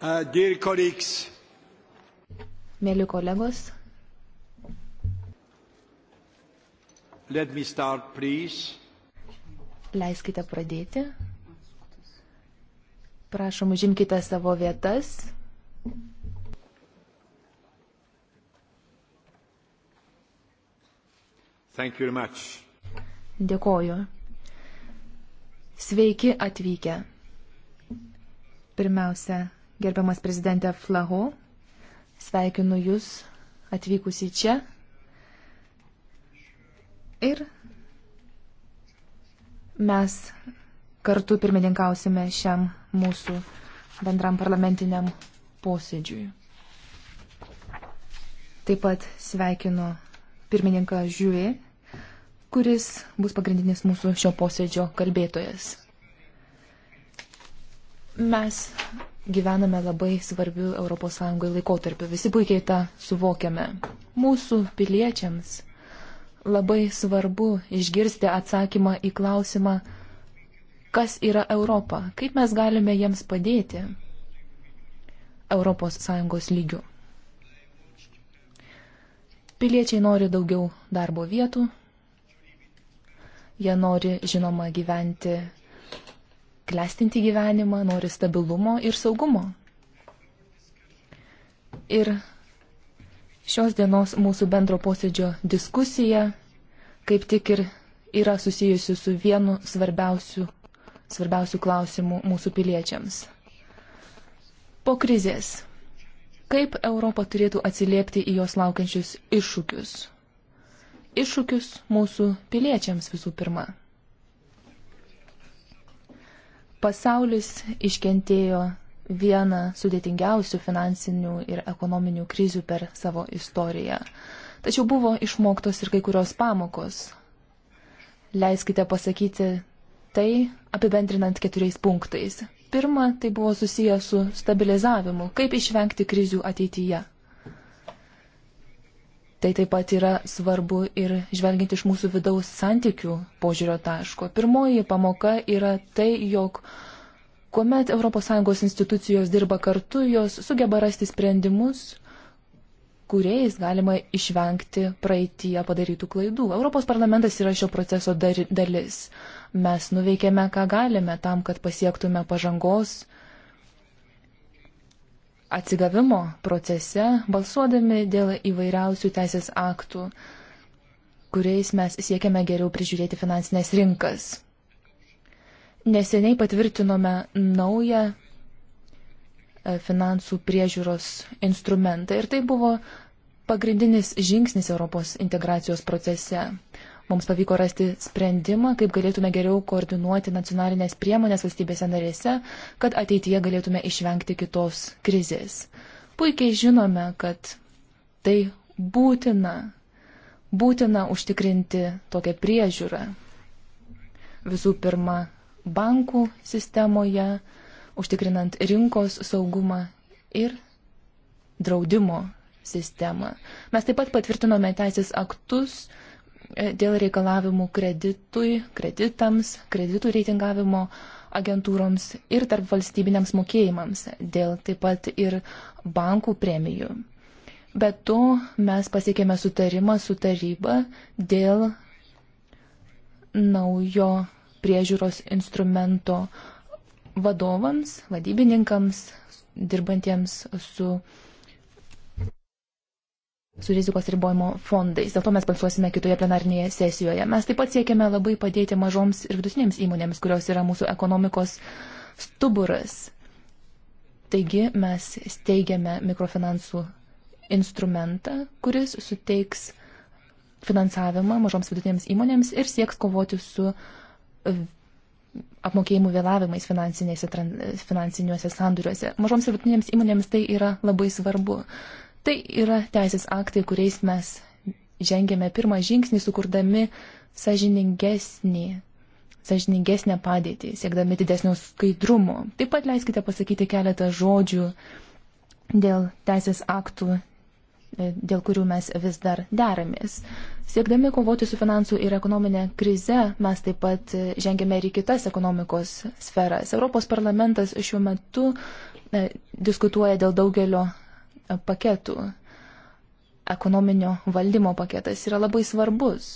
Uh, Mėly kolegos, start, leiskite pradėti. Prašom, užimkite savo vietas. Dėkoju. Sveiki atvykę. Pirmiausia, Gerbiamas prezidentė Flahu, sveikinu Jūs atvykusi čia. Ir mes kartu pirmininkausime šiam mūsų bendram parlamentiniam posėdžiui. Taip pat sveikinu pirmininką Žiūvį, kuris bus pagrindinis mūsų šio posėdžio kalbėtojas. Mes gyvename labai svarbių ES laikotarpių. Visi puikiai tą suvokiame. Mūsų piliečiams labai svarbu išgirsti atsakymą į klausimą, kas yra Europa, kaip mes galime jiems padėti ES lygių. Piliečiai nori daugiau darbo vietų, jie nori, žinoma, gyventi klestinti gyvenimą, nori stabilumo ir saugumo. Ir šios dienos mūsų bendro posėdžio diskusija kaip tik ir yra susijusi su vienu svarbiausiu, svarbiausiu klausimu mūsų piliečiams. Po krizės. Kaip Europa turėtų atsiliepti į jos laukiančius iššūkius? Iššūkius mūsų piliečiams visų pirma. Pasaulis iškentėjo vieną sudėtingiausių finansinių ir ekonominių krizių per savo istoriją. Tačiau buvo išmoktos ir kai kurios pamokos. Leiskite pasakyti tai, apibendrinant keturiais punktais. Pirma, tai buvo susiję su stabilizavimu, kaip išvengti krizių ateityje. Tai taip pat yra svarbu ir žvelgiant iš mūsų vidaus santykių požiūrio taško. Pirmoji pamoka yra tai, jog kuomet ES institucijos dirba kartu, jos sugeba rasti sprendimus, kuriais galima išvengti praeitie padarytų klaidų. Europos parlamentas yra šio proceso dar, dalis. Mes nuveikėme, ką galime tam, kad pasiektume pažangos atsigavimo procese, balsuodami dėl įvairiausių teisės aktų, kuriais mes siekiame geriau prižiūrėti finansinės rinkas. Neseniai patvirtinome naują e, finansų priežiūros instrumentą ir tai buvo pagrindinis žingsnis Europos integracijos procese. Mums pavyko rasti sprendimą, kaip galėtume geriau koordinuoti nacionalinės priemonės valstybėse narėse, kad ateityje galėtume išvengti kitos krizės. Puikiai žinome, kad tai būtina, būtina užtikrinti tokią priežiūrą. Visų pirma, bankų sistemoje, užtikrinant rinkos saugumą ir draudimo sistemą. Mes taip pat patvirtinome teisės aktus E, dėl reikalavimų kreditui, kreditams, kreditų reitingavimo agentūroms ir tarp valstybiniams mokėjimams, dėl taip pat ir bankų premijų. Be to mes pasiekėme sutarimą su taryba dėl naujo priežiūros instrumento vadovams, vadybininkams, dirbantiems su uh, su rizikos ribojimo fondais. Dėl to mes balsuosime kitoje plenarnėje sesijoje. Mes taip pat siekiame labai padėti mažoms ir vidutinėms įmonėms, kurios yra mūsų ekonomikos stuburas. Taigi mes steigiame mikrofinansų instrumentą, kuris suteiks finansavimą mažoms vidutinėms įmonėms ir sieks kovoti su e, apmokėjimų vėlavimais finansiniuose sanduriuose. Mažoms ir vidutinėms įmonėms tai yra labai svarbu. Tai yra teisės aktai, kuriais mes žengėme pirmą žingsnį, sukurdami sažiningesnį, sažiningesnę padėtį, siekdami didesnio skaidrumo. Taip pat leiskite pasakyti keletą žodžių dėl teisės aktų e, dėl kurių mes vis dar deramės. Siekdami kovoti su finansų ir ekonominė krize, mes taip pat e, žengėme ir į kitas ekonomikos sferas. Europos parlamentas šiuo metu e, diskutuoja dėl daugelio paketų. Ekonominio valdymo paketas yra labai svarbus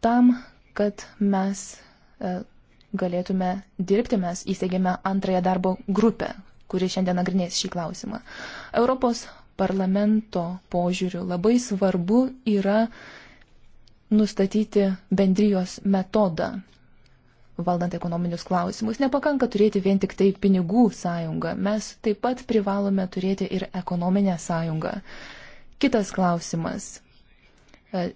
tam, kad mes e, galėtume dirbti, mes įsteigėme antrąją darbo grupę, kuri šiandien nagrinės šį klausimą. Europos parlamento požiūriu labai svarbu yra nustatyti bendrijos metodą valdant ekonominius klausimus. Nepakanka turėti vien tik tai pinigų sąjungą. Mes taip pat privalome turėti ir ekonominę sąjungą. Kitas klausimas, e,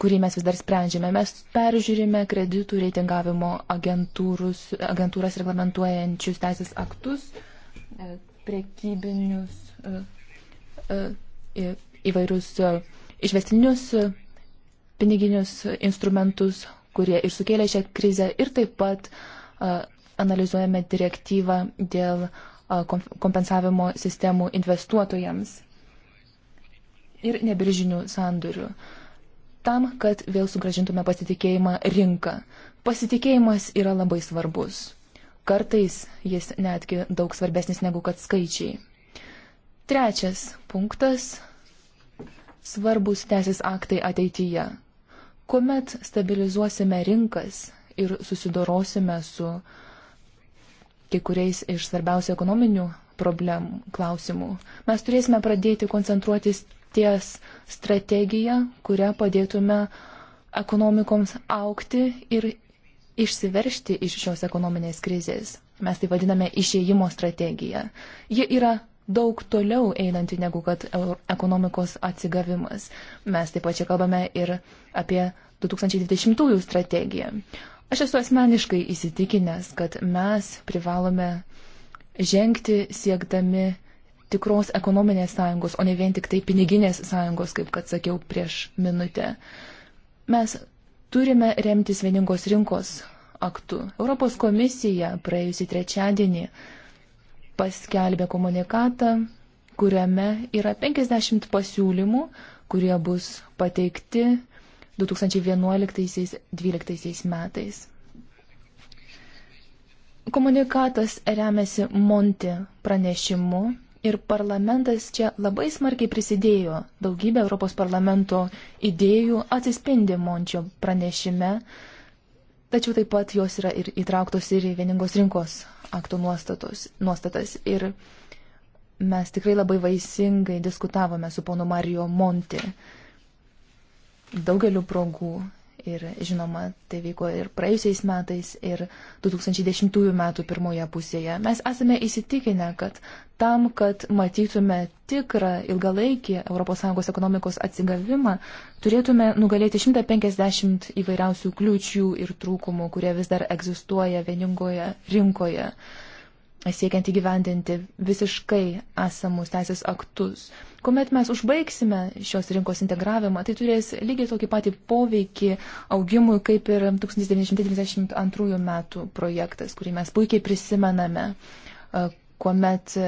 kurį mes vis dar sprendžiame. Mes peržiūrime kreditų reitingavimo agentūrus, agentūras reglamentuojančius teisės aktus, e, prekybinius e, įvairius išvestinius piniginius instrumentus, kurie ir sukėlė šią krizę, ir taip pat analizuojame direktyvą dėl kompensavimo sistemų investuotojams ir nebiržinių sandorių. Tam, kad vėl sugražintume pasitikėjimą rinką. Pasitikėjimas yra labai svarbus. Kartais jis netgi daug svarbesnis negu kad skaičiai. Trečias punktas - svarbus teisės aktai ateityje. Kuomet stabilizuosime rinkas ir susidorosime su kai kuriais iš svarbiausių ekonominių problemų, klausimų, mes turėsime pradėti koncentruotis ties strategiją, kurią padėtume ekonomikoms aukti ir išsiveršti iš šios ekonominės krizės. Mes tai vadiname išėjimo strategija. Ji yra daug toliau einanti negu kad ekonomikos atsigavimas. Mes taip pat čia kalbame ir apie 2020 strategiją. Aš esu asmeniškai įsitikinęs, kad mes privalome žengti siekdami tikros ekonominės sąjungos, o ne vien tik tai piniginės sąjungos, kaip kad sakiau prieš minutę. Mes turime remtis vieningos rinkos aktu. Europos komisija praėjusį trečiadienį paskelbė komunikatą, kuriame yra 50 pasiūlymų, kurie bus pateikti 2011-2012 metais. Komunikatas remiasi Monti pranešimu ir parlamentas čia labai smarkiai prisidėjo. Daugybė Europos parlamento idėjų atsispindi Mončio pranešime, tačiau taip pat jos yra ir įtrauktos ir į vieningos rinkos akto nuostatos, nuostatas. Ir mes tikrai labai vaisingai diskutavome su ponu Mario Monti daugeliu progų Ir žinoma, tai vyko ir praėjusiais metais, ir 2010 metų pirmoje pusėje. Mes esame įsitikinę, kad tam, kad matytume tikrą ilgalaikį ES ekonomikos atsigavimą, turėtume nugalėti 150 įvairiausių kliūčių ir trūkumų, kurie vis dar egzistuoja vieningoje rinkoje, siekiant įgyvendinti visiškai esamus teisės aktus. Komet mes užbaigsime šios rinkos integravimą, tai turės lygiai tokį patį poveikį augimui, kaip ir 1992 metų projektas, kurį mes puikiai prisimename, e, kuomet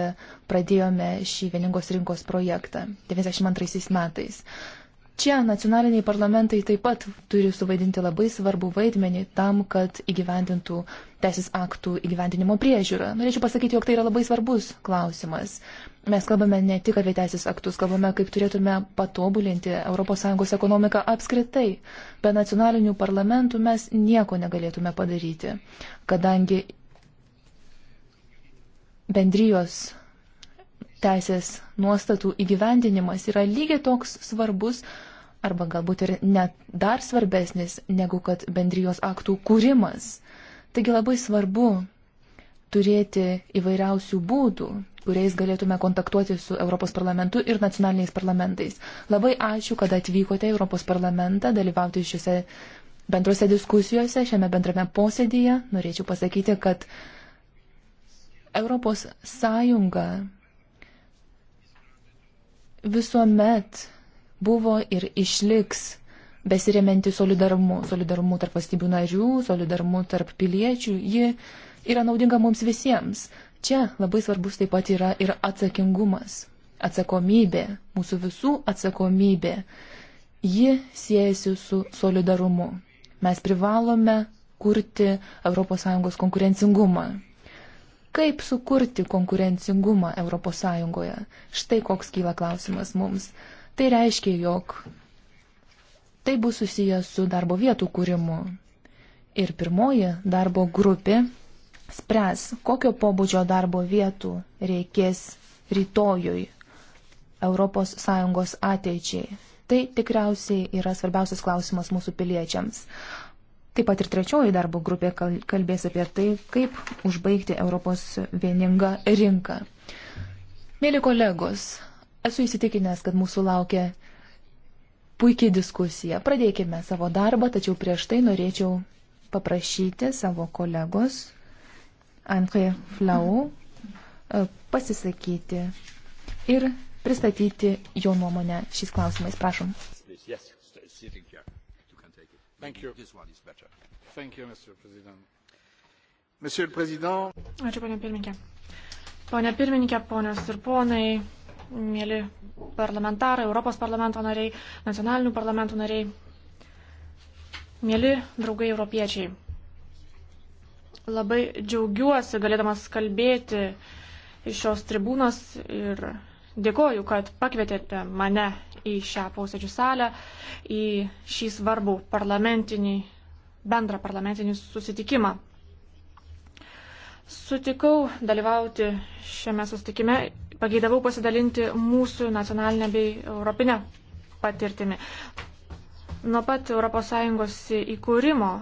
pradėjome šį vieningos rinkos projektą 1992 metais. Čia nacionaliniai parlamentai taip pat turi suvaidinti labai svarbų vaidmenį tam, kad įgyvendintų teisės aktų įgyvendinimo priežiūrą. Norėčiau pasakyti, jog tai yra labai svarbus klausimas. Mes kalbame ne tik apie teisės aktus, kalbame, kaip turėtume patobulinti ES ekonomiką apskritai. Be nacionalinių parlamentų mes nieko negalėtume padaryti, kadangi bendrijos teisės nuostatų įgyvendinimas yra lygiai toks svarbus arba galbūt ir net dar svarbesnis negu kad bendrijos aktų kūrimas. Taigi labai svarbu turėti įvairiausių būdų, kuriais galėtume kontaktuoti su Europos parlamentu ir nacionaliniais parlamentais. Labai ačiū, kad atvykote į Europos parlamentą dalyvauti šiuose bendrose diskusijose, šiame bendrame posėdėje. Norėčiau pasakyti, kad Europos Sąjunga visuomet buvo ir išliks besiremianti solidarumu, solidarumu tarp valstybių narių, solidarumu tarp piliečių, ji yra naudinga mums visiems. Čia labai svarbus taip pat yra ir atsakingumas, atsakomybė, mūsų visų atsakomybė. Ji siejasi su solidarumu. Mes privalome kurti ES konkurencingumą. Kaip sukurti konkurencingumą ES? Štai koks kyla klausimas mums. Tai reiškia, jog tai bus susijęs su darbo vietų kūrimu. Ir pirmoji darbo grupė spręs, kokio pobūdžio darbo vietų reikės rytojui ES ateičiai. Tai tikriausiai yra svarbiausias klausimas mūsų piliečiams. Taip pat ir trečioji darbo grupė kalbės apie tai, kaip užbaigti Europos vieningą rinką. Mėly kolegos, esu įsitikinęs, kad mūsų laukia puikiai diskusija. Pradėkime savo darbą, tačiau prieš tai norėčiau paprašyti savo kolegos Andrė Flau e, pasisakyti ir pristatyti jo nuomonę šiais klausimais. Prašom. Ačiū, ponė pirmininkė. Pone pirmininkė, ponios ir ponai, mėly parlamentarai, Europos parlamento nariai, nacionalinių parlamentų nariai, mėly draugai europiečiai. Labai džiaugiuosi galėdamas kalbėti iš šios tribūnos ir dėkoju, kad pakvietėte mane į šią posėdžių salę, į šį svarbų parlamentinį, bendrą parlamentinį susitikimą. Sutikau dalyvauti šiame susitikime, pageidavau pasidalinti mūsų nacionalinę bei europinę patirtimi. Nuo pat ES įkūrimo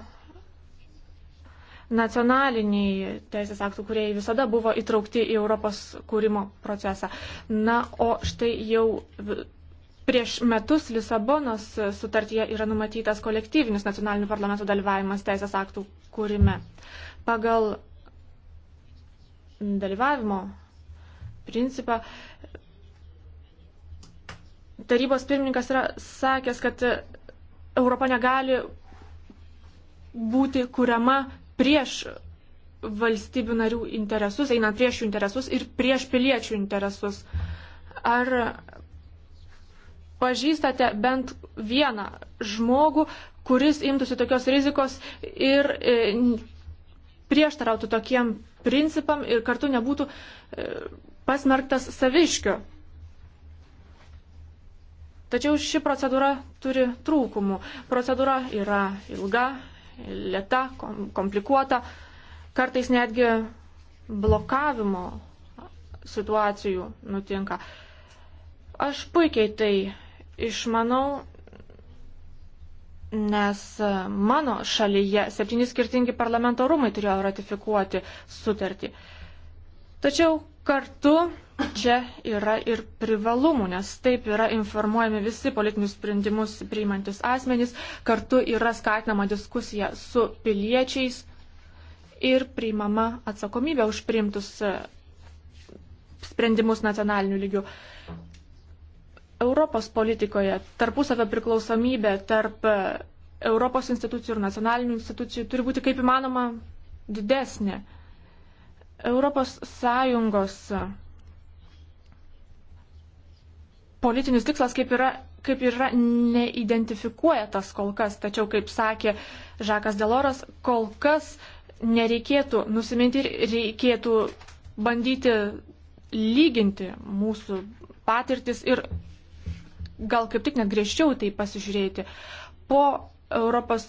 nacionaliniai teisės aktų kuriai visada buvo įtraukti į Europos kūrimo procesą. Na, o štai jau prieš metus Lisabonos sutartyje yra numatytas kolektyvinis nacionalinių parlamentų dalyvavimas teisės aktų kūrime. Pagal dalyvavimo principą tarybos pirmininkas yra sakęs, kad Europa negali būti kuriama prieš valstybių narių interesus, einant prieš jų interesus ir prieš piliečių interesus. Ar pažįstate bent vieną žmogų, kuris imtųsi tokios rizikos ir e, prieštarautų tokiem principam ir kartu nebūtų e, pasmerktas saviškiu. Tačiau ši procedūra turi trūkumų. Procedūra yra ilga, lėta, komplikuota, kartais netgi blokavimo situacijų nutinka. Aš puikiai tai išmanau, nes mano šalyje septyni skirtingi parlamento rūmai turėjo ratifikuoti sutartį. Tačiau kartu čia yra ir privalumų, nes taip yra informuojami visi politinius sprendimus priimantis asmenys, kartu yra skatinama diskusija su piliečiais ir priimama atsakomybė už priimtus e, sprendimus nacionaliniu lygiu. Europos politikoje tarpusavio priklausomybė tarp e, Europos institucijų ir nacionalinių institucijų turi būti kaip įmanoma didesnė. Europos Sąjungos politinis tikslas kaip yra, kaip yra neidentifikuoja tas kol kas. Tačiau, kaip sakė Žakas Deloras, kol kas nereikėtų nusiminti ir reikėtų bandyti lyginti mūsų patirtis ir gal kaip tik net griežčiau tai pasižiūrėti. Po Europos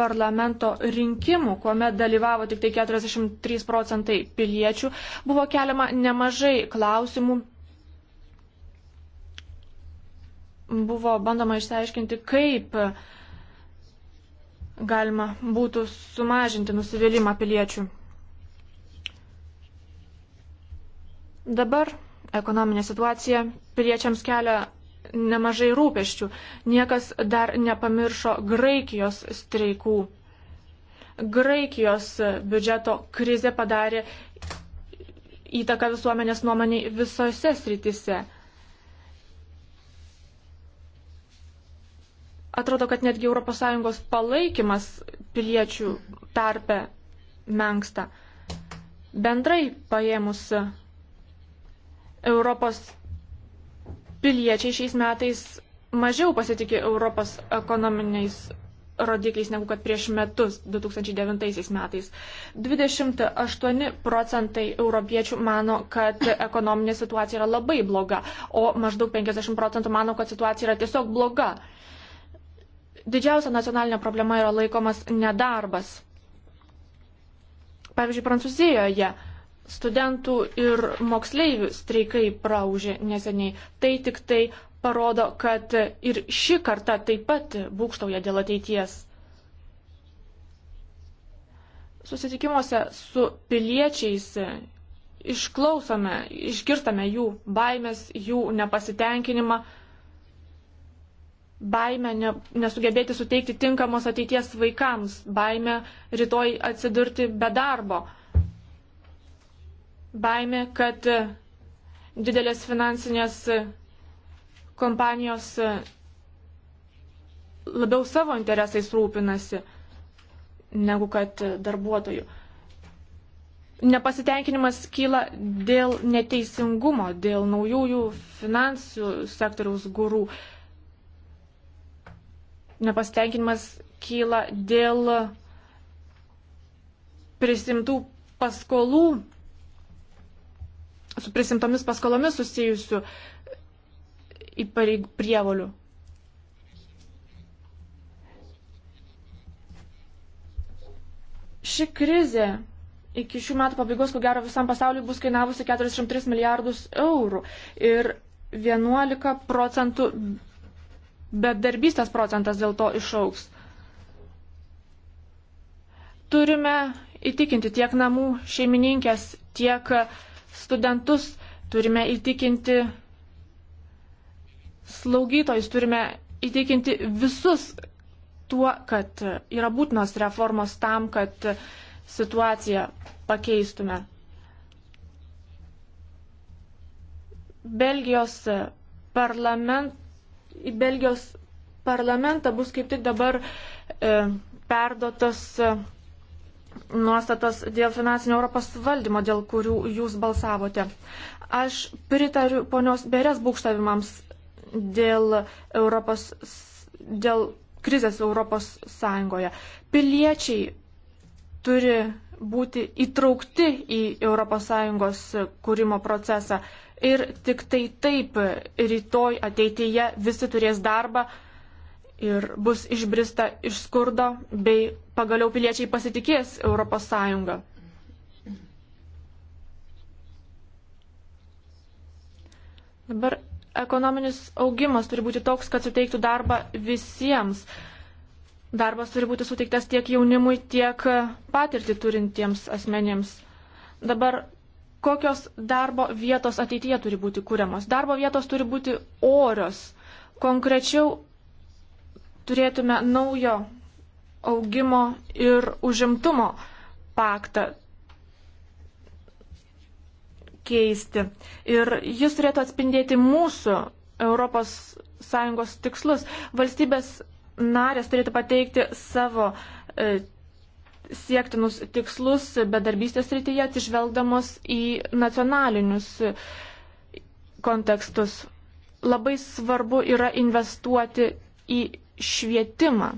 parlamento rinkimų, kuomet dalyvavo tik tai 43 procentai piliečių, buvo keliama nemažai klausimų buvo bandoma išsiaiškinti, kaip galima būtų sumažinti nusivylimą piliečių. Dabar ekonominė situacija piliečiams kelia nemažai rūpeščių. Niekas dar nepamiršo Graikijos streikų. Graikijos biudžeto krizė padarė įtaką visuomenės nuomoniai visose sritise. Atrodo, kad netgi ES palaikymas piliečių tarpe menksta. Bendrai paėmus Europos piliečiai šiais metais mažiau pasitikė Europos ekonominiais rodikliais negu kad prieš metus, 2009 metais. 28 procentai europiečių mano, kad ekonominė situacija yra labai bloga, o maždaug 50 procentų mano, kad situacija yra tiesiog bloga. Didžiausia nacionalinė problema yra laikomas nedarbas. Pavyzdžiui, Prancūzijoje studentų ir moksleivių streikai praužė neseniai. Tai tik tai parodo, kad ir ši karta taip pat būkštauja dėl ateities. Susitikimuose su piliečiais išklausome, išgirstame jų baimės, jų nepasitenkinimą baimę ne, nesugebėti suteikti tinkamos ateities vaikams, baimę rytoj atsidurti be darbo, baimė, kad e, didelės finansinės e, kompanijos e, labiau savo interesais rūpinasi negu kad darbuotojų. Nepasitenkinimas kyla dėl neteisingumo, dėl naujųjų finansų sektoriaus gurų. Nepastenkinimas kyla dėl prisimtų paskolų, su prisimtomis paskolomis susijusių prievolių. Ši krizė iki šių metų pabaigos, ko gero, visam pasauliu bus kainavusi 403 milijardus eurų ir 11 procentų bet darbystės procentas dėl to išauks. Turime įtikinti tiek namų šeimininkės, tiek studentus, turime įtikinti slaugytojus, turime įtikinti visus tuo, kad yra būtinos reformos tam, kad situaciją pakeistume. Belgijos parlament, į Belgijos parlamentą bus kaip tik dabar e, perdotas e, nuostatas dėl finansinio Europos valdymo, dėl kurių jūs balsavote. Aš pritariu ponios Berės būkštavimams dėl, Europos, dėl krizės Europos Sąjungoje. Piliečiai turi būti įtraukti į ES kūrimo procesą ir tik tai taip rytoj ateityje visi turės darbą ir bus išbrista iš skurdo bei pagaliau piliečiai pasitikės ES. Dabar ekonominis augimas turi būti toks, kad suteiktų darbą visiems. Darbas turi būti suteiktas tiek jaunimui, tiek patirtį turintiems asmenėms. Dabar kokios darbo vietos ateityje turi būti kūriamos. Darbo vietos turi būti orios. Konkrečiau turėtume naujo augimo ir užimtumo paktą keisti. Ir jis turėtų atspindėti mūsų ES tikslus. Valstybės narės turėtų pateikti savo e, siektinus tikslus bedarbystės rytyje atsižvelgdamos į nacionalinius kontekstus. Labai svarbu yra investuoti į švietimą.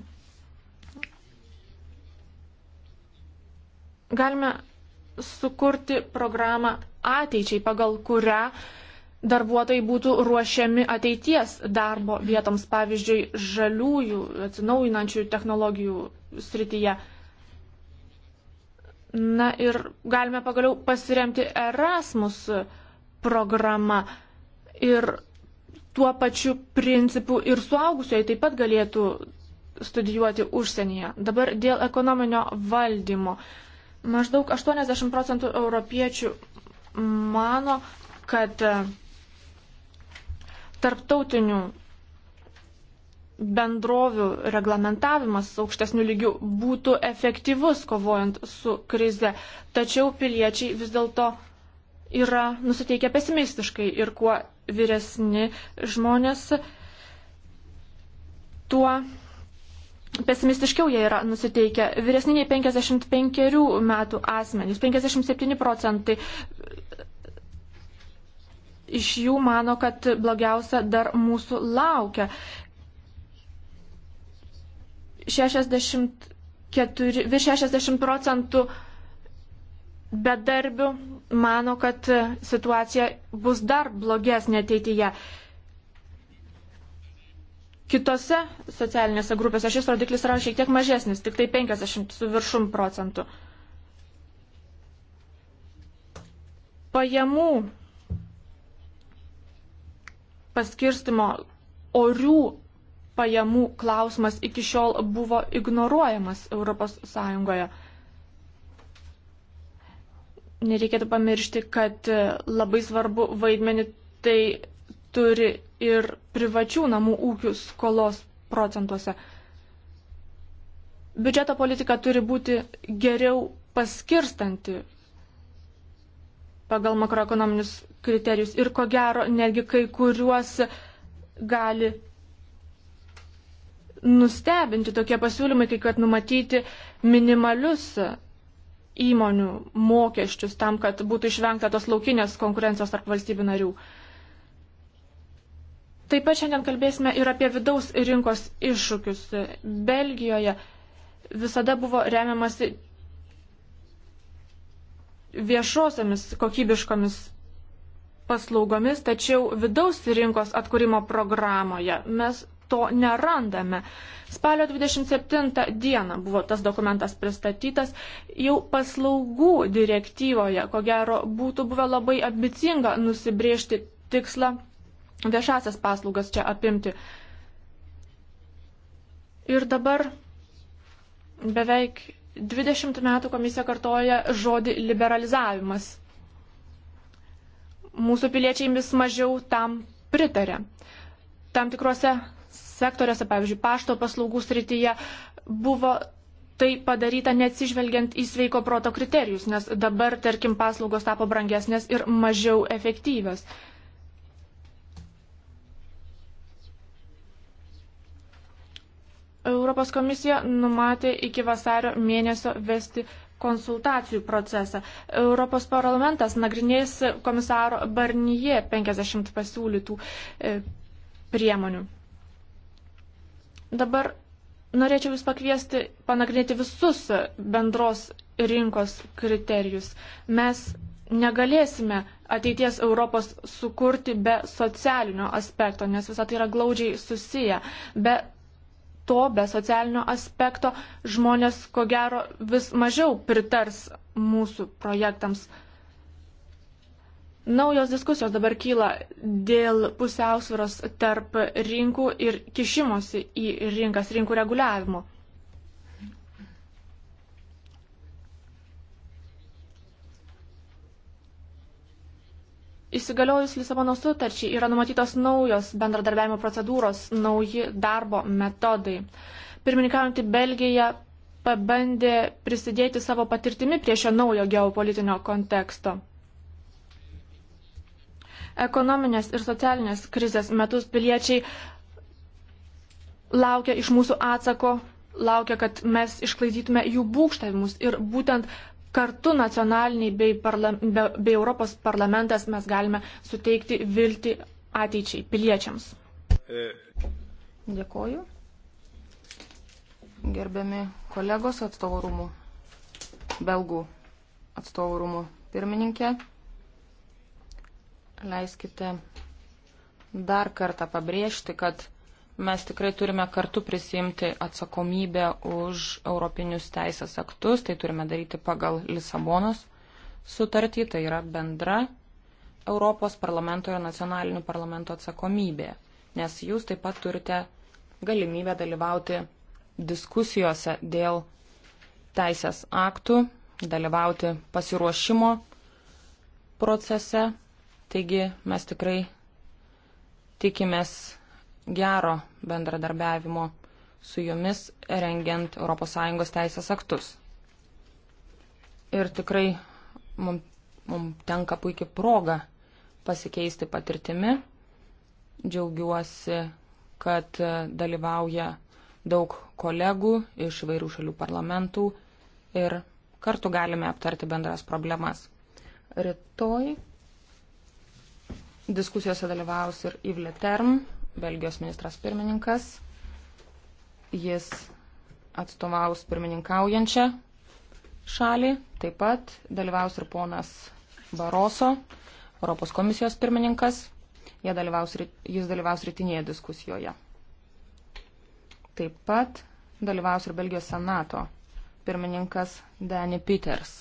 Galime sukurti programą ateičiai, pagal kurią darbuotojai būtų ruošiami ateities darbo vietoms, pavyzdžiui, žaliųjų, atsinaujinančių technologijų srityje. Na ir galime pagaliau pasiremti Erasmus programą ir tuo pačiu principu ir suaugusioji taip pat galėtų studijuoti užsienyje. Dabar dėl ekonominio valdymo. Maždaug 80 procentų europiečių mano, kad tarptautinių bendrovių reglamentavimas aukštesnių lygių būtų efektyvus kovojant su krize, tačiau piliečiai vis dėlto yra nusiteikę pesimistiškai ir kuo vyresni žmonės, tuo pesimistiškiau jie yra nusiteikę. Vyresniniai 55 metų asmenys, 57 procentai iš jų mano, kad blogiausia dar mūsų laukia. 64, virš 60 procentų bedarbių mano, kad situacija bus dar blogesnė ateityje. Kitose socialinėse grupėse šis rodiklis yra šiek tiek mažesnis, tik tai 50 su viršum procentų. Pajamų paskirstimo orių pajamų klausimas iki šiol buvo ignoruojamas ES. Nereikėtų pamiršti, kad labai svarbu vaidmenį tai turi ir privačių namų ūkių skolos procentuose. Biudžeto politika turi būti geriau paskirstanti pagal makroekonominius kriterijus ir ko gero netgi kai kuriuos gali nustebinti tokie pasiūlymai, kai kad numatyti minimalius įmonių mokesčius tam, kad būtų išvengta tos laukinės konkurencijos tarp valstybių narių. Taip pat šiandien kalbėsime ir apie vidaus rinkos iššūkius. Belgijoje visada buvo remiamasi viešosiamis kokybiškomis paslaugomis, tačiau vidaus rinkos atkūrimo programoje mes to nerandame. Spalio 27 dieną buvo tas dokumentas pristatytas, jau paslaugų direktyvoje, ko gero, būtų buvę labai ambicinga nusibriežti tikslą viešasias paslaugas čia apimti. Ir dabar beveik 20 metų komisija kartoja žodį liberalizavimas. Mūsų piliečiai vis mažiau tam pritarė. Tam tikrose sektoriuose, pavyzdžiui, pašto paslaugų srityje, buvo tai padaryta neatsižvelgiant į sveiko proto kriterijus, nes dabar, tarkim, paslaugos tapo brangesnės ir mažiau efektyvios. Europos komisija numatė iki vasario mėnesio vesti konsultacijų procesą. Europos parlamentas nagrinės komisaro Barnyje 50 pasiūlytų e, priemonių. Dabar norėčiau Jūs pakviesti panagrinėti visus bendros rinkos kriterijus. Mes negalėsime ateities Europos sukurti be socialinio aspekto, nes visą tai yra glaudžiai susiję. Be to, be socialinio aspekto žmonės, ko gero, vis mažiau pritars mūsų projektams. Naujos diskusijos dabar kyla dėl pusiausvėros tarp rinkų ir kišimosi į rinkas, rinkų reguliavimo. Įsigaliojus Lisabono sutarčiai yra numatytos naujos bendradarbiavimo procedūros, nauji darbo metodai. Pirmininkaujantį Belgiją pabandė prisidėti savo patirtimi prie šio naujo geopolitinio konteksto. Ekonominės ir socialinės krizės metus piliečiai laukia iš mūsų atsako, laukia, kad mes išklaidytume jų būkštavimus ir būtent kartu nacionaliniai bei, parla, be, bei Europos parlamentas mes galime suteikti vilti ateičiai piliečiams. Dėkoju. Gerbiami kolegos atstovų rūmų, belgų atstovų rūmų pirmininkė. Leiskite dar kartą pabrėžti, kad mes tikrai turime kartu prisimti atsakomybę už europinius teisės aktus, tai turime daryti pagal Lisabonos sutartį, tai yra bendra Europos parlamento ir nacionalinių parlamento atsakomybė, nes jūs taip pat turite galimybę dalyvauti diskusijose dėl teisės aktų, dalyvauti pasiruošimo procese Taigi mes tikrai tikimės gero bendradarbiavimo su jumis rengiant ES teisės aktus. Ir tikrai mums, mums tenka puikia proga pasikeisti patirtimi. Džiaugiuosi, kad dalyvauja daug kolegų iš vairių šalių parlamentų ir kartu galime aptarti bendras problemas. Rytoj Diskusijose dalyvaus ir Yves Leterm, Belgijos ministras pirmininkas. Jis atstovaus pirmininkaujančią šalį. Taip pat dalyvaus ir ponas Baroso, Europos komisijos pirmininkas. Dalyvaus, jis dalyvaus rytinėje diskusijoje. Taip pat dalyvaus ir Belgijos senato pirmininkas Danny Peters.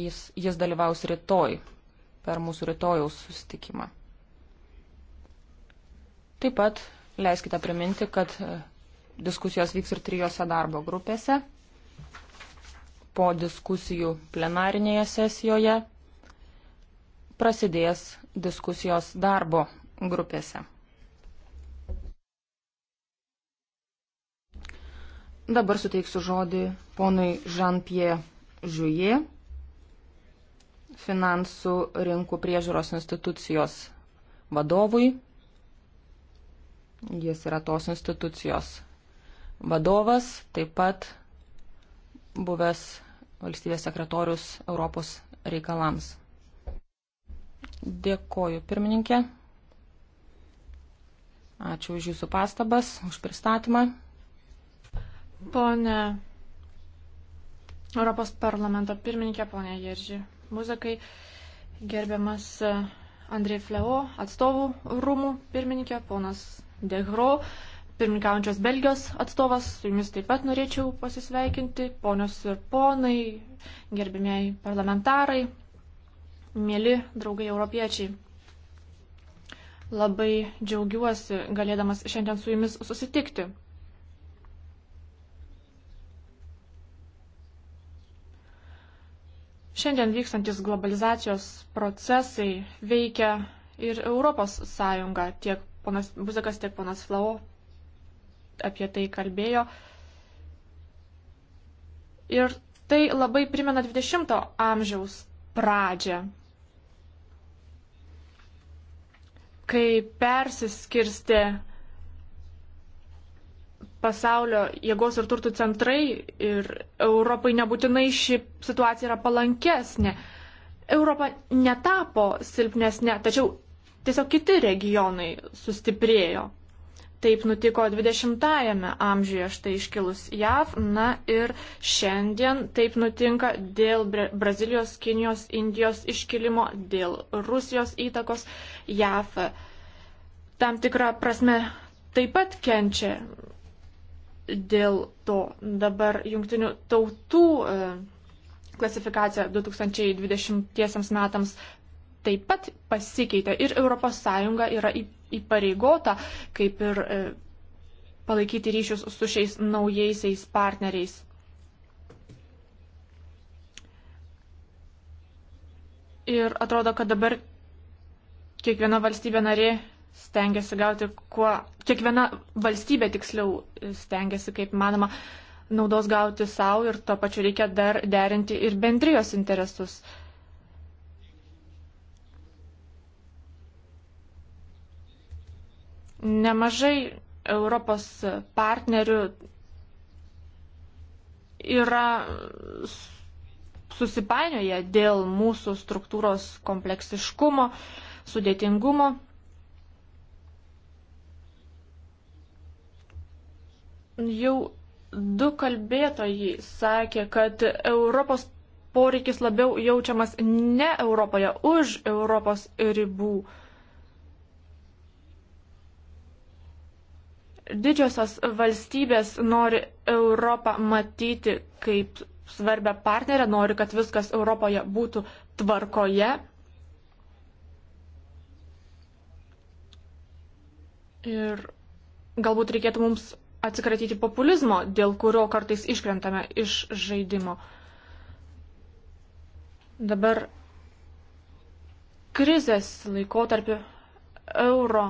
Jis, jis dalyvaus rytoj per mūsų rytojaus susitikimą. Taip pat leiskite priminti, kad e, diskusijos vyks ir trijose darbo grupėse. Po diskusijų plenarinėje sesijoje prasidės diskusijos darbo grupėse. Dabar suteiksiu žodį ponui Jean-Pierre Žujė, finansų rinkų priežiūros institucijos vadovui. Jis yra tos institucijos vadovas, taip pat buvęs valstybės sekretorius Europos reikalams. Dėkoju, pirmininkė. Ačiū už Jūsų pastabas, už pristatymą. Pone Europos parlamento pirmininkė, ponė Jerži muzikai, gerbiamas e, Andrei Fleo, atstovų rūmų pirmininkė, ponas Degro, pirmininkaujančios Belgijos atstovas, su jumis taip pat norėčiau pasisveikinti, ponios ir ponai, gerbimiai parlamentarai, mėly draugai europiečiai. Labai džiaugiuosi galėdamas šiandien su jumis susitikti. Šiandien vykstantis globalizacijos procesai veikia ir Europos Sąjunga. Tiek ponas Buzakas, tiek ponas Flau apie tai kalbėjo. Ir tai labai primena 20-o amžiaus pradžią, kai persiskirstė pasaulio jėgos ir turtų centrai ir Europai nebūtinai ši situacija yra palankesnė. Europa netapo silpnesnė, tačiau tiesiog kiti regionai sustiprėjo. Taip nutiko 20-ajame amžiuje štai iškilus JAV, na ir šiandien taip nutinka dėl Brazilijos, Kinijos, Indijos iškilimo, dėl Rusijos įtakos JAV. Tam tikrą prasme taip pat kenčia dėl to. Dabar jungtinių tautų e, klasifikacija 2020 metams taip pat pasikeitė ir ES yra įpareigota kaip ir e, palaikyti ryšius su šiais naujaisiais partneriais. Ir atrodo, kad dabar kiekviena valstybė narė stengiasi gauti kuo, kiekviena valstybė tiksliau stengiasi, kaip manoma, naudos gauti savo ir to pačiu reikia dar derinti ir bendrijos interesus. Nemažai Europos partnerių yra susipainioję dėl mūsų struktūros kompleksiškumo, sudėtingumo. Jau du kalbėtojai sakė, kad Europos poreikis labiau jaučiamas ne Europoje, už Europos ribų. Didžiosios valstybės nori Europą matyti kaip svarbę partnerę, nori, kad viskas Europoje būtų tvarkoje. Ir galbūt reikėtų mums atsikratyti populizmo, dėl kurio kartais iškrentame iš žaidimo. Dabar krizės laikotarpiu, euro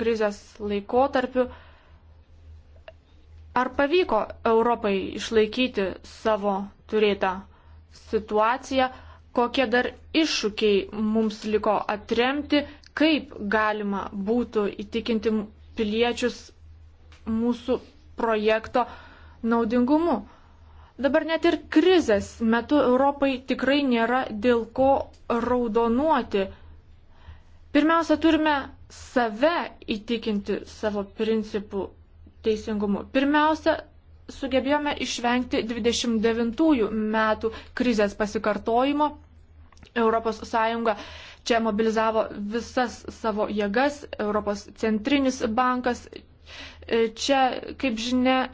krizės laikotarpiu, ar pavyko Europai išlaikyti savo turėtą situaciją, kokie dar iššūkiai mums liko atremti, kaip galima būtų įtikinti piliečius mūsų projekto naudingumu. Dabar net ir krizės metu Europai tikrai nėra dėl ko raudonuoti. Pirmiausia, turime save įtikinti savo principų teisingumu. Pirmiausia, sugebėjome išvengti 29 metų krizės pasikartojimo. ES čia mobilizavo visas savo jėgas, Europos centrinis bankas Čia, kaip žinia,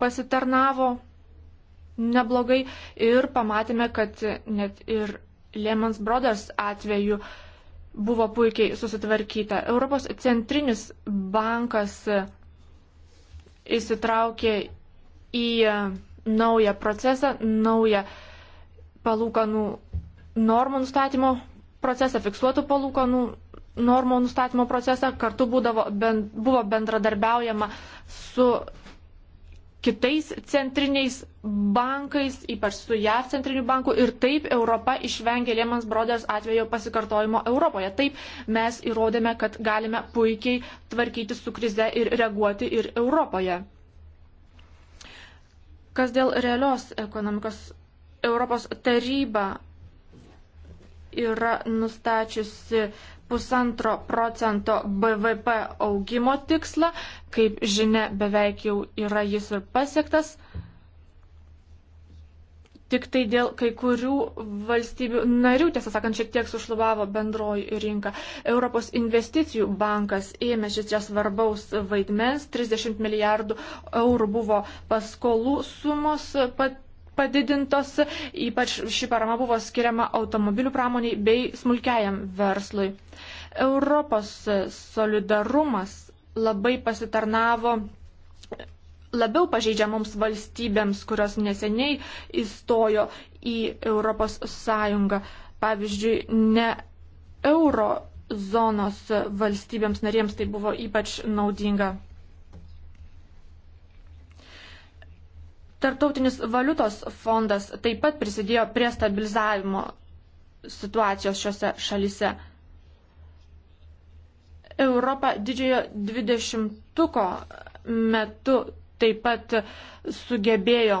pasitarnavo neblogai ir pamatėme, kad net ir Lehman Brothers atveju buvo puikiai susitvarkyta. Europos centrinis bankas įsitraukė į naują procesą, naują palūkanų normų nustatymo procesą, fiksuotų palūkanų normų nustatymo procesą, kartu būdavo, ben, buvo bendradarbiaujama su kitais centriniais bankais, ypač su JAV centriniu banku ir taip Europa išvengė Lehman Brothers atvejo pasikartojimo Europoje. Taip mes įrodėme, kad galime puikiai tvarkyti su krize ir reaguoti ir Europoje. Kas dėl realios ekonomikos Europos taryba yra nustačiusi pusantro procento BVP augimo tikslą, kaip žinia, beveik jau yra jis ir pasiektas. Tik tai dėl kai kurių valstybių narių, tiesą sakant, šiek tiek sušlubavo bendroji rinka. Europos investicijų bankas ėmėsi čia svarbaus vaidmens, 30 milijardų eurų buvo paskolų sumos pat padidintos, ypač ši parama buvo skiriama automobilių pramoniai bei smulkiajam verslui. Europos solidarumas labai pasitarnavo labiau pažeidžiamoms valstybėms, kurios neseniai įstojo į Europos Sąjungą. Pavyzdžiui, ne euro zonos valstybėms narėms tai buvo ypač naudinga. Tartautinis valiutos fondas taip pat prisidėjo prie stabilizavimo situacijos šiuose šalise. Europa didžiojo dvidešimtuko metu taip pat sugebėjo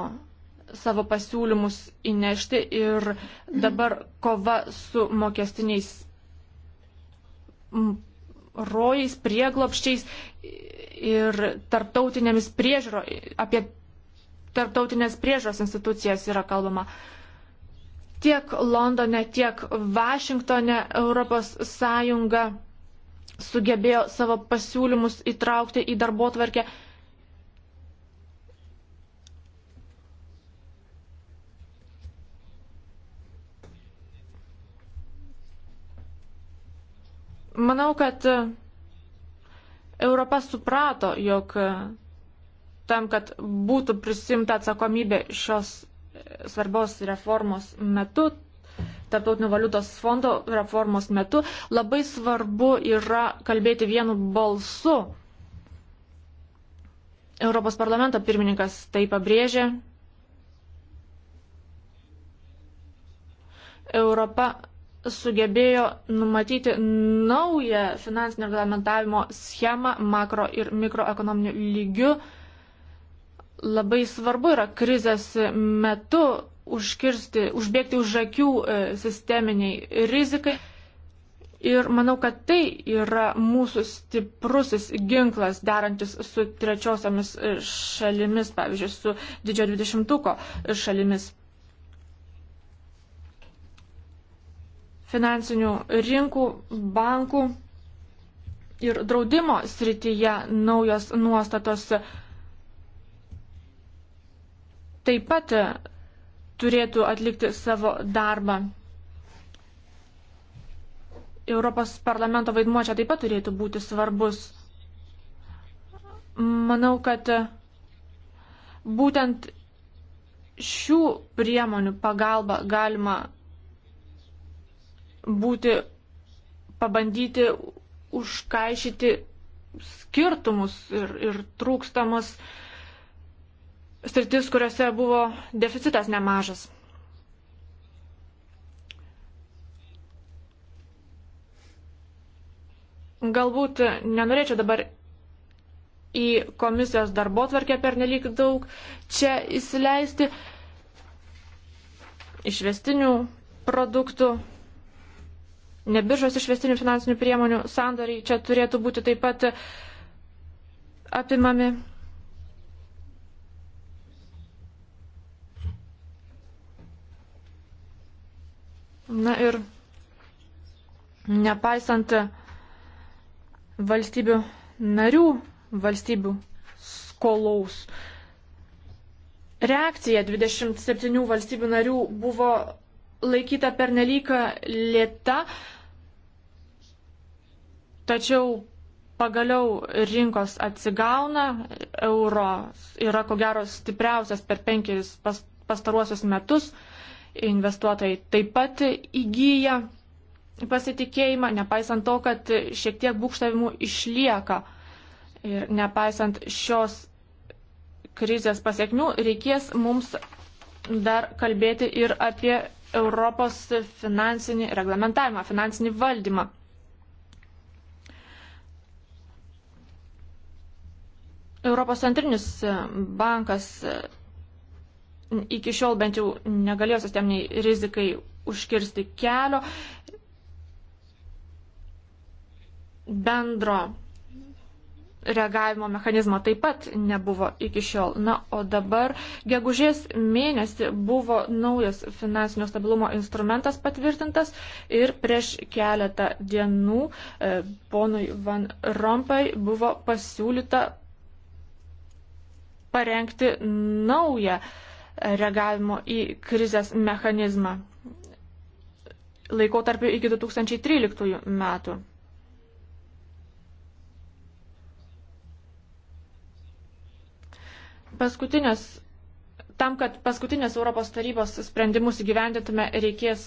savo pasiūlymus įnešti ir dabar kova su mokestiniais rojais, prieglopščiais ir tarptautinėmis priežiūro, apie tarptautinės priežos institucijas yra kalbama. Tiek Londone, tiek Vašingtone ES sugebėjo savo pasiūlymus įtraukti į darbo tvarkę. Manau, kad Europa suprato, jog tam, kad būtų prisimta atsakomybė šios e, svarbios reformos metu, Tarptautinio valiutos fondo reformos metu, labai svarbu yra kalbėti vienu balsu. Europos parlamento pirmininkas tai pabrėžė. Europa sugebėjo numatyti naują finansinio reglamentavimo schemą makro ir mikroekonominių lygių Labai svarbu yra krizės metu užkirsti, užbėgti už akių e, sisteminiai rizikai. Ir manau, kad tai yra mūsų stiprusis ginklas derantis su trečiosiamis e, šalimis, pavyzdžiui, su didžiojo dvidešimtuko e, šalimis. Finansinių rinkų, bankų ir draudimo srityje naujos nuostatos taip pat e, turėtų atlikti savo darbą. Europos parlamento vaidmuo čia taip pat turėtų būti svarbus. Manau, kad e, būtent šių priemonių pagalba galima būti, pabandyti užkaišyti skirtumus ir, ir trūkstamas uh, sritis, kuriuose buvo deficitas nemažas. Galbūt nenorėčiau dabar į komisijos darbo tvarkę pernelyg daug čia įsileisti išvestinių produktų, nebiržos išvestinių finansinių priemonių sandoriai čia turėtų būti taip pat apimami. Na ir nepaisant valstybių narių, valstybių skolaus. Reakcija 27 valstybių narių buvo laikyta pernelyka lėta, tačiau pagaliau rinkos atsigauna, euro yra ko gero stipriausias per penkis pastaruosius metus investuotojai taip pat įgyja pasitikėjimą, nepaisant to, kad šiek tiek būkštavimų išlieka. Ir nepaisant šios krizės pasiekmių, reikės mums dar kalbėti ir apie Europos finansinį reglamentavimą, finansinį valdymą. Europos centrinis bankas iki šiol bent jau negalėjo sisteminiai rizikai užkirsti kelio. Bendro reagavimo mechanizmo taip pat nebuvo iki šiol. Na, o dabar gegužės mėnesį buvo naujas finansinio stabilumo instrumentas patvirtintas ir prieš keletą dienų e, ponui Van Rompai buvo pasiūlyta parengti naują e, reagavimo į krizės mechanizmą laikotarpiu iki 2013 metų. Paskutinės, tam, kad paskutinės Europos tarybos sprendimus įgyvendintume, reikės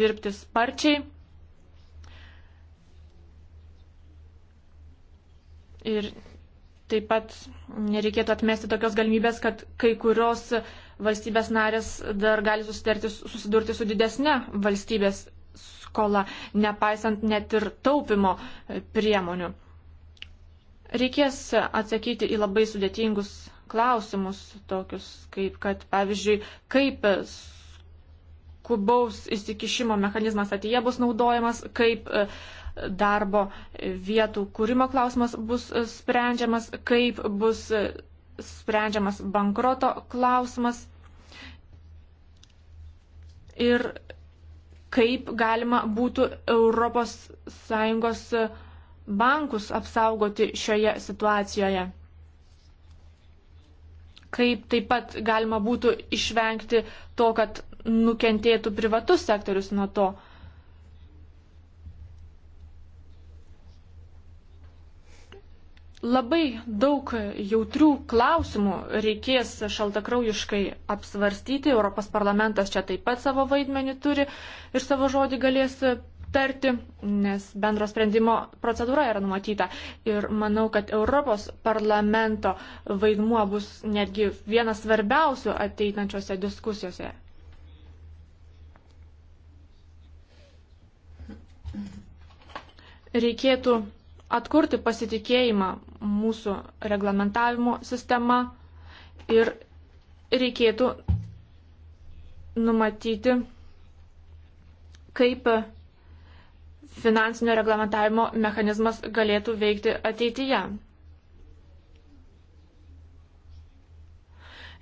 dirbti sparčiai. Ir Taip pat nereikėtų atmesti tokios galimybės, kad kai kurios valstybės narės dar gali susidurti su didesne valstybės skola, nepaisant net ir taupimo e, priemonių. Reikės atsakyti į labai sudėtingus klausimus, tokius kaip, kad, pavyzdžiui, kaip skubaus įsikišimo mechanizmas ateityje bus naudojamas, kaip e, darbo vietų kūrimo klausimas bus sprendžiamas, kaip bus sprendžiamas bankroto klausimas ir kaip galima būtų ES bankus apsaugoti šioje situacijoje. Kaip taip pat galima būtų išvengti to, kad nukentėtų privatus sektorius nuo to. Labai daug jautrių klausimų reikės šaltakraujiškai apsvarstyti. Europos parlamentas čia taip pat savo vaidmenį turi ir savo žodį galės tarti, nes bendro sprendimo procedūra yra numatyta. Ir manau, kad Europos parlamento vaidmuo bus netgi vienas svarbiausių ateinančiose diskusijose. Reikėtų atkurti pasitikėjimą mūsų reglamentavimo sistema ir reikėtų numatyti, kaip finansinio reglamentavimo mechanizmas galėtų veikti ateityje.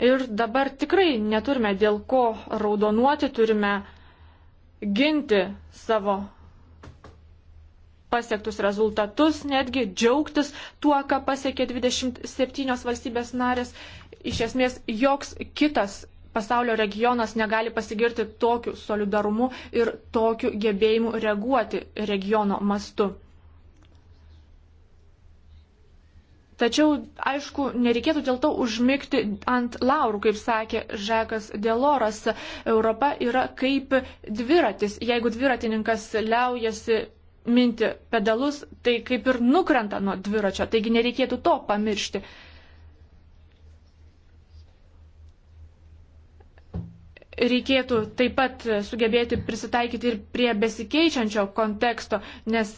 Ir dabar tikrai neturime dėl ko raudonuoti, turime ginti savo pasiektus rezultatus, netgi džiaugtis tuo, ką pasiekė 27 valstybės narės. Iš esmės, joks kitas pasaulio regionas negali pasigirti tokiu solidarumu ir tokiu gebėjimu reaguoti regiono mastu. Tačiau, aišku, nereikėtų dėl to užmygti ant laurų, kaip sakė Žekas Deloras. Europa yra kaip dviratis. Jeigu dviratininkas liaujasi minti pedalus, tai kaip ir nukrenta nuo dviračio, taigi nereikėtų to pamiršti. Reikėtų taip pat sugebėti prisitaikyti ir prie besikeičiančio konteksto, nes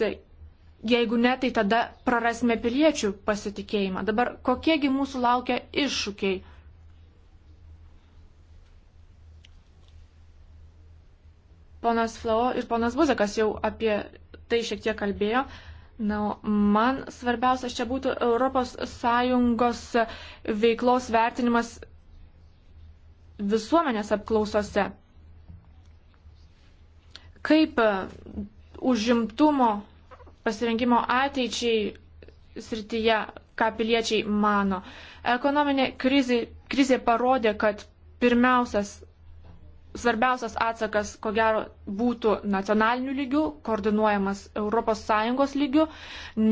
jeigu ne, tai tada prarasime piliečių pasitikėjimą. Dabar kokiegi mūsų laukia iššūkiai? Ponas Flao ir ponas Buzekas jau apie tai šiek tiek kalbėjo. Na, man svarbiausias čia būtų ES veiklos vertinimas visuomenės apklausose. Kaip užimtumo pasirinkimo ateičiai srityje, ką piliečiai mano. Ekonominė krizė, krizė parodė, kad pirmiausias svarbiausias atsakas, ko gero, būtų nacionaliniu lygiu, koordinuojamas ES lygiu,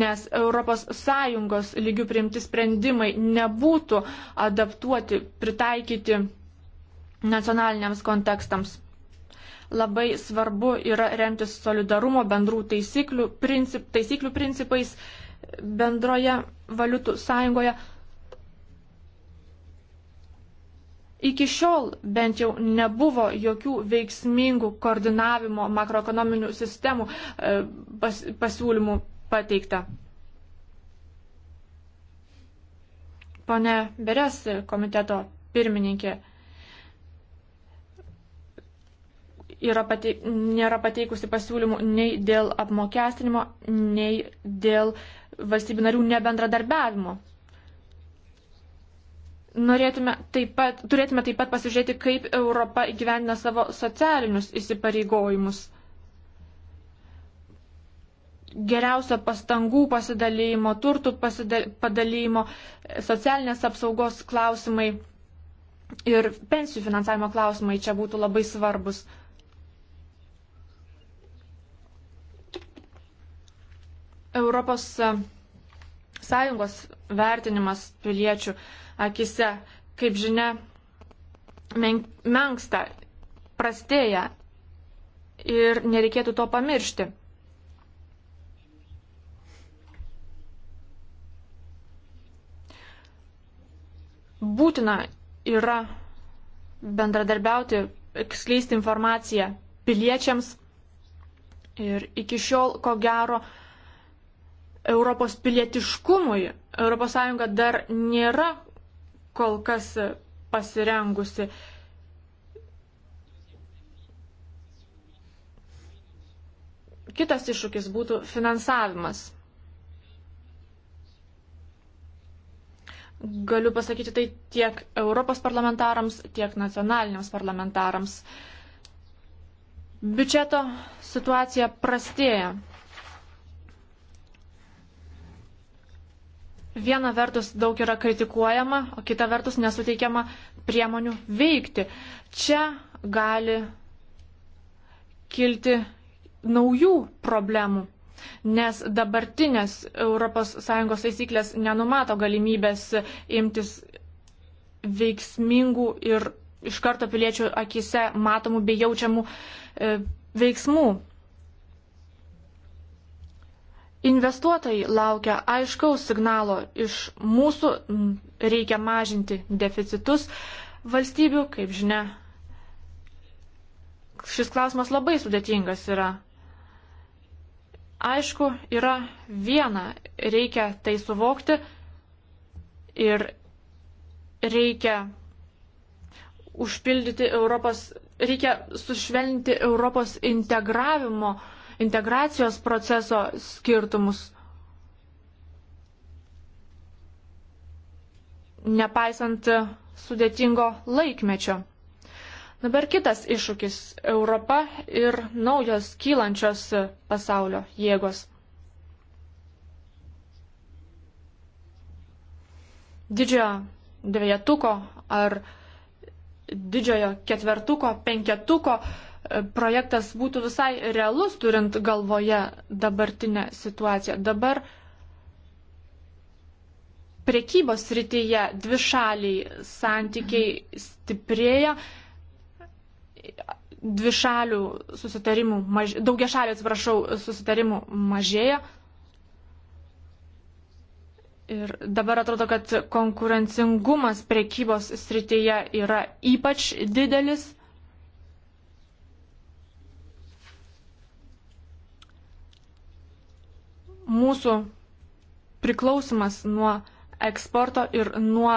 nes ES lygiu priimti sprendimai nebūtų adaptuoti, pritaikyti nacionaliniams kontekstams. Labai svarbu yra remtis solidarumo bendrų taisyklių, princip, taisyklių principais bendroje valiutų sąjungoje, Iki šiol bent jau nebuvo jokių veiksmingų koordinavimo makroekonominių sistemų e, pas, pasiūlymų pateikta. Pone Beres, komiteto pirmininkė, pate, nėra pateikusi pasiūlymų nei dėl apmokestinimo, nei dėl valstybių narių nebendradarbiavimo. Norėtume taip pat, turėtume taip pat pasižiūrėti, kaip Europa įgyvendina savo socialinius įsipareigojimus. Geriausia pastangų pasidalymo, turtų pasidal, padalymo, socialinės apsaugos klausimai ir pensijų finansavimo klausimai čia būtų labai svarbus. Europos e, Sąjungos vertinimas piliečių akise, kaip žinia, menksta, prastėja ir nereikėtų to pamiršti. Būtina yra bendradarbiauti, skleisti informaciją piliečiams ir iki šiol, ko gero, Europos pilietiškumui ES dar nėra kol kas pasirengusi. Kitas iššūkis būtų finansavimas. Galiu pasakyti tai tiek Europos parlamentarams, tiek nacionaliniams parlamentarams. Biudžeto situacija prastėja. viena vertus daug yra kritikuojama, o kita vertus nesuteikiama priemonių veikti. Čia gali kilti naujų problemų, nes dabartinės ES taisyklės nenumato galimybės imtis veiksmingų ir iš karto piliečių akise matomų bei jaučiamų e, veiksmų. Investuotojai laukia aiškaus signalo iš mūsų, reikia mažinti deficitus valstybių, kaip žinia. Šis klausimas labai sudėtingas yra. Aišku, yra viena, reikia tai suvokti ir reikia užpildyti Europos, reikia sušvelninti Europos integravimo uh, integracijos proceso skirtumus. Nepaisant sudėtingo laikmečio. Dabar kitas iššūkis - Europa ir naujos kylančios pasaulio jėgos. Didžiojo dviejetuko ar didžiojo ketvertuko, penketuko projektas būtų visai realus, turint galvoje dabartinę situaciją. Dabar priekybos rytyje dvi šaliai santykiai stiprėja, dvi šalių susitarimų, maž... daugia šalių, atsiprašau, susitarimų mažėja. Ir dabar atrodo, kad konkurencingumas priekybos srityje yra ypač didelis. mūsų priklausimas nuo eksporto ir nuo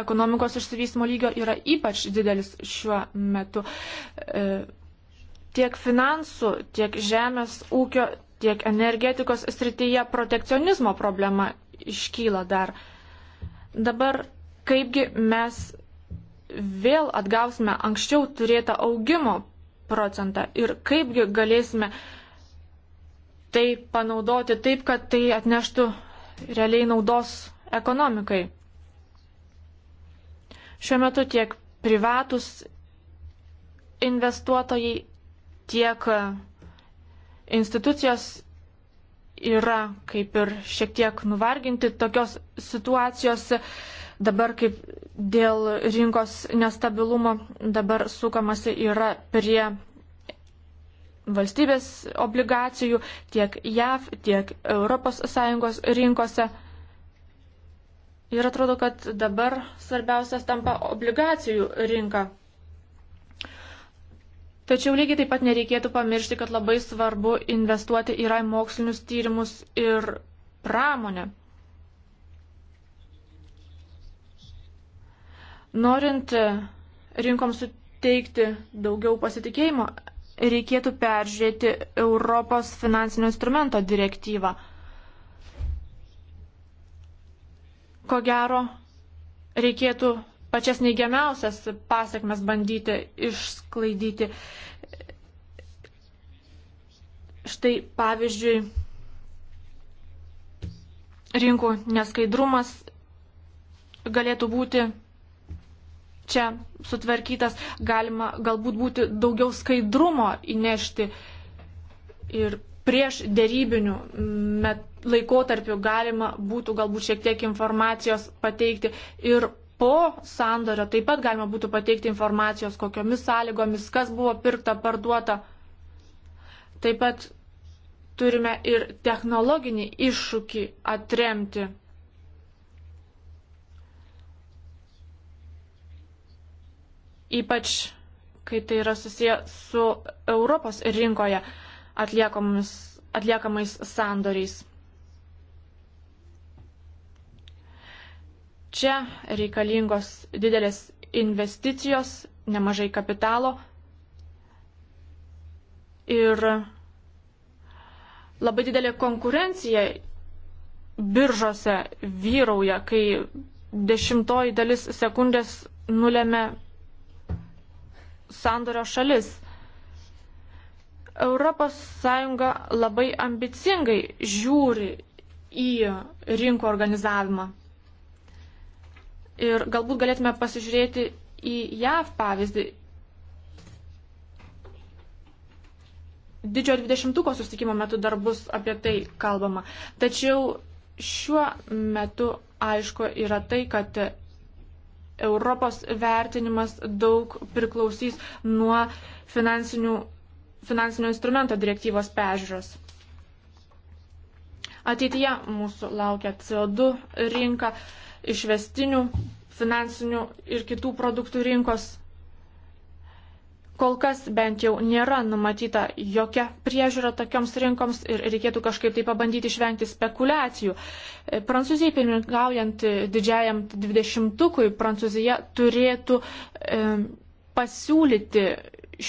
ekonomikos išsivystymo lygio yra ypač didelis šiuo metu. E, tiek finansų, tiek žemės ūkio, tiek energetikos srityje protekcionizmo problema iškyla dar. Dabar kaipgi mes vėl atgausime anksčiau turėtą augimo procentą ir kaipgi galėsime uh, tai panaudoti taip, kad tai atneštų realiai naudos ekonomikai. Šiuo metu tiek privatus investuotojai, tiek institucijos yra kaip ir šiek tiek nuvarginti tokios situacijos. Dabar kaip dėl rinkos nestabilumo dabar sukamasi yra prie valstybės obligacijų tiek JAV, tiek ES rinkose. Ir atrodo, kad dabar svarbiausias tampa obligacijų rinka. Tačiau lygiai taip pat nereikėtų pamiršti, kad labai svarbu investuoti yra į mokslinius tyrimus ir pramonę. Norint rinkoms suteikti daugiau pasitikėjimo, reikėtų peržiūrėti Europos finansinio instrumento direktyvą. Ko gero, reikėtų pačias neigiamiausias pasiekmes bandyti išsklaidyti. Štai pavyzdžiui, rinkų neskaidrumas galėtų būti čia sutvarkytas, galima galbūt būti daugiau skaidrumo įnešti ir prieš dėrybinių laikotarpių galima būtų galbūt šiek tiek informacijos pateikti ir po sandorio taip pat galima būtų pateikti informacijos, kokiomis sąlygomis, kas buvo pirkta, parduota. Taip pat turime ir technologinį iššūkį atremti. ypač kai tai yra susiję su Europos rinkoje atliekamais sandoriais. Čia reikalingos didelės investicijos, nemažai kapitalo ir labai didelė konkurencija biržose vyrauja, kai dešimtoji dalis sekundės nulėmė sandorio šalis. ES labai ambicingai žiūri į rinkų organizavimą. Ir galbūt galėtume pasižiūrėti į JAV pavyzdį. Didžiojo 20-ko susitikimo metu dar bus apie tai kalbama. Tačiau šiuo metu aišku yra tai, kad Europos vertinimas daug priklausys nuo finansinio instrumento direktyvos pežiūros. Ateityje mūsų laukia CO2 rinka, išvestinių, finansinių ir kitų produktų rinkos kol kas bent jau nėra numatyta jokia priežiūra tokioms rinkoms ir reikėtų kažkaip tai pabandyti išvengti spekulacijų. E, Prancūzijai pirmininkaujant didžiajam dvidešimtukui, Prancūzija turėtų e, pasiūlyti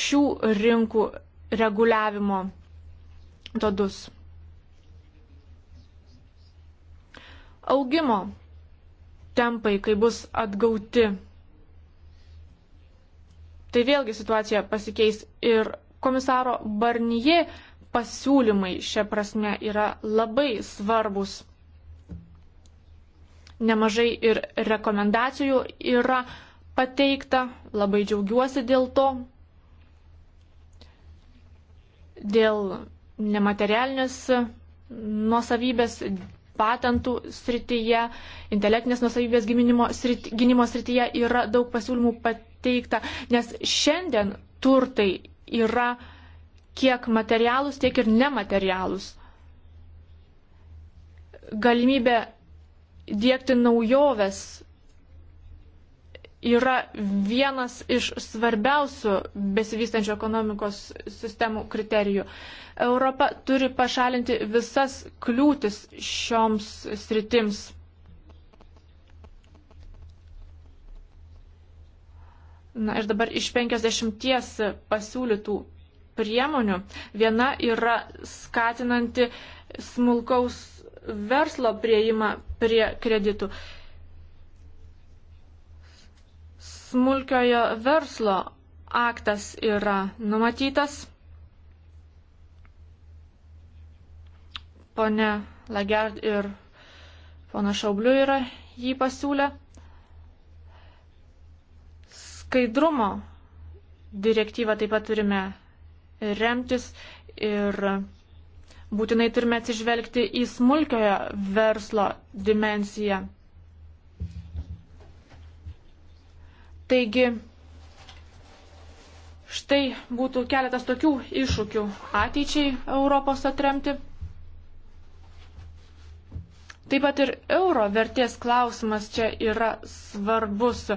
šių rinkų reguliavimo todus. Augimo tempai, kai bus atgauti tai vėlgi situacija pasikeis ir komisaro Barnyje pasiūlymai šią prasme yra labai svarbus. Nemažai ir rekomendacijų yra pateikta, labai džiaugiuosi dėl to. Dėl nematerialinės nuosavybės patentų srityje, intelektinės nusavybės gynimo srityje yra daug pasiūlymų pateikti pateikta, nes šiandien turtai yra kiek materialūs, tiek ir nematerialūs. Galimybė dėkti naujoves yra vienas iš svarbiausių besivystančio ekonomikos sistemų kriterijų. Europa turi pašalinti visas kliūtis šioms sritims. Na ir dabar iš 50 pasiūlytų priemonių viena yra skatinanti smulkaus verslo prieimą prie kreditų. Smulkiojo verslo aktas yra numatytas. Pone Lagerd ir pona Šaubliu yra jį pasiūlę. Skaidrumo direktyvą taip pat turime remtis ir būtinai turime atsižvelgti į smulkiojo verslo dimensiją. Taigi, štai būtų keletas tokių iššūkių ateičiai Europos atremti. Taip pat ir euro vertės klausimas čia yra svarbus.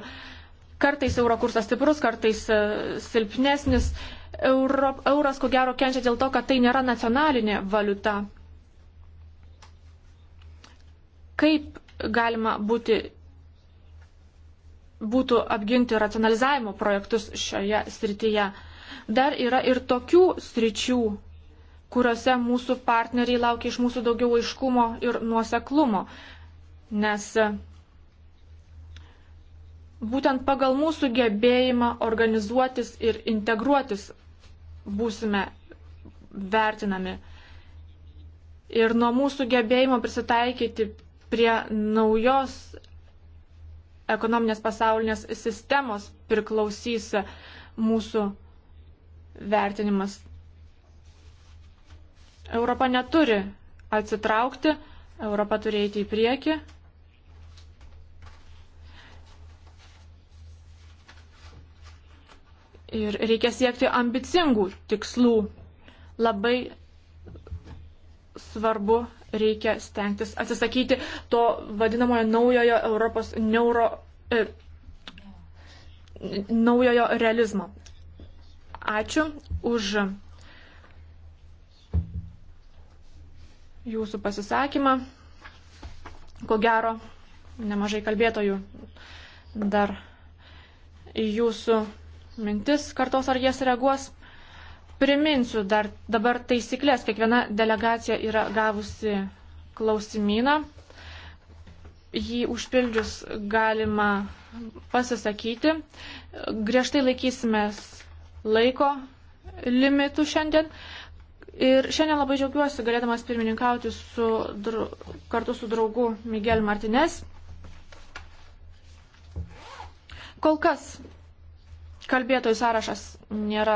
Kartais euro kursas stiprus, kartais e, silpnesnis. Euro, euras, ko gero, kenčia dėl to, kad tai nėra nacionalinė valiuta. Kaip galima būti, būtų apginti racionalizavimo projektus šioje srityje? Dar yra ir tokių sričių, kuriuose mūsų partneriai laukia iš mūsų daugiau aiškumo ir nuoseklumo. Nes Būtent pagal mūsų gebėjimą organizuotis ir integruotis būsime vertinami. Ir nuo mūsų gebėjimo prisitaikyti prie naujos ekonominės pasaulinės sistemos priklausys mūsų vertinimas. Europa neturi atsitraukti, Europa turi eiti į priekį ir reikia siekti ambicingų tikslų. Labai svarbu reikia stengtis atsisakyti to vadinamojo naujojo Europos neuro, e, naujojo realizmo. Ačiū už jūsų pasisakymą. Ko gero, nemažai kalbėtojų dar jūsų mintis kartos, ar jas reaguos. Priminsiu dar dabar taisyklės. Kiekviena delegacija yra gavusi klausimyną. Jį užpildžius galima pasisakyti. Griežtai laikysimės laiko limitų šiandien. Ir šiandien labai džiaugiuosi galėdamas pirmininkauti su, kartu su draugu Miguel Martinez. Kol kas Kalbėtojų sąrašas nėra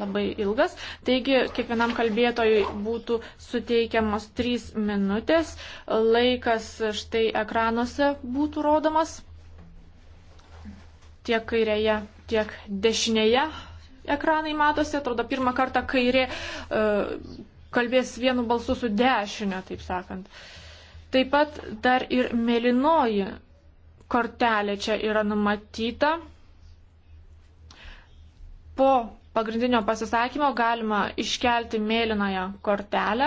labai ilgas, taigi kiekvienam kalbėtojui būtų suteikiamos 3 minutės, laikas štai ekranuose būtų rodomas tiek kairėje, tiek dešinėje ekranai matosi, atrodo pirmą kartą kairė e, kalbės vienu balsu su dešinė, taip sakant. Taip pat dar ir melinoji kortelė čia yra numatyta po pagrindinio pasisakymo galima iškelti mėlynąją kortelę.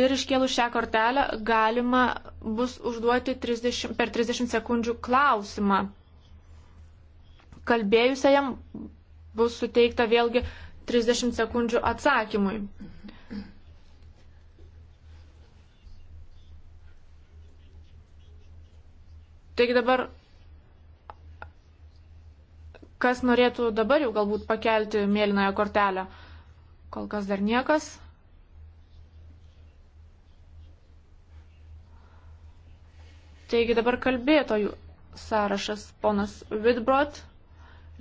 Ir iškėlus šią kortelę galima bus užduoti 30, per 30 sekundžių klausimą. Kalbėjusiajam bus suteikta vėlgi 30 sekundžių atsakymui. Taigi dabar Kas norėtų dabar jau galbūt pakelti mėlynąją kortelę? Kol kas dar niekas. Taigi dabar kalbėtojų sąrašas ponas Vidbrot,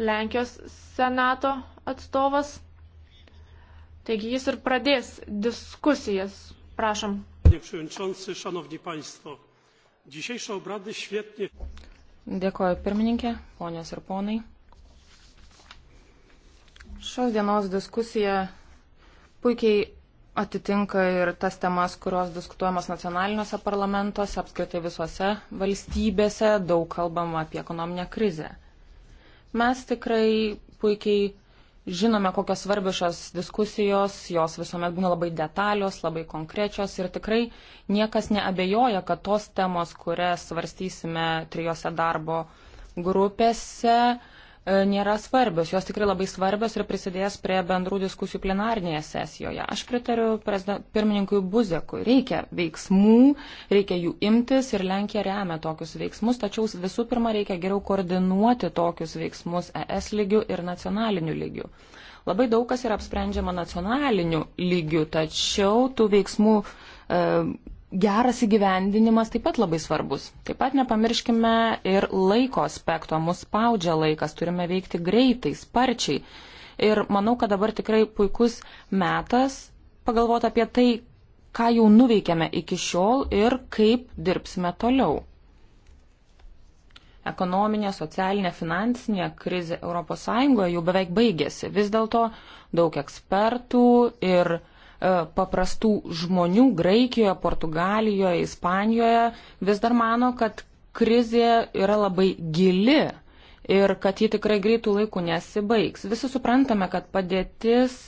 Lenkijos senato atstovas. Taigi jis ir pradės diskusijas. Prašom. Dėkuoju pirmininkė, ponios ir ponai. Šios dienos diskusija puikiai atitinka ir tas temas, kurios diskutuojamos nacionaliniuose parlamentuose, apskritai visose valstybėse, daug kalbama apie ekonominę krizę. Mes tikrai puikiai žinome, kokios svarbios šios diskusijos, jos visuomet būna labai detalios, labai konkrečios ir tikrai niekas neabejoja, kad tos temos, kurias svarstysime trijose darbo grupėse, E, nėra svarbios. Jos tikrai labai svarbios ir prisidės prie bendrų diskusijų plenarnėje sesijoje. Aš pritariu pirmininkui Buzekui. Reikia veiksmų, reikia jų imtis ir Lenkija remia tokius veiksmus, tačiau visų pirma reikia geriau koordinuoti tokius veiksmus ES lygių ir nacionalinių lygių. Labai daug kas yra apsprendžiama nacionaliniu lygiu, tačiau tų veiksmų e, geras įgyvendinimas taip pat labai svarbus. Taip pat nepamirškime ir laiko aspekto. Mus spaudžia laikas, turime veikti greitai, sparčiai. Ir manau, kad dabar tikrai puikus metas pagalvoti apie tai, ką jau nuveikėme iki šiol ir kaip dirbsime toliau. Ekonominė, socialinė, finansinė krizė ES jau beveik baigėsi. Vis dėlto daug ekspertų ir E, paprastų žmonių Graikijoje, Portugalijoje, Ispanijoje vis dar mano, kad krizė yra labai gili ir kad ji tikrai greitų laikų nesibaigs. Visi suprantame, kad padėtis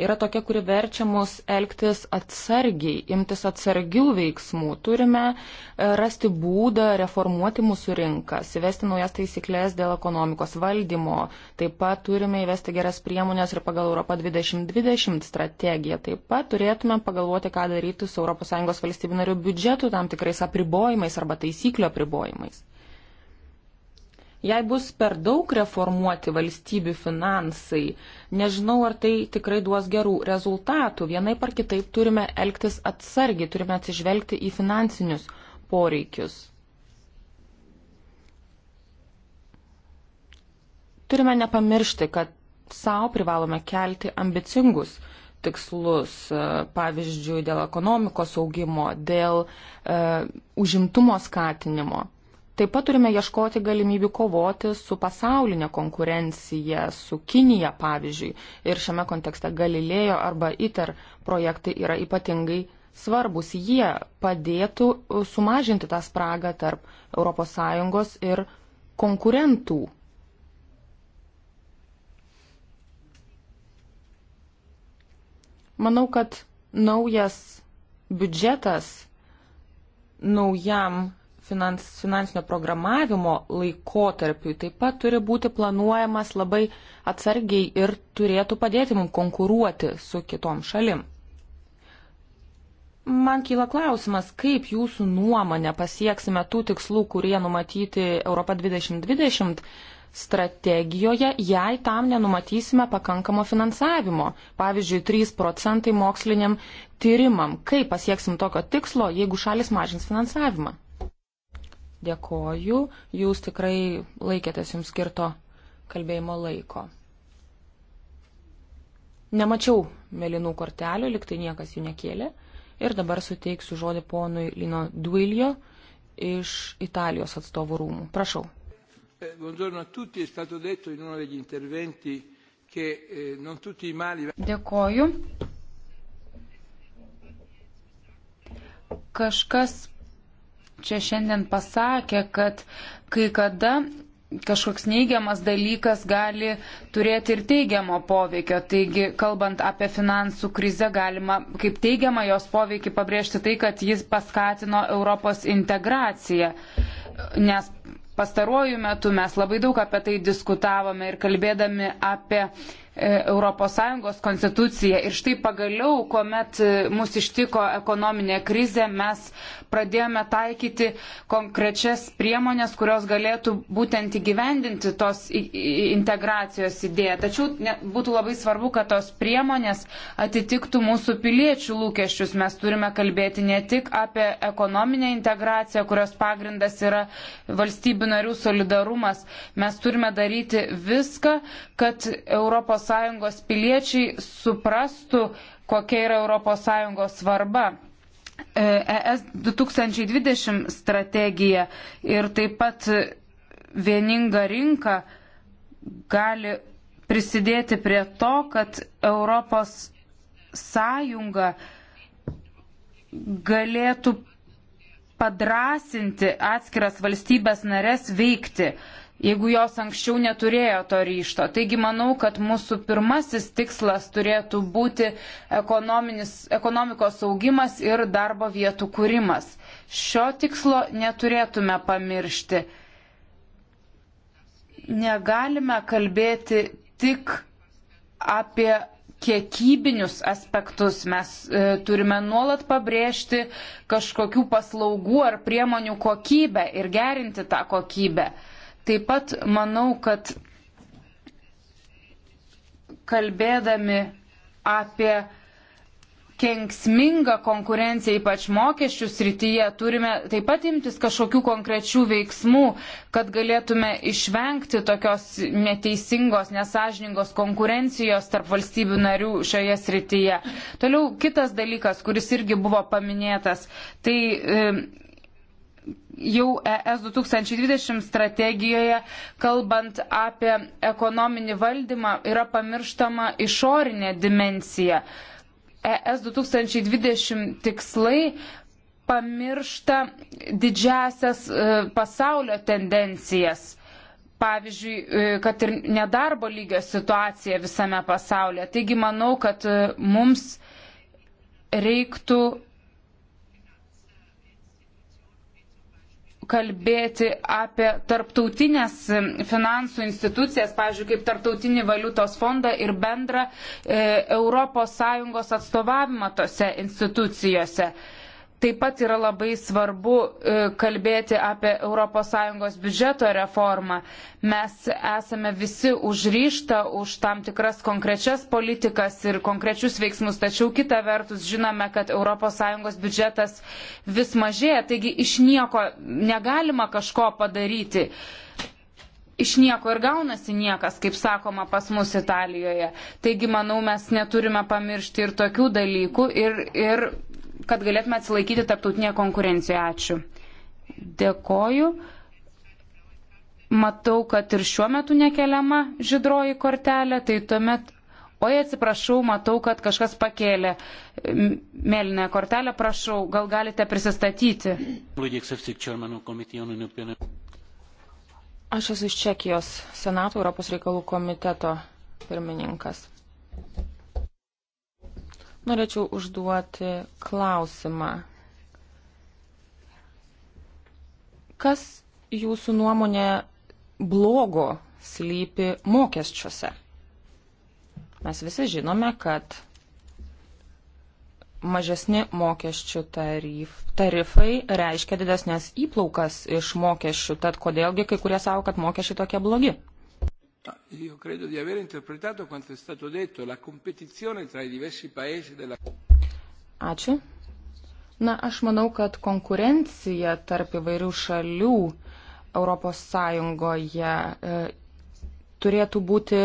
yra tokia, kuri verčia mus elgtis atsargiai, imtis atsargių veiksmų. Turime e, rasti būdą reformuoti mūsų rinkas, įvesti naujas taisyklės dėl ekonomikos valdymo, taip pat turime įvesti geras priemonės ir pagal Europą 2020 strategiją, taip pat turėtume pagalvoti, ką daryti su ES valstybių narių biudžetu tam tikrais apribojimais arba taisyklių apribojimais. Jei bus per daug reformuoti valstybių finansai, nežinau, ar tai tikrai duos gerų rezultatų. Vienai par kitaip turime elgtis atsargiai, turime atsižvelgti į finansinius poreikius. Turime nepamiršti, kad savo privalome kelti ambicingus tikslus, pavyzdžiui, dėl ekonomikos augimo, dėl e, užimtumo skatinimo. Taip pat turime ieškoti galimybių kovoti su pasaulinė konkurencija, su Kinija pavyzdžiui. Ir šiame kontekste Galilėjo arba ITER projektai yra ypatingai svarbus. Jie padėtų sumažinti tą spragą tarp ES ir konkurentų. Manau, kad naujas biudžetas naujam finans, finansinio programavimo laikotarpiui taip pat turi būti planuojamas labai atsargiai ir turėtų padėti mums konkuruoti su kitom šalim. Man kyla klausimas, kaip jūsų nuomonė pasieksime tų tikslų, kurie numatyti Europa 2020 strategijoje, jei tam nenumatysime pakankamo finansavimo. Pavyzdžiui, 3 procentai moksliniam tyrimam. Kaip pasieksim tokio tikslo, jeigu šalis mažins finansavimą? Dėkoju, jūs tikrai laikėtės jums skirto kalbėjimo laiko. Nemačiau mėlynų kortelių, liktai niekas jų nekėlė. Ir dabar suteiksiu žodį ponui Lino Duilio iš Italijos atstovų rūmų. Prašau. Eh, eh, Dėkoju. Kažkas čia šiandien pasakė, kad kai kada kažkoks neigiamas dalykas gali turėti ir teigiamo poveikio. Taigi, kalbant apie finansų krizę, galima kaip teigiamą jos poveikį pabrėžti tai, kad jis paskatino Europos integraciją. Nes pastaruoju metu mes labai daug apie tai diskutavome ir kalbėdami apie ES konstituciją. Ir štai pagaliau, kuomet e, mus ištiko ekonominė krizė, mes pradėjome taikyti konkrečias priemonės, kurios galėtų būtent įgyvendinti tos integracijos idėją. Tačiau ne, būtų labai svarbu, kad tos priemonės atitiktų mūsų piliečių lūkesčius. Mes turime kalbėti ne tik apie ekonominę integraciją, kurios pagrindas yra valstybių narių solidarumas. Mes turime daryti viską, kad ES piliečiai suprastų, kokia yra ES svarba. ES e 2020 strategija ir taip pat vieninga rinka gali prisidėti prie to, kad Europos sąjunga galėtų padrasinti atskiras valstybės nares veikti. Uh, jeigu jos anksčiau neturėjo to ryšto. Taigi manau, kad mūsų pirmasis tikslas turėtų būti ekonomikos augimas ir darbo vietų kūrimas. Šio tikslo neturėtume pamiršti. Negalime kalbėti tik apie kiekybinius aspektus mes e, turime nuolat pabrėžti kažkokių paslaugų ar priemonių kokybę ir gerinti tą kokybę. E, Taip pat manau, kad kalbėdami apie kenksmingą konkurenciją, ypač mokesčių srityje, turime taip pat imtis kažkokių konkrečių veiksmų, kad galėtume išvengti tokios neteisingos, nesažiningos konkurencijos tarp valstybių narių šioje srityje. Toliau kitas dalykas, kuris irgi buvo paminėtas, tai e, jau ES 2020 strategijoje, kalbant apie ekonominį valdymą, yra pamirštama išorinė dimensija. ES 2020 tikslai pamiršta didžiasias e, pasaulio tendencijas. Pavyzdžiui, e, kad ir nedarbo lygio situacija visame pasaulyje. Taigi manau, kad e, mums reiktų kalbėti apie tarptautinės finansų institucijas, pavyzdžiui, kaip Tartautinį valiutos fondą ir bendrą e, ES atstovavimą tose institucijose. E, Taip pat yra labai svarbu e, kalbėti apie ES biudžeto reformą. Mes esame visi užryštą už tam tikras konkrečias politikas ir konkrečius veiksmus, tačiau kita vertus žinome, kad ES biudžetas vis mažėja, taigi iš nieko negalima kažko padaryti iš nieko ir gaunasi niekas, kaip sakoma pas mus Italijoje. Taigi, manau, mes neturime pamiršti ir tokių dalykų ir, ir kad galėtume atsilaikyti tarptautinėje konkurencijoje. Ačiū. Dėkoju. Matau, kad ir šiuo metu nekeliama žydroji kortelė, tai tuomet. Oi, atsiprašau, matau, kad kažkas pakėlė mėlynę kortelę, prašau, gal galite prisistatyti. Aš esu iš Čekijos Senato Europos reikalų komiteto pirmininkas. Norėčiau užduoti klausimą. Kas jūsų nuomonė blogo slypi mokesčiuose? Mes visi žinome, kad mažesni mokesčių tarif, tarifai reiškia didesnės įplaukas iš mokesčių, tad kodėlgi kai kurie savo, kad mokesčiai tokie blogi? io credo di aver interpretato quanto è stato detto, la competizione tra i diversi paesi della. Ačiū. Na, aš manau, kad konkurencija tarp įvairių šalių Europos Sąjungoje e, turėtų būti,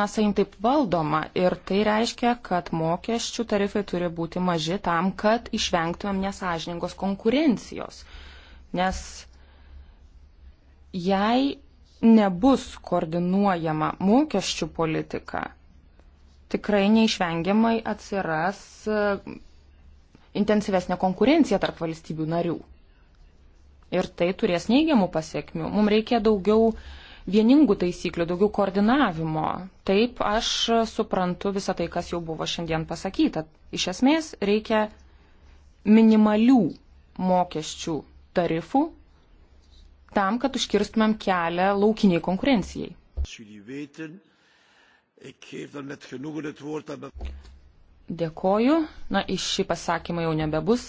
na, saim taip valdoma. Ir tai reiškia, kad mokesčių tarifai turi būti maži tam, kad išvengtumėm nesažiningos konkurencijos. Nes jei nebus koordinuojama mokesčių politika, tikrai neišvengiamai atsiras e, intensyvesnė konkurencija tarp valstybių narių. Ir tai turės neigiamų pasiekmių. Mums reikia daugiau vieningų taisyklių, daugiau koordinavimo. Taip aš suprantu visą tai, kas jau buvo šiandien pasakyta. Iš esmės reikia minimalių mokesčių tarifų tam, kad užkirstumėm kelią laukiniai konkurencijai. Dėkoju. Na, iš šį pasakymą jau nebebus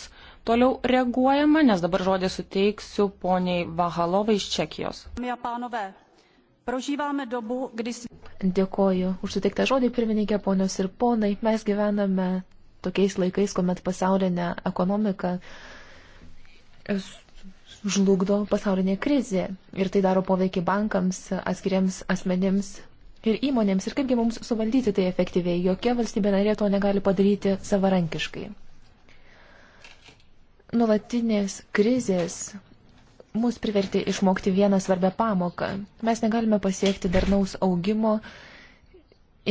toliau reaguojama, nes dabar žodį suteiksiu poniai Vahalovai iš Čekijos. Dėkoju už suteiktą žodį, pirmininkė, ponios ir ponai. Mes gyvename tokiais laikais, kuomet pasaulinė ekonomika žlugdo pasaulinė krizė ir tai daro poveikį bankams, atskiriems asmenėms ir įmonėms. Ir kaipgi mums suvaldyti tai efektyviai, jokia valstybė narė to negali padaryti savarankiškai. Nulatinės krizės mus privertė išmokti vieną svarbę pamoką. Mes negalime pasiekti darnaus augimo,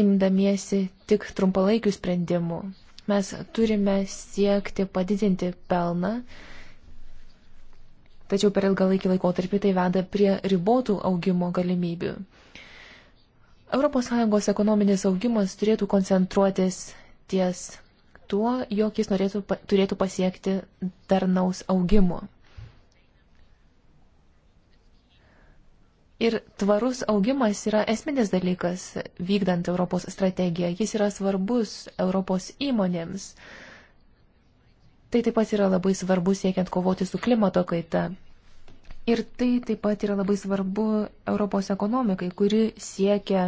imdamiesi tik trumpalaikių sprendimų. Mes turime siekti padidinti pelną tačiau per ilgalaikį laikotarpį tai veda prie ribotų augimo galimybių. ES ekonominis augimas turėtų koncentruotis ties tuo, jog jis norėtų, turėtų pasiekti darnaus augimo. Ir tvarus augimas yra esminis dalykas vykdant Europos strategiją. Jis yra svarbus Europos įmonėms. Uh, Tai taip pat yra labai svarbu siekiant kovoti su klimato kaita. Ir tai taip pat yra labai svarbu Europos ekonomikai, kuri siekia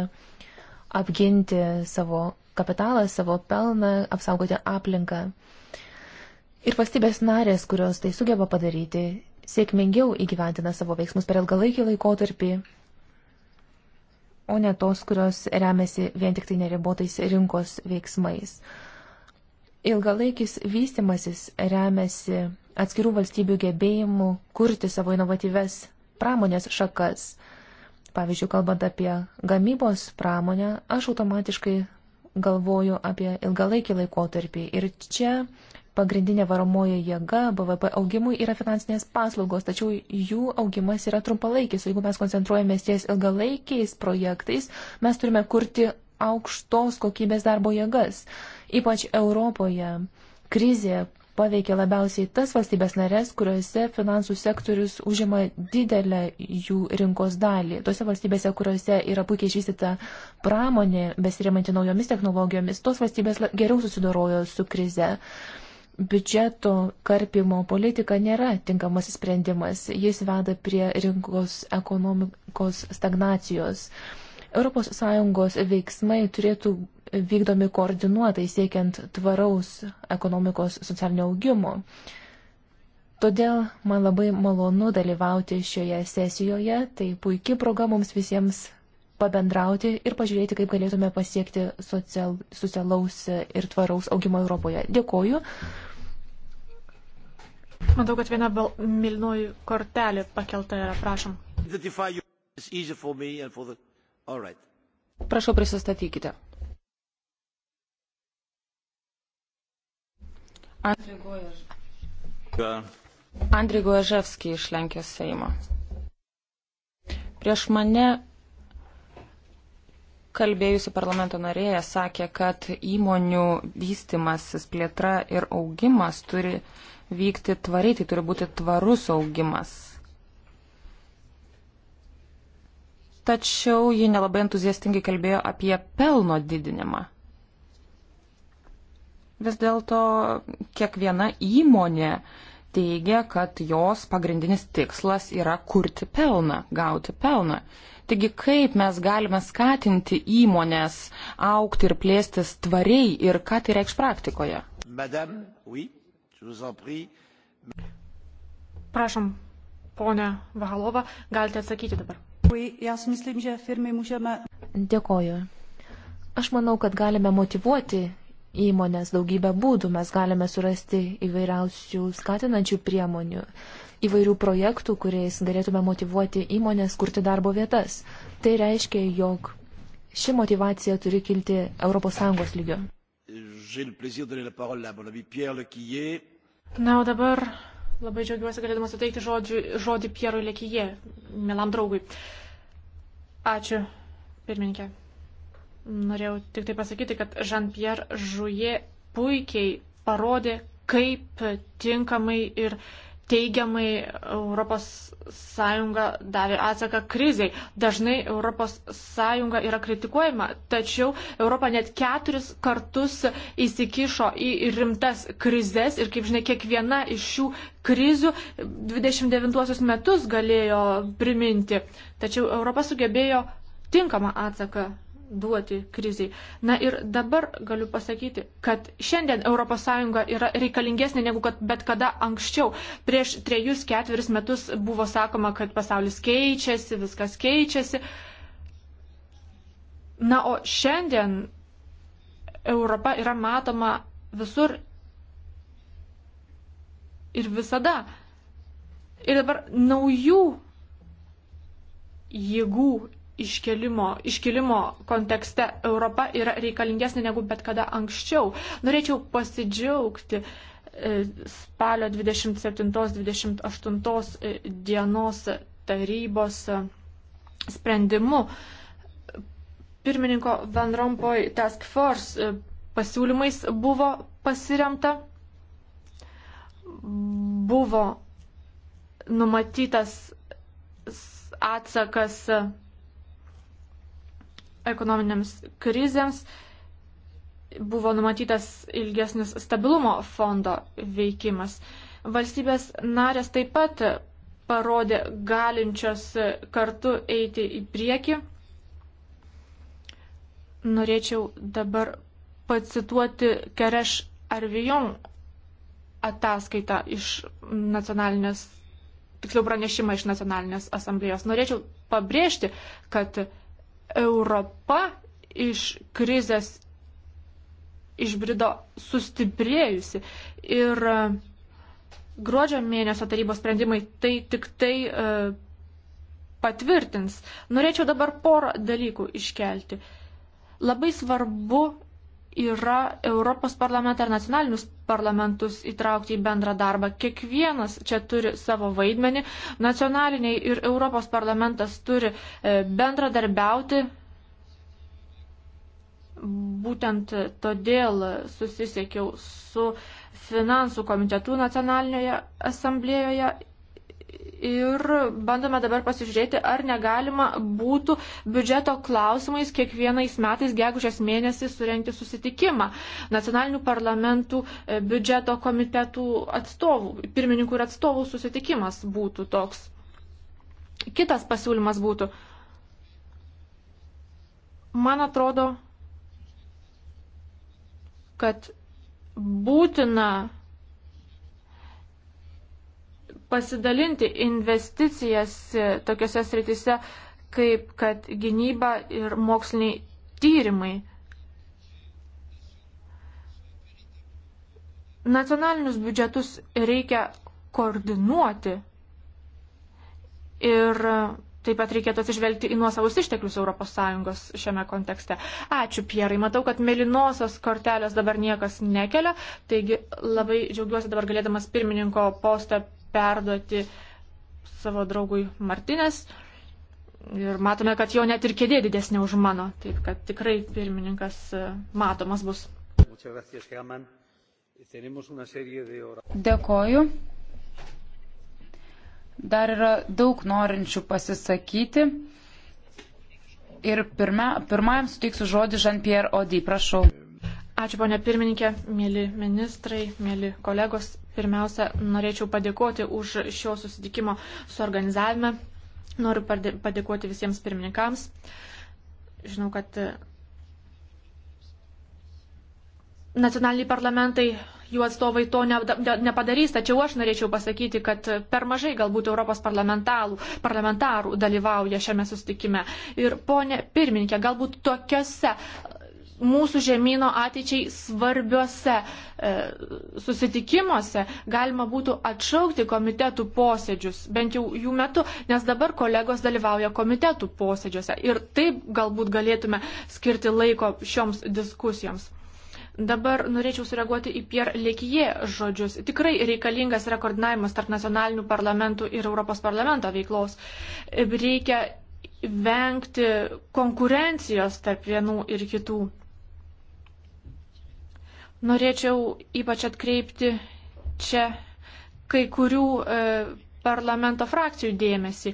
apginti savo kapitalą, savo pelną, apsaugoti aplinką. Ir valstybės narės, kurios tai sugeba padaryti, sėkmingiau įgyventina savo veiksmus per ilgalaikį laikotarpį, o ne tos, kurios remiasi vien tik tai neribotais rinkos veiksmais. Ilgalaikis vystimasis remiasi atskirų valstybių gebėjimu kurti savo inovatyves pramonės šakas. Pavyzdžiui, kalbant apie gamybos pramonę, aš automatiškai galvoju apie ilgalaikį laikotarpį. Ir čia pagrindinė varomoji jėga BVP augimui yra finansinės paslaugos, tačiau jų augimas yra trumpalaikis. Jeigu mes koncentruojamės ties ilgalaikiais projektais, mes turime kurti aukštos kokybės darbo jėgas. Ypač Europoje krizė paveikė labiausiai tas valstybės narės, kuriuose finansų sektorius užima didelę jų rinkos dalį. Tose valstybėse, kuriuose yra puikiai išvystyta pramonė, besirimanti naujomis technologijomis, tos valstybės geriau susidorojo su krize. Biudžeto karpimo politika nėra tinkamas sprendimas, jis veda prie rinkos ekonomikos stagnacijos. ES veiksmai turėtų vykdomi koordinuotai siekiant tvaraus ekonomikos socialinio augimo. Todėl man labai malonu dalyvauti šioje sesijoje, tai puikia proga mums visiems pabendrauti ir pažiūrėti, kaip galėtume pasiekti social, socialaus ir tvaraus augimo Europoje. Dėkoju. Matau, kad viena milnoji kortelė pakelta yra, prašom. Prašau, prisistatykite. Andriui Goževskį iš Lenkijos Seimo. Prieš mane kalbėjusi parlamento narėja sakė, kad įmonių vystimasis, plėtra ir augimas turi vykti tvariai, tai turi būti tvarus augimas. Tačiau ji nelabai entuziastingai kalbėjo apie pelno didinimą vis dėlto kiekviena įmonė teigia, kad jos pagrindinis tikslas yra kurti pelną, gauti pelną. Taigi kaip mes galime skatinti įmonės aukti ir plėstis tvariai ir ką tai reikš praktikoje? Madame, oui, Prašom, ponia Vahalova, galite atsakyti dabar. Dėkoju. Aš manau, kad galime motivuoti įmonės daugybę būdų. Mes galime surasti įvairiausių skatinančių priemonių, įvairių projektų, kuriais galėtume motivuoti įmonės kurti darbo vietas. Tai reiškia, jog ši motivacija turi kilti ES lygio. Na, o dabar labai džiaugiuosi galėdamas suteikti žodžių, žodį Pierui Lekijė, mielam draugui. Ačiū, pirmininkė. Norėjau tik tai pasakyti, kad Jean-Pierre Žuje puikiai parodė, kaip tinkamai ir teigiamai ES davė atsaką kriziai. Dažnai ES yra kritikuojama, tačiau Europa net keturis kartus įsikišo į rimtas krizės ir, kaip žinia, kiekviena iš šių krizių 29 metus galėjo priminti. Tačiau Europa sugebėjo tinkamą atsaką duoti kriziai. Na ir dabar galiu pasakyti, kad šiandien ES yra reikalingesnė negu kad bet kada anksčiau. Prieš trejus, ketveris metus buvo sakoma, kad pasaulis keičiasi, viskas keičiasi. Na o šiandien Europa yra matoma visur ir visada. Ir dabar naujų jėgų iškelimo, iškilimo kontekste Europa yra reikalingesnė negu bet kada anksčiau. Norėčiau pasidžiaugti e, spalio 27-28 e, dienos tarybos e, sprendimu pirmininko Van Rompuy Task Force pasiūlymais buvo pasiremta, buvo numatytas atsakas ekonominėms krizėms buvo numatytas ilgesnis stabilumo fondo veikimas. Valstybės narės taip pat parodė galinčios kartu eiti į priekį. Norėčiau dabar pacituoti Kereš Arvijon ataskaitą iš nacionalinės, tiksliau pranešimą iš nacionalinės asamblėjos. Norėčiau pabrėžti, kad Europa iš krizės išbrido sustiprėjusi. Ir e, gruodžio mėnesio tarybos sprendimai tai tik tai e, patvirtins. Norėčiau dabar porą dalykų iškelti. Labai svarbu yra Europos parlamentą ir nacionalinius parlamentus įtraukti į bendrą darbą. Kiekvienas čia turi savo vaidmenį. Nacionaliniai ir Europos parlamentas turi e, bendradarbiauti. Būtent todėl susisiekiau su finansų komitetu nacionalinėje asamblėjoje ir bandome dabar pasižiūrėti, ar negalima būtų biudžeto klausimais kiekvienais metais gegužės mėnesį surenkti susitikimą nacionalinių parlamentų e, biudžeto komitetų atstovų, pirmininkų ir atstovų susitikimas būtų toks. Kitas pasiūlymas būtų, man atrodo, kad būtina pasidalinti investicijas e, tokiuose sritise, kaip kad gynyba ir moksliniai tyrimai. Nacionalinius biudžetus reikia koordinuoti ir e, taip pat reikėtų atsižvelgti į nuosavus išteklius ES šiame kontekste. Ačiū, Pierai. Matau, kad melinosios kortelės dabar niekas nekelia, taigi labai džiaugiuosi dabar galėdamas pirmininko postą perduoti savo draugui Martinės. Ir matome, kad jo net ir kėdė didesnė už mano, taip kad tikrai pirmininkas e, matomas bus. Dėkoju. Dar yra daug norinčių pasisakyti. Ir pirma, pirmajam suteiksiu žodį Jean-Pierre Odį, prašau. Ačiū, ponė pirmininkė, mėly ministrai, mėly kolegos. Pirmiausia, norėčiau padėkoti už šio susitikimo suorganizavimą. Noriu padėkoti visiems pirmininkams. Žinau, kad nacionaliniai parlamentai, jų atstovai to nepadarys, tačiau aš norėčiau pasakyti, kad per mažai galbūt Europos parlamentarų dalyvauja šiame sustikime. Ir ponė pirmininkė, galbūt tokiuose mūsų žemynų ateičiai svarbiuose e, susitikimuose galima būtų atšaukti komitetų posėdžius, bent jau jų metu, nes dabar kolegos dalyvauja komitetų posėdžiuose ir taip galbūt galėtume skirti laiko šioms diskusijoms. Dabar norėčiau sureaguoti į Pierre Lekie žodžius. Tikrai reikalingas yra koordinavimas tarp nacionalinių parlamentų ir Europos parlamento veiklos. Reikia vengti konkurencijos tarp vienų ir kitų. Norėčiau ypač atkreipti čia kai kurių e, parlamento frakcijų dėmesį.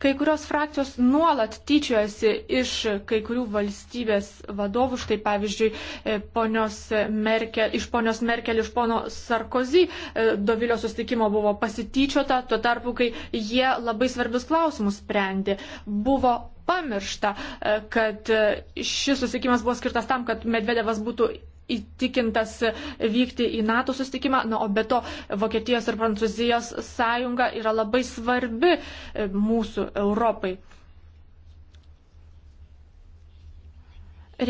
Kai kurios frakcijos nuolat tyčiojasi iš kai kurių valstybės vadovų, štai pavyzdžiui, e, ponios Merkel, iš ponios Merkel, iš pono Sarkozy e, Dovilio sustikimo buvo pasityčiota, tuo tarpu, kai jie labai svarbius klausimus sprendė. Buvo pamiršta, e, kad šis susitikimas buvo skirtas tam, kad Medvedevas būtų įtikintas vykti į NATO sustikimą. Na, o be to Vokietijos ir Prancūzijos sąjunga yra labai svarbi e, mūsų Europai.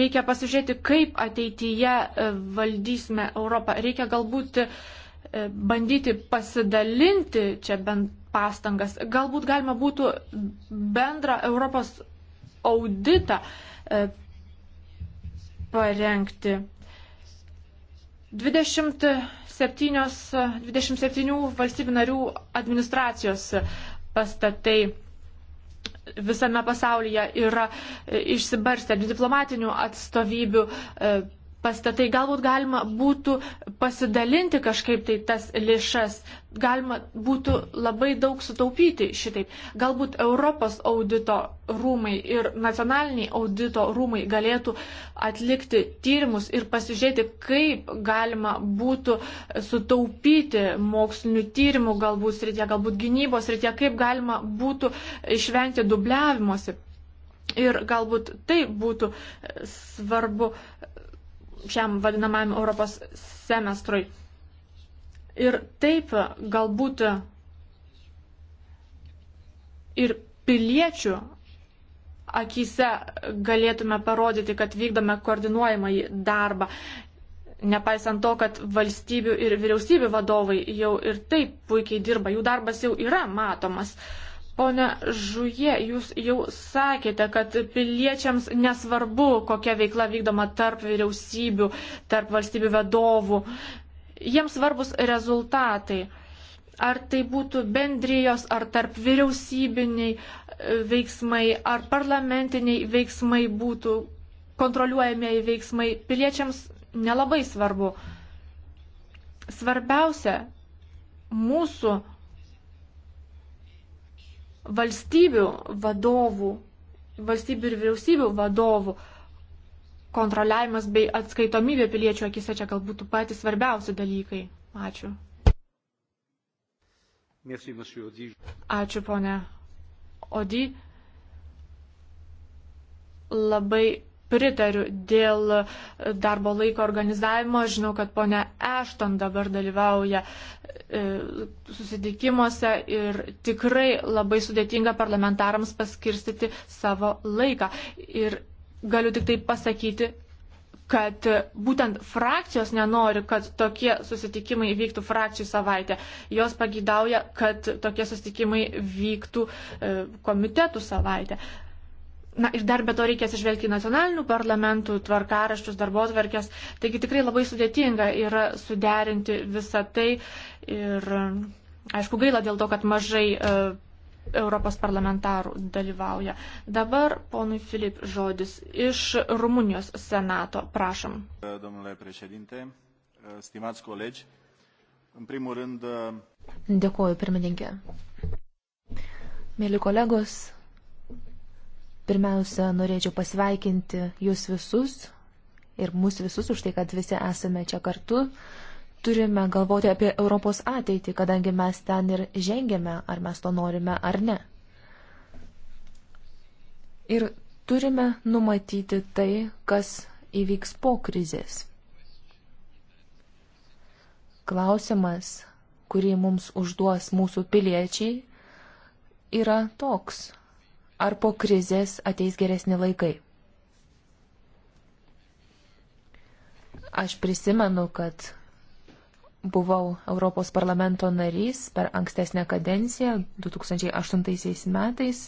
Reikia pasižiūrėti, kaip ateityje e, valdysime Europą. Reikia galbūt e, bandyti pasidalinti čia bent pastangas. Galbūt galima būtų bendrą Europos auditą parengti. 27, 27 valstybių narių administracijos pastatai visame pasaulyje yra išsibarstę diplomatinių atstovybių e, pastatai. Galbūt galima būtų pasidalinti kažkaip tai tas lėšas, galima būtų labai daug sutaupyti šitaip. Galbūt Europos audito rūmai ir nacionaliniai audito rūmai galėtų atlikti tyrimus ir pasižiūrėti, kaip galima būtų sutaupyti mokslinių tyrimų galbūt srityje, galbūt gynybos srityje, kaip galima būtų išvengti dubliavimuose. Ir galbūt tai būtų svarbu šiam vadinamajam Europos semestrui. Ir taip galbūt ir piliečių akise galėtume parodyti, kad vykdome koordinuojamąjį darbą. Nepaisant to, kad valstybių ir vyriausybių vadovai jau ir taip puikiai dirba, jų darbas jau yra matomas. Uh, Pone Žuje, jūs jau sakėte, kad piliečiams nesvarbu, kokia veikla vykdoma tarp vyriausybių, tarp valstybių vadovų. Jiems svarbus rezultatai. Ar tai būtų bendrijos, ar tarp vyriausybiniai e, veiksmai, ar parlamentiniai veiksmai būtų kontroliuojamieji veiksmai, piliečiams nelabai svarbu. Svarbiausia, mūsų valstybių vadovų, valstybių ir vyriausybių vadovų kontroliavimas bei atskaitomybė piliečių akise čia galbūt patys svarbiausi dalykai. Ačiū. Ačiū, ponė Odi. Labai pritariu dėl darbo laiko organizavimo. Žinau, kad ponia Ešton dabar dalyvauja e, susitikimuose ir tikrai labai sudėtinga parlamentarams paskirstyti savo laiką. Ir galiu tik tai pasakyti, kad būtent frakcijos nenori, kad tokie susitikimai vyktų frakcijų savaitę. Jos pagydauja, kad tokie susitikimai vyktų e, komitetų savaitę. Na ir dar be to reikės išvelgti nacionalinių parlamentų tvarkaraščius, darbo tvarkės. Taigi tikrai labai sudėtinga yra suderinti visą tai. Ir aišku gaila dėl to, kad mažai uh, Europos parlamentarų dalyvauja. Dabar ponui Filip žodis iš Rumunijos senato. Prašom. E, domnule președinte, e, stimați colegi, în primul rând. Dėkuoju, pirmininkė. Mėly kolegos, Pirmiausia, norėčiau pasveikinti jūs visus ir mus visus už tai, kad visi esame čia kartu. Turime galvoti apie Europos ateitį, kadangi mes ten ir žengėme, ar mes to norime ar ne. Ir turime numatyti tai, kas įvyks po krizės. Klausimas, kurį mums užduos mūsų piliečiai, yra toks ar po krizės ateis geresni laikai. Aš prisimenu, kad buvau Europos parlamento narys per ankstesnę kadenciją 2008 metais.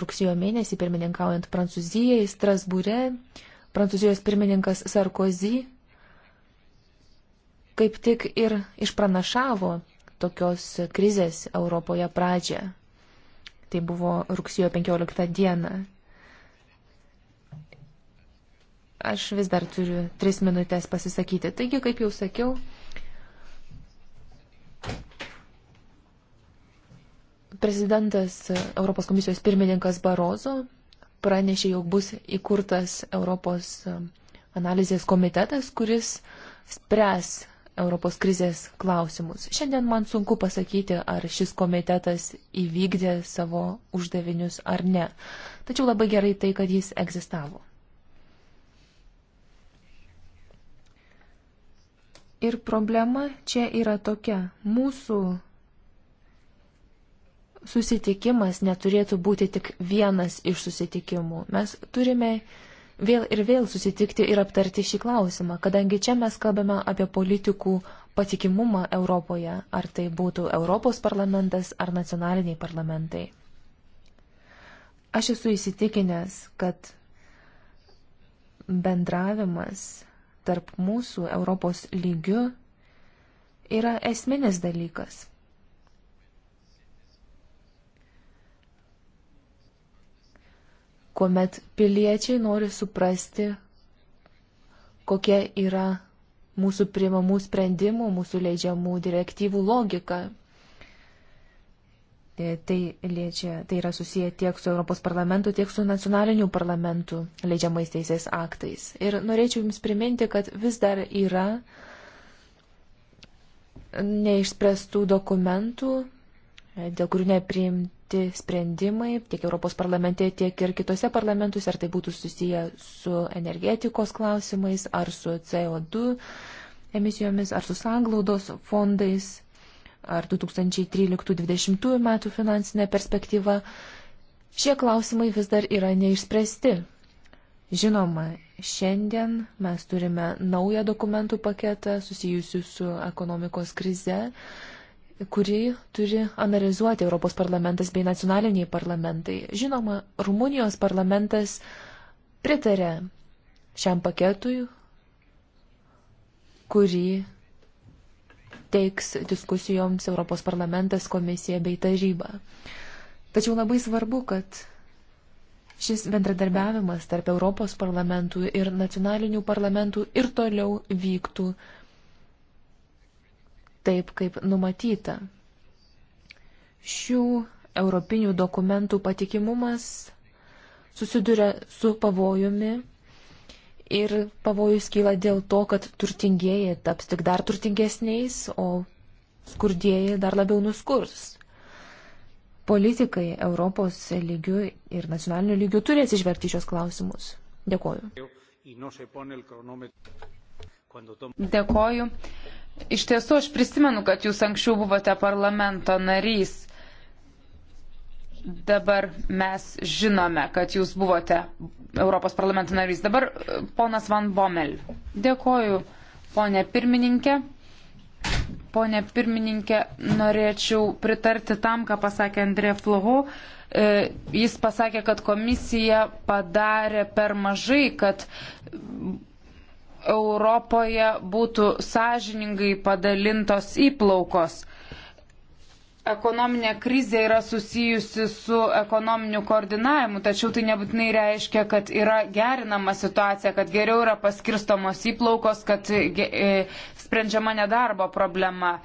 Rugsėjo mėnesį pirmininkaujant Prancūzijai, Strasbūre, Prancūzijos pirmininkas Sarkozy kaip tik ir išpranašavo tokios krizės Europoje pradžią. Tai buvo rugsėjo 15 diena. Aš vis dar turiu tris minutės pasisakyti. Taigi, kaip jau sakiau, prezidentas Europos komisijos pirmininkas Barozo pranešė, jog bus įkurtas Europos analizės komitetas, kuris spręs Europos krizės klausimus. Šiandien man sunku pasakyti, ar šis komitetas įvykdė savo uždavinius ar ne. Tačiau labai gerai tai, kad jis egzistavo. Ir problema čia yra tokia. Mūsų susitikimas neturėtų būti tik vienas iš susitikimų. Mes turime vėl ir vėl susitikti ir aptarti šį klausimą, kadangi čia mes kalbame apie politikų patikimumą Europoje, ar tai būtų Europos parlamentas ar nacionaliniai parlamentai. Aš esu įsitikinęs, kad bendravimas tarp mūsų Europos lygių yra esminis dalykas. kuomet piliečiai nori suprasti, kokia yra mūsų priimamų sprendimų, mūsų leidžiamų direktyvų logika. E, tai, liečia, tai yra susiję tiek su Europos parlamentu, tiek su nacionaliniu parlamentu leidžiamais teisės aktais. Ir norėčiau Jums priminti, kad vis dar yra neišspręstų dokumentų, e, dėl kurių nepriimti priimti sprendimai tiek Europos parlamente, tiek ir kitose parlamentuose, ar tai būtų susiję su energetikos klausimais, ar su CO2 emisijomis, ar su sanglaudos fondais, ar 2013-2020 metų finansinė perspektyva. Šie klausimai vis dar yra neišspręsti. Žinoma, šiandien mes turime naują dokumentų paketą susijusių su ekonomikos krize, kurį turi analizuoti Europos parlamentas bei nacionaliniai parlamentai. Žinoma, Rumunijos parlamentas pritarė šiam paketui, kurį teiks diskusijoms Europos parlamentas, komisija bei taryba. Tačiau labai svarbu, kad šis bendradarbiavimas tarp Europos parlamentų ir nacionalinių parlamentų ir toliau vyktų taip, kaip numatyta. Šių europinių dokumentų patikimumas susiduria su pavojumi ir pavojus kyla dėl to, kad turtingieji taps tik dar turtingesniais, o skurdieji dar labiau nuskurs. Politikai Europos lygių ir nacionalinių lygių turi atsižvelgti šios klausimus. Dėkoju. Dėkoju. Iš tiesų, aš prisimenu, kad jūs anksčiau buvote parlamento narys. Dabar mes žinome, kad jūs buvote Europos parlamento narys. Dabar e, ponas Van Bomel. Dėkoju, ponė pirmininkė. Pone pirmininkė, norėčiau pritarti tam, ką pasakė Andrė Flohu. E, jis pasakė, kad komisija padarė per mažai, kad Europoje būtų sąžiningai padalintos įplaukos. Ekonominė krizė yra susijusi su ekonominiu koordinavimu, tačiau tai nebūtinai reiškia, kad yra gerinama situacija, kad geriau yra paskirstomos įplaukos, kad e, sprendžiama nedarbo problema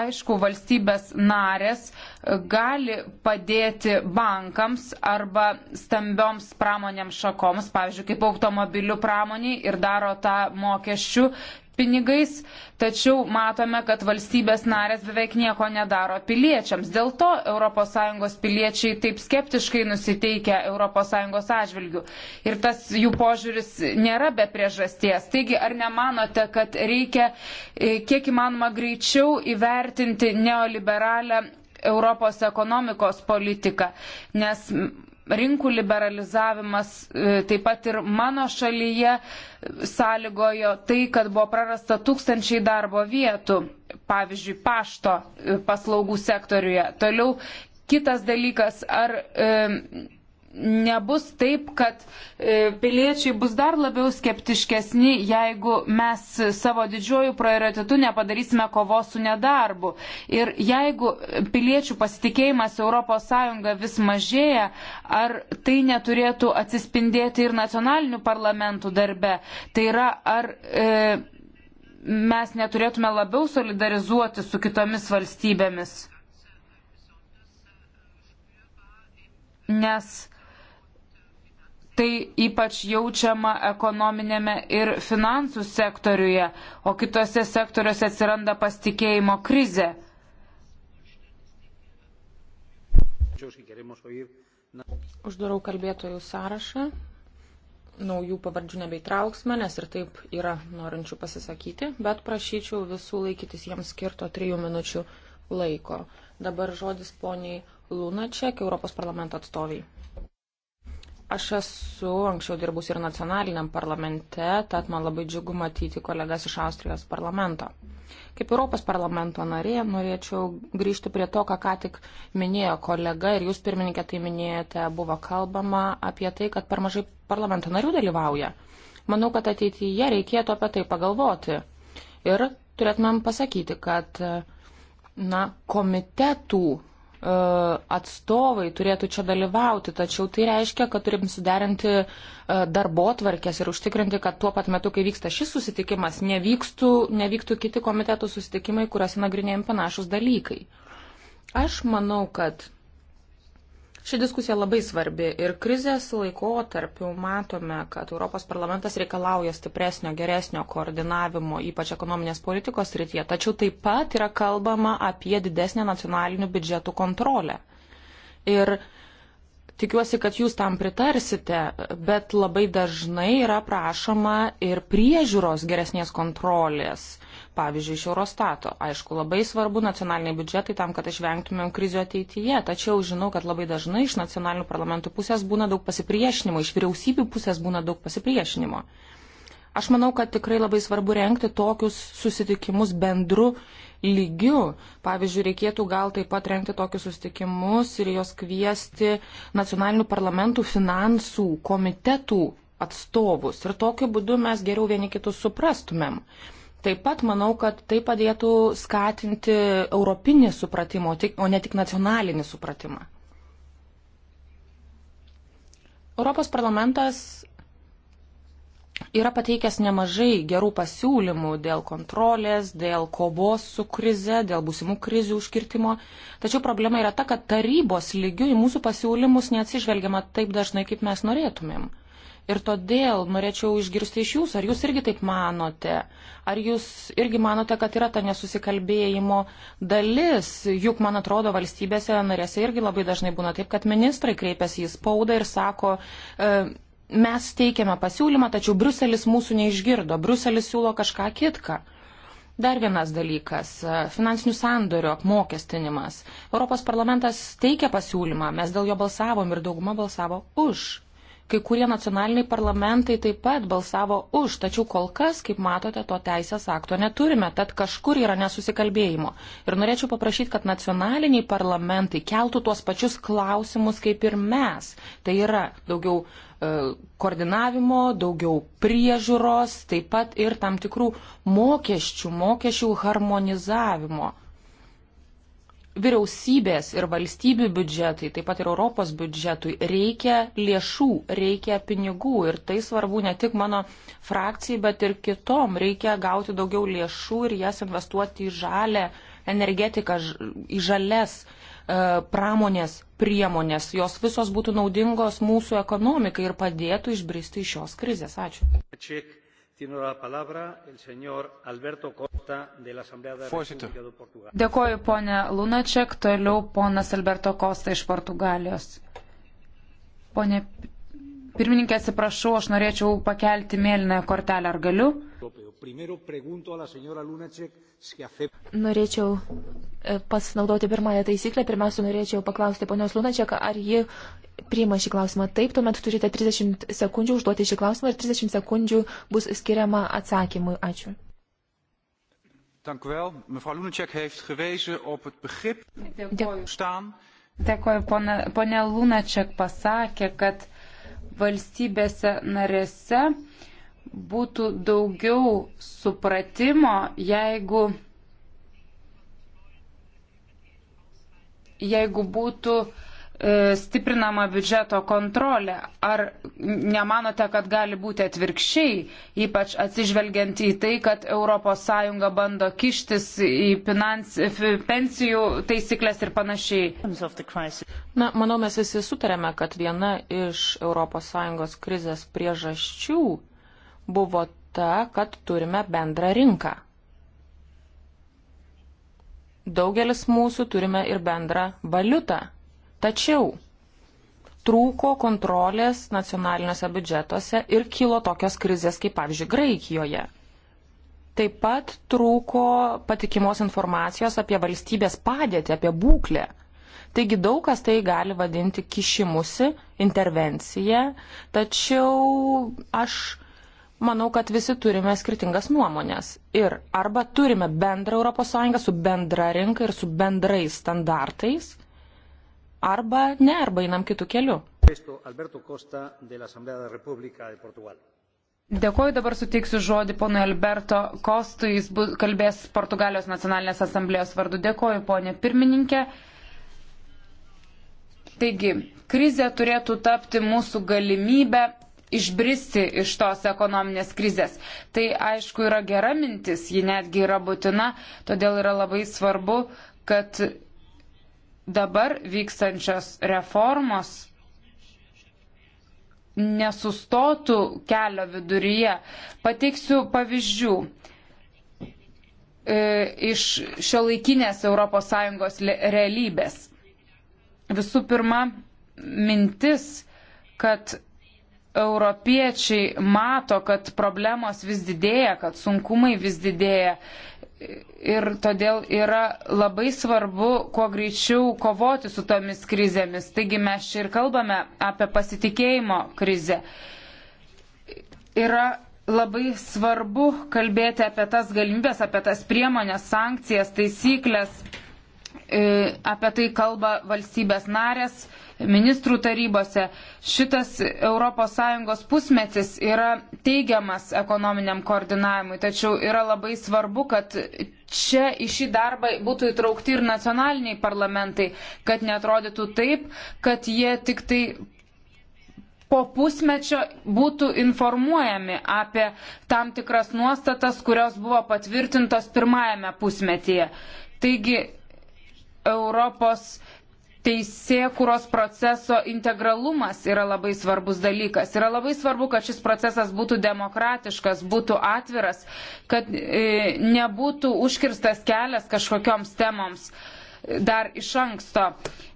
aišku, valstybės narės e, gali padėti bankams arba stambioms pramonėms šakoms, pavyzdžiui, kaip automobilių pramoniai ir daro tą mokesčių pinigais, tačiau matome, kad valstybės narės beveik nieko nedaro piliečiams. Dėl to ES piliečiai taip skeptiškai nusiteikia ES atžvilgių. Ir tas jų požiūris nėra be priežasties. Taigi, ar nemanote, kad reikia e, kiek įmanoma greičiau įvertinti neoliberalią Europos ekonomikos politiką, nes rinkų liberalizavimas e, taip pat ir mano šalyje sąlygojo tai, kad buvo prarasta tūkstančiai darbo vietų, pavyzdžiui, pašto e, paslaugų sektoriuje. Toliau kitas dalykas, ar e, nebus taip, kad e, piliečiai bus dar labiau skeptiškesni, jeigu mes savo didžiojų prioritetų nepadarysime kovos su nedarbu. Ir jeigu piliečių pasitikėjimas ES vis mažėja, ar tai neturėtų atsispindėti ir nacionalinių parlamentų darbe? Tai yra, ar e, mes neturėtume labiau solidarizuoti su kitomis valstybėmis? Nes Tai ypač jaučiama ekonominėme ir finansų sektoriuje, o kitose sektoriuose atsiranda pasitikėjimo krize. Uždarau kalbėtojų sąrašą. Naujų pavardžių nebeitrauksime, nes ir taip yra norinčių pasisakyti, bet prašyčiau visų laikytis jiems skirto trijų minučių laiko. Dabar žodis poniai Lunačiak, Europos parlamento atstoviai. Aš esu anksčiau dirbus ir nacionaliniam parlamente, tad man labai džiugu matyti kolegas iš Austrijos parlamento. Kaip Europos parlamento narė, norėčiau grįžti prie to, ką ką tik minėjo kolega ir jūs pirmininkė tai minėjote, buvo kalbama apie tai, kad per mažai parlamento narių dalyvauja. Manau, kad ateityje reikėtų apie tai pagalvoti. Ir turėtumėm pasakyti, kad na, komitetų E, atstovai turėtų čia dalyvauti, tačiau tai reiškia, kad turim suderinti e, darbo tvarkės ir užtikrinti, kad tuo pat metu, kai vyksta šis susitikimas, nevykstų, nevyktų kiti komitetų susitikimai, kuriuose nagrinėjim panašus dalykai. Aš manau, kad Ši diskusija labai svarbi ir krizės laikotarpiu matome, kad Europos parlamentas reikalauja stipresnio, geresnio koordinavimo, ypač ekonominės politikos rytyje, tačiau taip pat yra kalbama apie didesnę nacionalinių biudžetų kontrolę. Ir Tikiuosi, kad jūs tam pritarsite, bet labai dažnai yra prašoma ir priežiūros geresnės kontrolės pavyzdžiui, iš Eurostato. Aišku, labai svarbu nacionaliniai biudžetai tam, kad išvengtumėm krizių ateityje, tačiau žinau, kad labai dažnai iš nacionalinių parlamentų pusės būna daug pasipriešinimo, iš vyriausybių pusės būna daug pasipriešinimo. Aš manau, kad tikrai labai svarbu renkti tokius susitikimus bendru lygiu. Pavyzdžiui, reikėtų gal taip pat renkti tokius susitikimus ir jos kviesti nacionalinių parlamentų finansų komitetų atstovus. Ir tokiu būdu mes geriau vieni kitus suprastumėm. Taip pat manau, kad tai padėtų skatinti europinį supratimą, o ne tik nacionalinį supratimą. Europos parlamentas yra pateikęs nemažai gerų pasiūlymų dėl kontrolės, dėl kovos su krize, dėl būsimų krizių užkirtimo. Tačiau problema yra ta, kad tarybos lygių į mūsų pasiūlymus neatsižvelgiama taip dažnai, kaip mes norėtumėm. Ir todėl norėčiau išgirsti iš jūsų, ar jūs irgi taip manote, ar jūs irgi manote, kad yra ta nesusikalbėjimo dalis, juk, man atrodo, valstybėse narėse irgi labai dažnai būna taip, kad ministrai kreipiasi į spaudą ir sako, e, mes teikiame pasiūlymą, tačiau Bruselis mūsų neišgirdo, Bruselis siūlo kažką kitką. Dar vienas dalykas e, - finansinių sandorių apmokestinimas. Europos parlamentas teikia pasiūlymą, mes dėl jo balsavom ir dauguma balsavo už. Kai kurie nacionaliniai parlamentai taip pat balsavo už, tačiau kol kas, kaip matote, to teisės akto neturime, tad kažkur yra nesusikalbėjimo. Ir norėčiau paprašyti, kad nacionaliniai parlamentai keltų tuos pačius klausimus kaip ir mes. Tai yra daugiau e, koordinavimo, daugiau priežiūros, taip pat ir tam tikrų mokesčių, mokesčių harmonizavimo vyriausybės ir valstybių biudžetai, taip pat ir Europos biudžetui reikia lėšų, reikia pinigų ir tai svarbu ne tik mano frakcijai, bet ir kitom. Reikia gauti daugiau lėšų ir jas investuoti į žalę energetiką, į žales e, pramonės priemonės. Jos visos būtų naudingos mūsų ekonomikai ir padėtų išbristi iš šios krizės. Ačiū. Ačiū. Dėkoju, ponė Lunaček, toliau ponas Alberto Kosta iš Portugalijos. Pone pirmininkė, atsiprašau, aš norėčiau pakelti mėlyną kortelę, ar galiu? Primero pregunto a la señora Lunacek Norėčiau e, pasinaudoti pirmąją taisyklę. Pirmiausia, norėčiau paklausti ponios Lunačiak, ar ji priima šį klausimą. Taip, tuomet turite 30 sekundžių užduoti šį klausimą ir 30 sekundžių bus skiriama atsakymui. Ačiū. Dank u wel. Mevrouw Lunacek heeft gewezen op het begrip staan. Dėkoju, ponė Lunačiak pasakė, kad valstybėse narėse būtų daugiau supratimo, jeigu, jeigu būtų e, stiprinama biudžeto kontrolė. Ar nemanote, kad gali būti atvirkščiai, ypač atsižvelgiant į tai, kad ES bando kištis į finans, pensijų taisyklės ir panašiai? Na, manau, mes visi sutarėme, kad viena iš ES krizės priežasčių buvo ta, kad turime bendrą rinką. Daugelis mūsų turime ir bendrą valiutą. Tačiau trūko kontrolės nacionaliniuose biudžetuose ir kilo tokios krizės kaip, pavyzdžiui, Graikijoje. Taip pat trūko patikimos informacijos apie valstybės padėtį, apie būklę. Taigi daug kas tai gali vadinti kišimusi, intervencija, tačiau aš manau, kad visi turime skirtingas nuomonės. Ir arba turime bendrą ES su bendra rinka ir su bendrais standartais, arba ne, arba einam kitų kelių. Dėkuoju, dabar suteiksiu žodį ponui Alberto Kostui, jis bu, kalbės Portugalijos nacionalinės asamblėjos vardu. Dėkuoju, ponė pirmininkė. Taigi, krizė turėtų tapti mūsų galimybę išbristi iš tos ekonominės krizės. Tai aišku yra gera mintis, ji netgi yra būtina, todėl yra labai svarbu, kad dabar vykstančios reformos nesustotų kelio viduryje. Pateiksiu pavyzdžių e, iš šio laikinės ES realybės. Visų pirma, mintis, kad europiečiai mato, kad problemos vis didėja, kad sunkumai vis didėja. Ir todėl yra labai svarbu, kuo greičiau kovoti su tomis krizėmis. Taigi mes čia ir kalbame apie pasitikėjimo krizę. Yra labai svarbu kalbėti apie tas galimybės, apie tas priemonės, sankcijas, taisyklės. E, apie tai kalba valstybės narės ministrų tarybose. Šitas ES pusmetis yra teigiamas ekonominiam koordinavimui, tačiau yra labai svarbu, kad čia į šį darbą būtų įtraukti ir nacionaliniai parlamentai, kad netrodytų taip, kad jie tik tai po pusmečio būtų informuojami apie tam tikras nuostatas, kurios buvo patvirtintos pirmajame pusmetyje. Taigi Europos teisėkuros proceso integralumas yra labai svarbus dalykas. Yra labai svarbu, kad šis procesas būtų demokratiškas, būtų atviras, kad e, nebūtų užkirstas kelias kažkokioms temoms dar iš anksto.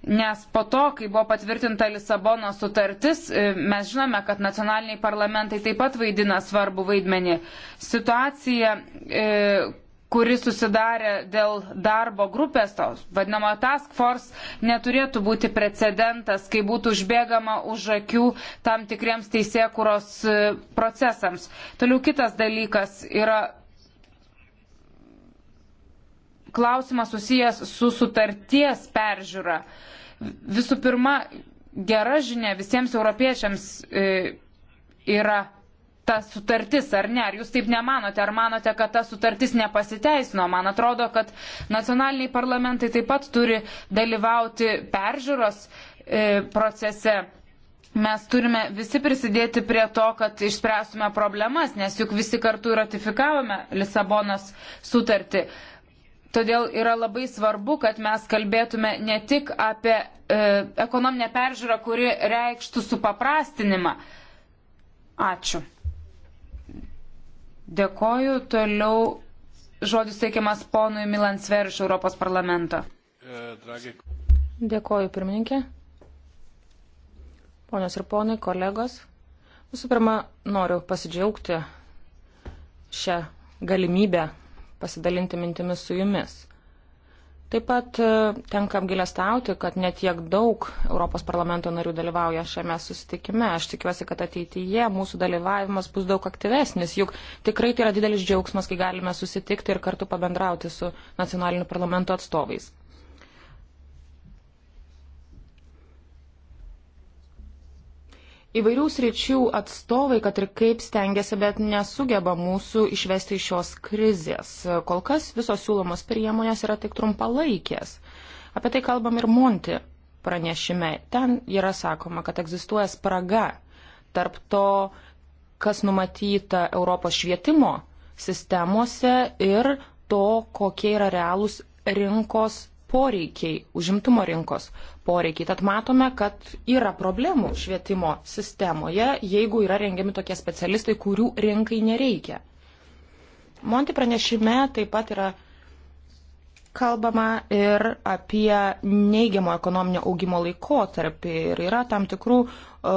Nes po to, kai buvo patvirtinta Lisabono sutartis, e, mes žinome, kad nacionaliniai parlamentai taip pat vaidina svarbu vaidmenį. Situacija, e, kuri susidarė dėl darbo grupės, tos vadinamo task force, neturėtų būti precedentas, kai būtų užbėgama už akių tam tikriems teisėkuros e, procesams. Toliau kitas dalykas yra klausimas susijęs su sutarties peržiūra. Visų pirma, gera žinia visiems europiečiams e, yra ta sutartis, ar ne? Ar jūs taip nemanote? Ar manote, kad ta sutartis nepasiteisino? Man atrodo, kad nacionaliniai parlamentai taip pat turi dalyvauti peržiūros e, procese. Mes turime visi prisidėti prie to, kad išspręstume problemas, nes juk visi kartu ratifikavome Lisabonos sutartį. Todėl yra labai svarbu, kad mes kalbėtume ne tik apie e, ekonominę peržiūrą, kuri reikštų supaprastinimą. Ačiū. Dėkoju. Toliau žodis teikiamas ponui Milan Sver iš Europos parlamento. Dėkoju, pirmininkė. Ponios ir ponai, kolegos. Visų pirma, noriu pasidžiaugti šią galimybę pasidalinti mintimis su jumis. Taip pat e, tenka apgilestauti, kad netiek daug Europos parlamento narių dalyvauja šiame susitikime. Aš tikiuosi, kad ateityje mūsų dalyvavimas bus daug aktyvesnis, juk tikrai tai yra didelis džiaugsmas, kai galime susitikti ir kartu pabendrauti su nacionaliniu parlamento atstovais. įvairių sričių atstovai, kad ir kaip stengiasi, bet nesugeba mūsų išvesti iš šios krizės. Kol kas visos siūlomos priemonės yra tik trumpalaikės. Apie tai kalbam ir Monti pranešime. Ten yra sakoma, kad egzistuoja spraga tarp to, kas numatyta Europos švietimo sistemose ir to, kokie yra realūs rinkos poreikiai, užimtumo rinkos poreikiai. Tad matome, kad yra problemų švietimo sistemoje, jeigu yra rengiami tokie specialistai, kurių rinkai nereikia. Monti pranešime taip pat yra kalbama ir apie neigiamo ekonominio augimo laikotarpį ir yra tam tikrų e,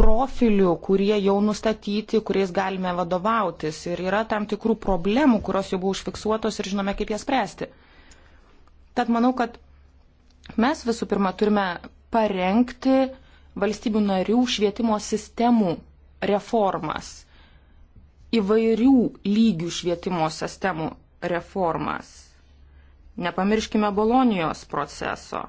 profilių, kurie jau nustatyti, kuriais galime vadovautis ir yra tam tikrų problemų, kurios jau buvo užfiksuotos ir žinome, kaip jas spręsti. Tad manau, kad mes visų pirma turime parengti valstybių narių švietimo sistemų reformas, įvairių lygių švietimo sistemų reformas. Nepamirškime Bolonijos proceso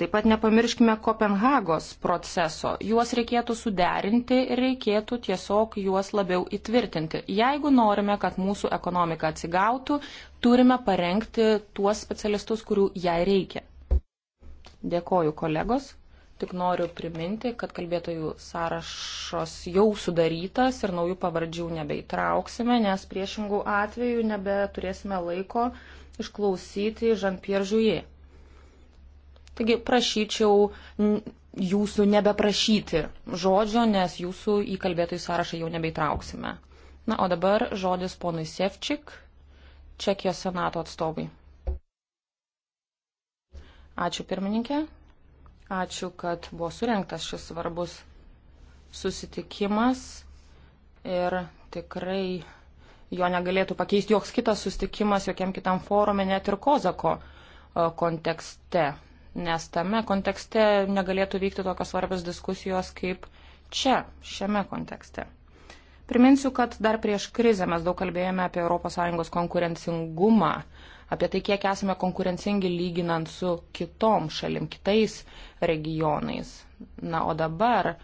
Taip pat nepamirškime Kopenhagos proceso. Juos reikėtų suderinti ir reikėtų tiesiog juos labiau įtvirtinti. Jeigu norime, kad mūsų ekonomika atsigautų, turime parengti tuos specialistus, kurių jai reikia. Dėkoju kolegos. Tik noriu priminti, kad kalbėtojų sąrašas jau sudarytas ir naujų pavardžių nebeįtrauksime, nes priešingų atvejų nebeturėsime laiko išklausyti Žan Pierre Žujė. Taigi prašyčiau jūsų nebeprašyti žodžio, nes jūsų į kalbėtojų sąrašą jau nebeitrauksime. Na, o dabar žodis ponui Sevčik, Čekijos senato atstovai. Ačiū pirmininkė, ačiū, kad buvo surinktas šis svarbus susitikimas ir tikrai jo negalėtų pakeisti joks kitas susitikimas, jokiam kitam forume, net ir Kozako e, kontekste nes tame kontekste negalėtų vykti tokios svarbios diskusijos kaip čia, šiame kontekste. Priminsiu, kad dar prieš krizę mes daug kalbėjome apie ES konkurencingumą, apie tai, kiek esame konkurencingi lyginant su kitom šalim, kitais regionais. Na, o dabar, e,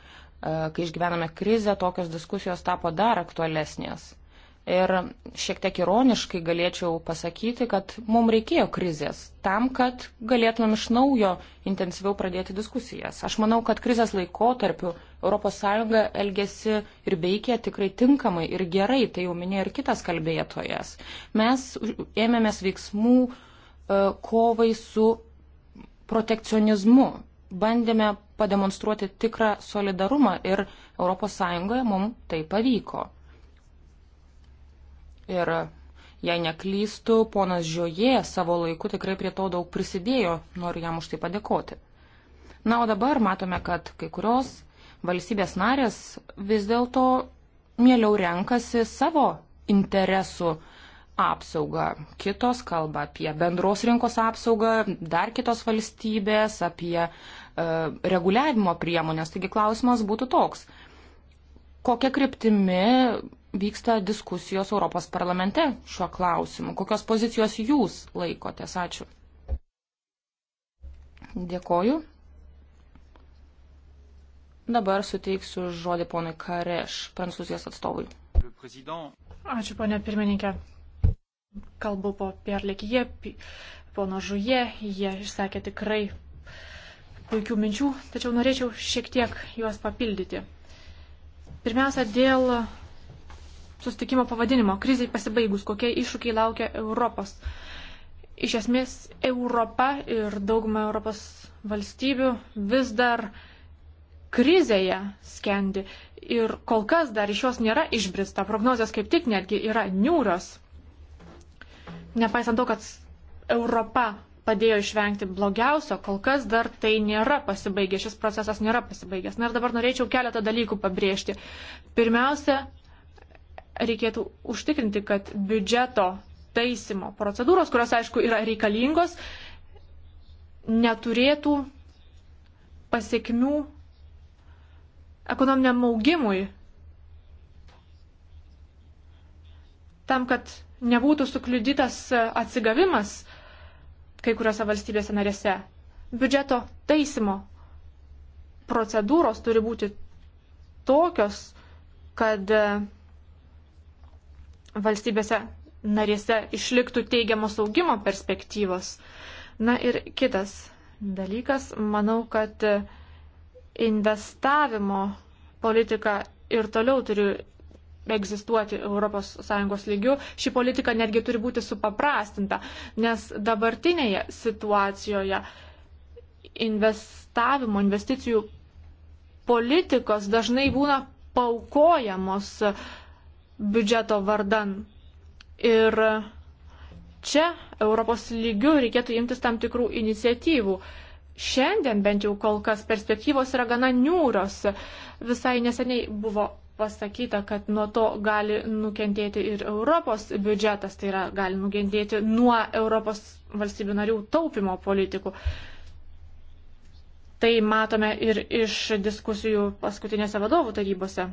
kai išgyvename krizę, tokios diskusijos tapo dar aktualesnės Ir šiek tiek ironiškai galėčiau pasakyti, kad mums reikėjo krizės tam, kad galėtumėm iš naujo intensyviau pradėti diskusijas. Aš manau, kad krizės laikotarpiu ES elgesi ir veikia tikrai tinkamai ir gerai, tai jau minėjo ir kitas kalbėtojas. Mes ėmėmės veiksmų e, kovai su protekcionizmu. Bandėme pademonstruoti tikrą solidarumą ir ES mums tai pavyko. Ir jei neklystu, ponas Žioje savo laiku tikrai prie to daug prisidėjo, noriu jam už tai padėkoti. Na, o dabar matome, kad kai kurios valstybės narės vis dėlto mieliau renkasi savo interesų apsaugą. Kitos kalba apie bendros rinkos apsaugą, dar kitos valstybės, apie e, reguliavimo priemonės. Taigi klausimas būtų toks. Kokia kryptimi vyksta diskusijos Europos parlamente šiuo klausimu. Kokios pozicijos jūs laikotės? Ačiū. Dėkoju. Dabar suteiksiu žodį ponui Kareš, prancūzijos atstovui. Ačiū, ponė pirmininkė. Kalbu po Pierlekyje, pono Žuje, jie išsakė tikrai puikių minčių, tačiau norėčiau šiek tiek juos papildyti. Pirmiausia, dėl sustikimo pavadinimo. Krizai pasibaigus, kokie iššūkiai laukia Europos. Iš esmės, Europa ir dauguma Europos valstybių vis dar krizėje skendi. Ir kol kas dar iš jos nėra išbrista. Prognozijos kaip tik netgi yra niūrios. Nepaisant to, kad Europa padėjo išvengti blogiausio, kol kas dar tai nėra pasibaigęs, šis procesas nėra pasibaigęs. Na ir dabar norėčiau keletą dalykų pabrėžti. Pirmiausia, reikėtų užtikrinti, kad biudžeto taisimo procedūros, kurios aišku yra reikalingos, neturėtų pasiekmių ekonominiam augimui. Tam, kad nebūtų sukliudytas atsigavimas kai kuriuose valstybėse narėse. Biudžeto taisimo procedūros turi būti tokios, kad valstybėse narėse išliktų teigiamos augimo perspektyvos. Na ir kitas dalykas, manau, kad investavimo politika ir toliau turi egzistuoti ES lygių. Ši politika netgi turi būti supaprastinta, nes dabartinėje situacijoje investavimo, investicijų politikos dažnai būna paukojamos uh, biudžeto vardan. Ir čia Europos lygių reikėtų imtis tam tikrų iniciatyvų. Šiandien bent jau kol kas perspektyvos yra gana niūros. Visai neseniai buvo pasakyta, kad nuo to gali nukentėti ir Europos biudžetas, tai yra gali nukentėti nuo Europos valstybių narių taupimo politikų. Tai matome ir iš diskusijų paskutinėse vadovų tarybose.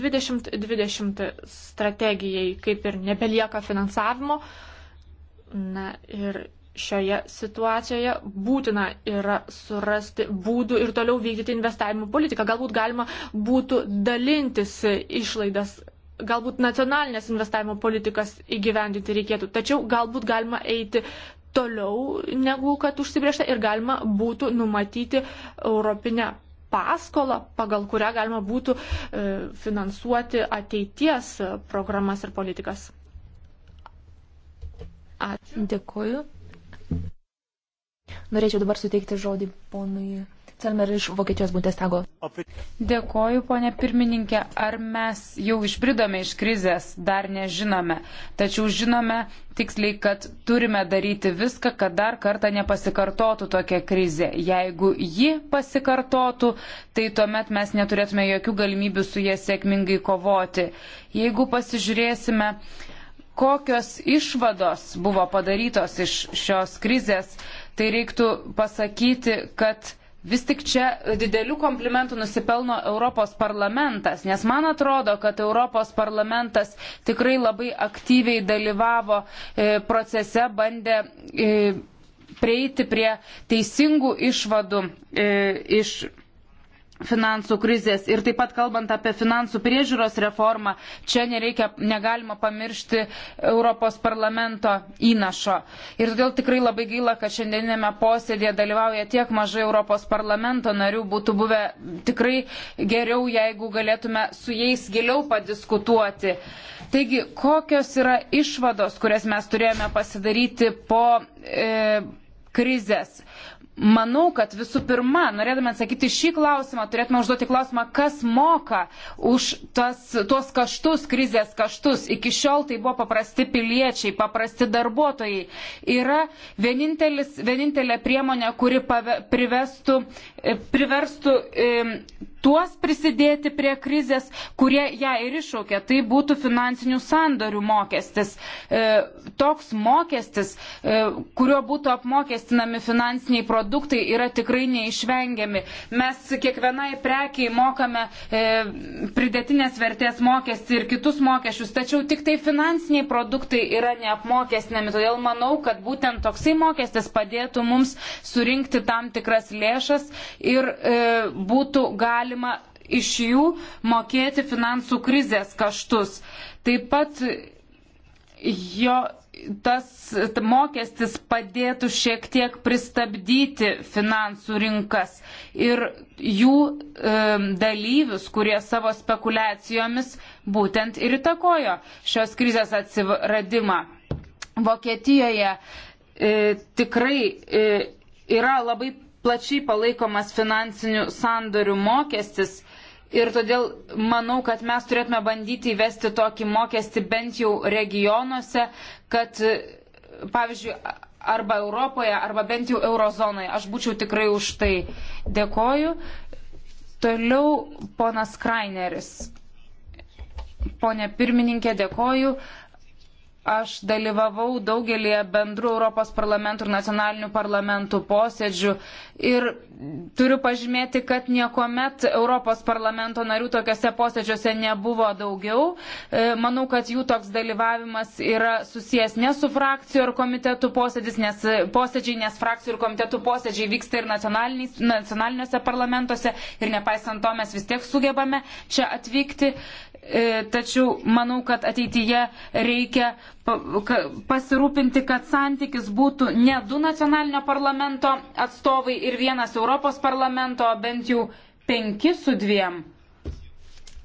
2020 strategijai kaip ir nebelieka finansavimo. Na ir šioje situacijoje būtina yra surasti būdų ir toliau vykdyti investavimo politiką. Galbūt galima būtų dalintis išlaidas, galbūt nacionalinės investavimo politikas įgyvendinti reikėtų, tačiau galbūt galima eiti toliau negu kad užsibriešta ir galima būtų numatyti europinę paskolą, pagal kurią galima būtų e, finansuoti ateities programas ir politikas. Ačiū. Dėkuoju. Norėčiau dabar suteikti žodį ponui Celmer iš Vokietijos Bundestago. Dėkoju, ponė pirmininkė. Ar mes jau išbridome iš krizės, dar nežinome. Tačiau žinome tiksliai, kad turime daryti viską, kad dar kartą nepasikartotų tokia krizė. Jeigu ji pasikartotų, tai tuomet mes neturėtume jokių galimybių su jie sėkmingai kovoti. Jeigu pasižiūrėsime kokios išvados buvo padarytos iš šios krizės, tai reiktų pasakyti, kad Vis tik čia didelių komplimentų nusipelno Europos parlamentas, nes man atrodo, kad Europos parlamentas tikrai labai aktyviai dalyvavo e, procese, bandė e, prieiti prie teisingų išvadų e, iš finansų krizės. Ir taip pat kalbant apie finansų priežiūros reformą, čia nereikia, negalima pamiršti Europos parlamento įnašo. Ir todėl tikrai labai gaila, kad šiandieninėme posėdėje dalyvauja tiek mažai Europos parlamento narių. Būtų buvę tikrai geriau, jeigu galėtume su jais giliau padiskutuoti. Taigi, kokios yra išvados, kurias mes turėjome pasidaryti po. E, krizės. Manau, kad visų pirma, norėdami atsakyti šį klausimą, turėtume užduoti klausimą, kas moka už tas, tuos kaštus, krizės kaštus. Iki šiol tai buvo paprasti piliečiai, paprasti darbuotojai. Yra vienintelė priemonė, kuri pave, privestų, e, priverstų e, tuos prisidėti prie krizės, kurie ją ir iššaukė. Tai būtų finansinių sandorių mokestis. E, toks mokestis, e, kurio būtų apmokestinami finansiniai produktai produktai yra tikrai neišvengiami. Mes kiekvienai prekiai mokame e, pridėtinės vertės mokestį ir kitus mokesčius, tačiau tik tai finansiniai produktai yra neapmokestinami. Todėl manau, kad būtent toksai mokestis padėtų mums surinkti tam tikras lėšas ir e, būtų galima iš jų mokėti finansų krizės kaštus. Taip pat jo tas mokestis padėtų šiek tiek pristabdyti finansų rinkas ir jų e, dalyvius, kurie savo spekulacijomis būtent ir įtakojo šios krizės atsiradimą. Vokietijoje e, tikrai e, yra labai plačiai palaikomas finansinių sandorių mokestis. Ir todėl manau, kad mes turėtume bandyti įvesti tokį mokestį bent jau regionuose, kad, pavyzdžiui, arba Europoje, arba bent jau eurozonoje. Aš būčiau tikrai už tai. Dėkoju. Toliau ponas Kraineris. Pone pirmininkė, dėkoju. Aš dalyvavau daugelie bendrų Europos parlamentų ir nacionalinių parlamentų posėdžių ir turiu pažymėti, kad niekuomet Europos parlamento narių tokiuose posėdžiuose nebuvo daugiau. E, manau, kad jų toks dalyvavimas yra susijęs ne su frakcijų ir komitetų posėdis, nes posėdžiai, nes frakcijų ir komitetų posėdžiai vyksta ir nacionaliniuose parlamentuose ir nepaisant to mes vis tiek sugebame čia atvykti. E, tačiau manau, kad ateityje reikia pasirūpinti, kad santykis būtų ne du nacionalinio parlamento atstovai ir vienas Europos parlamento, bent jau penki su dviem.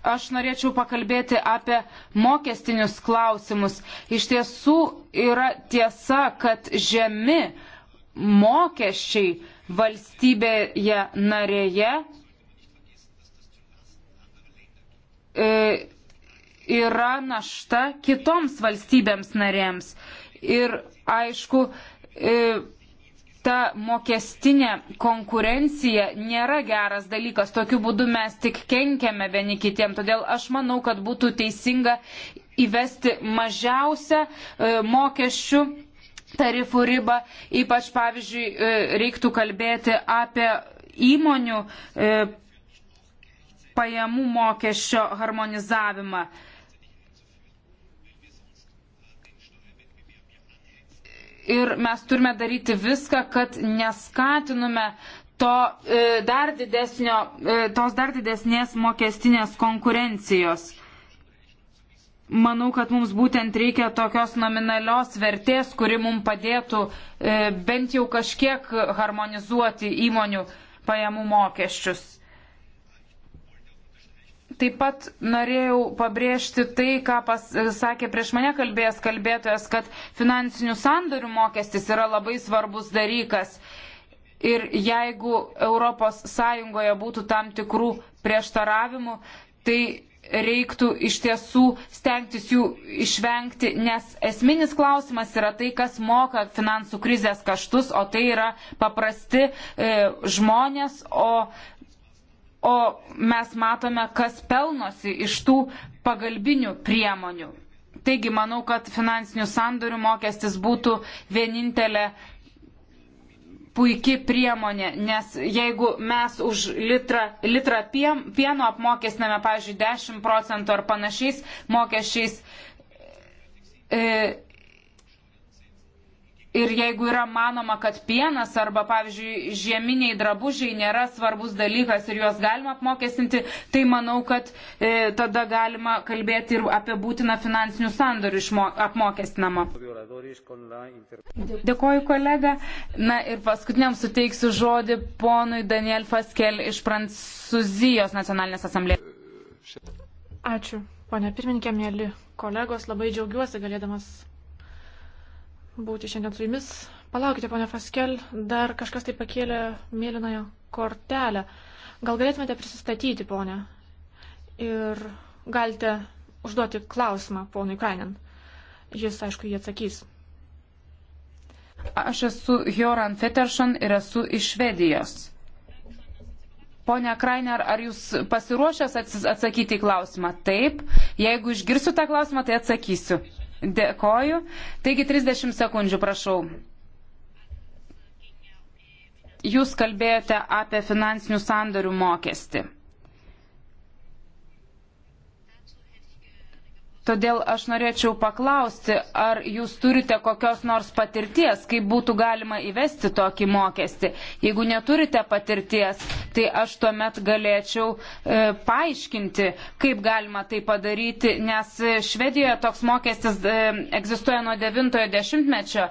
Aš norėčiau pakalbėti apie mokestinius klausimus. Iš tiesų yra tiesa, kad žemi mokesčiai valstybėje narėje e, yra našta kitoms valstybėms narėms. Ir aišku, e, ta mokestinė konkurencija nėra geras dalykas. Tokiu būdu mes tik kenkiame vieni kitiem. Todėl aš manau, kad būtų teisinga įvesti mažiausią e, mokesčių tarifų ribą. Ypač, pavyzdžiui, e, reiktų kalbėti apie įmonių pajamų mokesčio harmonizavimą. ir mes turime daryti viską, kad neskatinume to, e, dar didesnio, e, tos dar didesnės mokestinės konkurencijos. Manau, kad mums būtent reikia tokios nominalios vertės, kuri mums padėtų e, bent jau kažkiek harmonizuoti įmonių pajamų mokesčius. Taip pat norėjau pabrėžti tai, ką pasakė prieš mane kalbėjęs kalbėtojas, kad finansinių sandorių mokestis yra labai svarbus dalykas. Ir jeigu ES būtų tam tikrų prieštaravimų, tai reiktų iš tiesų stengtis jų išvengti, nes esminis klausimas yra tai, kas moka finansų krizės kaštus, o tai yra paprasti e, žmonės, o o mes matome, kas pelnosi iš tų pagalbinių priemonių. Taigi manau, kad finansinių sandorių mokestis būtų vienintelė puikia priemonė, nes jeigu mes už litrą, litrą pieno apmokestiname, pavyzdžiui, 10 procentų ar panašiais mokesčiais, e, Ir jeigu yra manoma, kad pienas arba, pavyzdžiui, žieminiai drabužiai nėra svarbus dalykas ir juos galima apmokestinti, tai manau, kad e, tada galima kalbėti ir apie būtiną finansinių sandorių apmokestinamą. Dėkoju, kolega. Na ir paskutiniam suteiksiu žodį ponui Daniel Faskel iš Prancūzijos nacionalinės asamblėjos. Ačiū, ponė pirmininkė, mėly kolegos, labai džiaugiuosi galėdamas būti šiandien su jumis. Palaukite, ponia Faskel, dar kažkas tai pakėlė mėlynąją kortelę. Gal galėtumėte prisistatyti, ponia? Ir galite užduoti klausimą ponui Kainin. Jis, aišku, jį atsakys. Aš esu Joran Feteršan ir esu iš Švedijos. Pone Krainer, ar jūs pasiruošęs atsakyti į klausimą? Taip. Jeigu išgirsiu tą klausimą, tai atsakysiu. Dėkoju. Taigi 30 sekundžių prašau. Jūs kalbėjote apie finansinių sandorių mokestį. Todėl aš norėčiau paklausti, ar jūs turite kokios nors patirties, kaip būtų galima įvesti tokį mokestį. Jeigu neturite patirties, tai aš tuomet galėčiau e, paaiškinti, kaip galima tai padaryti, nes Švedijoje toks mokestis e, egzistuoja nuo 90-ojo dešimtmečio,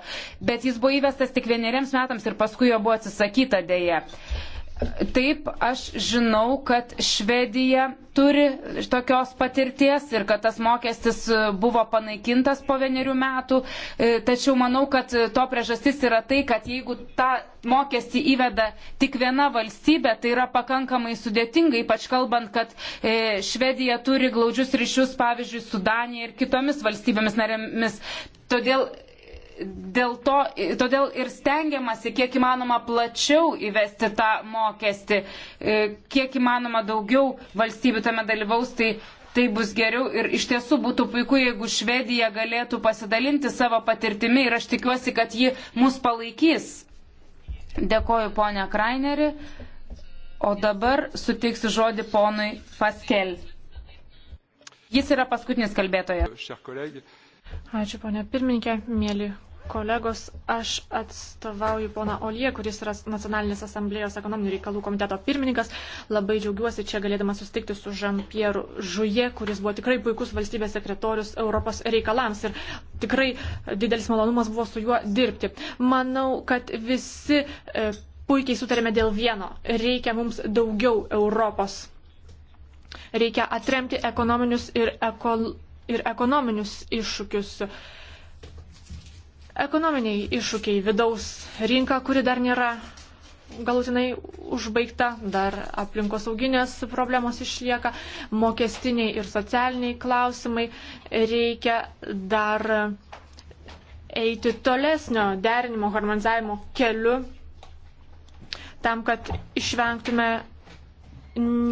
bet jis buvo įvestas tik vieneriems metams ir paskui jo buvo atsisakyta dėje. Taip, aš žinau, kad Švedija turi tokios patirties ir kad tas mokestis e, buvo panaikintas po vienerių metų, e, tačiau manau, kad e, to priežastis yra tai, kad jeigu tą mokestį įveda tik viena valstybė, tai yra pakankamai sudėtinga, ypač kalbant, kad Švedija turi glaudžius ryšius, pavyzdžiui, su Danija ir kitomis valstybėmis narėmis. Todėl dėl to, todėl ir stengiamasi kiek įmanoma plačiau įvesti tą mokestį, e, kiek įmanoma daugiau valstybių tame dalyvaus, tai tai bus geriau ir iš tiesų būtų puiku, jeigu Švedija galėtų pasidalinti savo patirtimi ir aš tikiuosi, kad ji mus palaikys. Dėkoju ponia Krainerį, o dabar suteiksiu žodį ponui Paskel. Jis yra paskutinis kalbėtojas. Ačiū, ponia pirmininkė, mėly kolegos, aš atstovauju pona Olie, kuris yra Nacionalinės asamblėjos ekonominių reikalų komiteto pirmininkas. Labai džiaugiuosi čia galėdamas sustikti su Žampieru Žuje, kuris buvo tikrai puikus valstybės sekretorius Europos reikalams ir tikrai didelis malonumas buvo su juo dirbti. Manau, kad visi e, puikiai sutarėme dėl vieno. Reikia mums daugiau Europos. Reikia atremti ekonominius ir, ekol, ir ekonominius iššūkius. Ekonominiai iššūkiai, vidaus rinka, kuri dar nėra galutinai užbaigta, dar aplinkosauginės problemos išlieka, mokestiniai ir socialiniai klausimai, reikia dar eiti tolesnio derinimo, harmonizavimo keliu, tam, kad išvengtume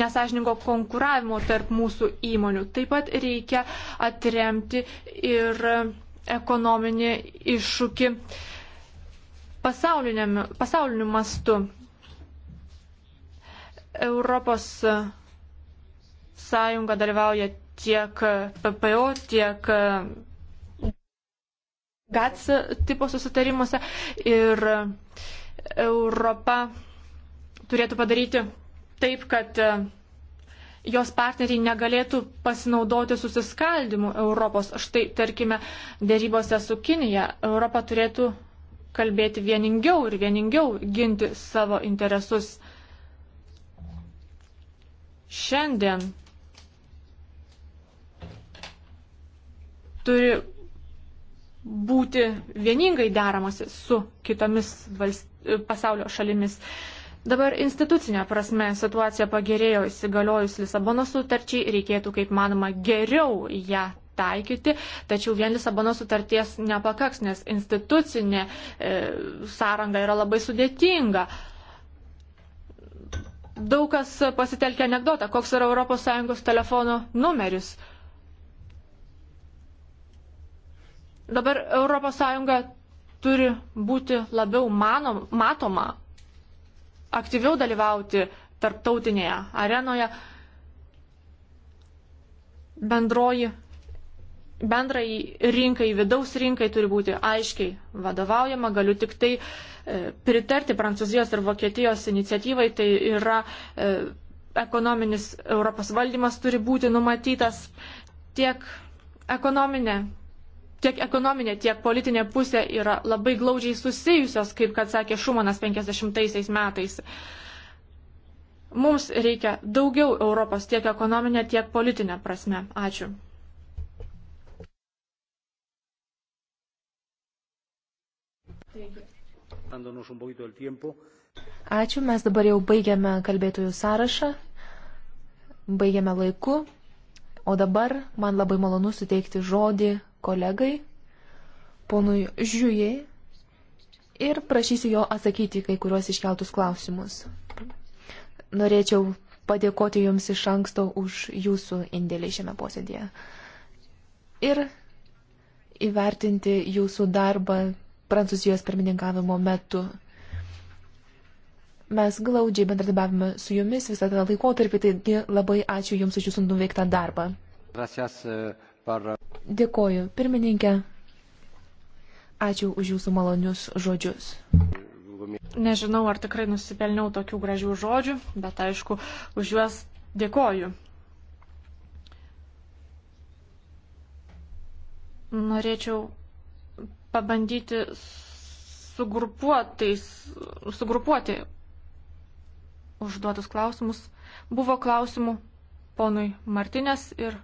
nesažininko konkuravimo tarp mūsų įmonių. Taip pat reikia atremti ir ekonominį iššūkį pasauliniu mastu. Europos sąjunga dalyvauja tiek PPO, tiek GATS tipo susitarimuose ir Europa turėtų padaryti taip, kad jos partneriai negalėtų pasinaudoti susiskaldimu Europos. Štai, tarkime, dėrybose su Kinija Europa turėtų kalbėti vieningiau ir vieningiau ginti savo interesus. Šiandien turi būti vieningai deramasi su kitomis valst... pasaulio šalimis. Dabar institucinė prasme situacija pagerėjo įsigaliojus Lisabono sutarčiai, reikėtų kaip manoma geriau ją taikyti, tačiau vien Lisabono sutarties nepakaks, nes institucinė e, sąranga yra labai sudėtinga daug kas pasitelkia anegdotą, koks yra ES telefono numeris. Dabar ES turi būti labiau manom, matoma, aktyviau dalyvauti tarptautinėje arenoje. Bendroji, bendrai rinkai, vidaus rinkai turi būti aiškiai vadovaujama. Galiu tik tai e, pritarti Prancūzijos ir Vokietijos iniciatyvai. Tai yra e, ekonominis Europos valdymas turi būti numatytas tiek ekonominė tiek ekonominė, tiek politinė pusė yra labai glaudžiai susijusios, kaip kad sakė Šumanas 50 metais. Mums reikia daugiau Europos tiek ekonominė, tiek politinė prasme. Ačiū. Ačiū, mes dabar jau baigiame kalbėtojų sąrašą, baigiame laiku, o dabar man labai malonu suteikti žodį kolegai, ponui Žiūjai, ir prašysiu jo atsakyti kai kuriuos iškeltus klausimus. Norėčiau padėkoti Jums iš anksto už Jūsų indėlį šiame posėdėje ir įvertinti Jūsų darbą Prancūzijos pirmininkavimo metu. Mes glaudžiai bendradarbiavime su Jumis visą tą laikotarpį, taigi labai ačiū Jums už Jūsų nuveiktą darbą. Gracias, uh... Dėkoju, pirmininkė. Ačiū už jūsų malonius žodžius. Nežinau, ar tikrai nusipelniau tokių gražių žodžių, bet aišku, už juos dėkoju. Norėčiau pabandyti sugrupuoti užduotus klausimus. Buvo klausimų ponui Martinės ir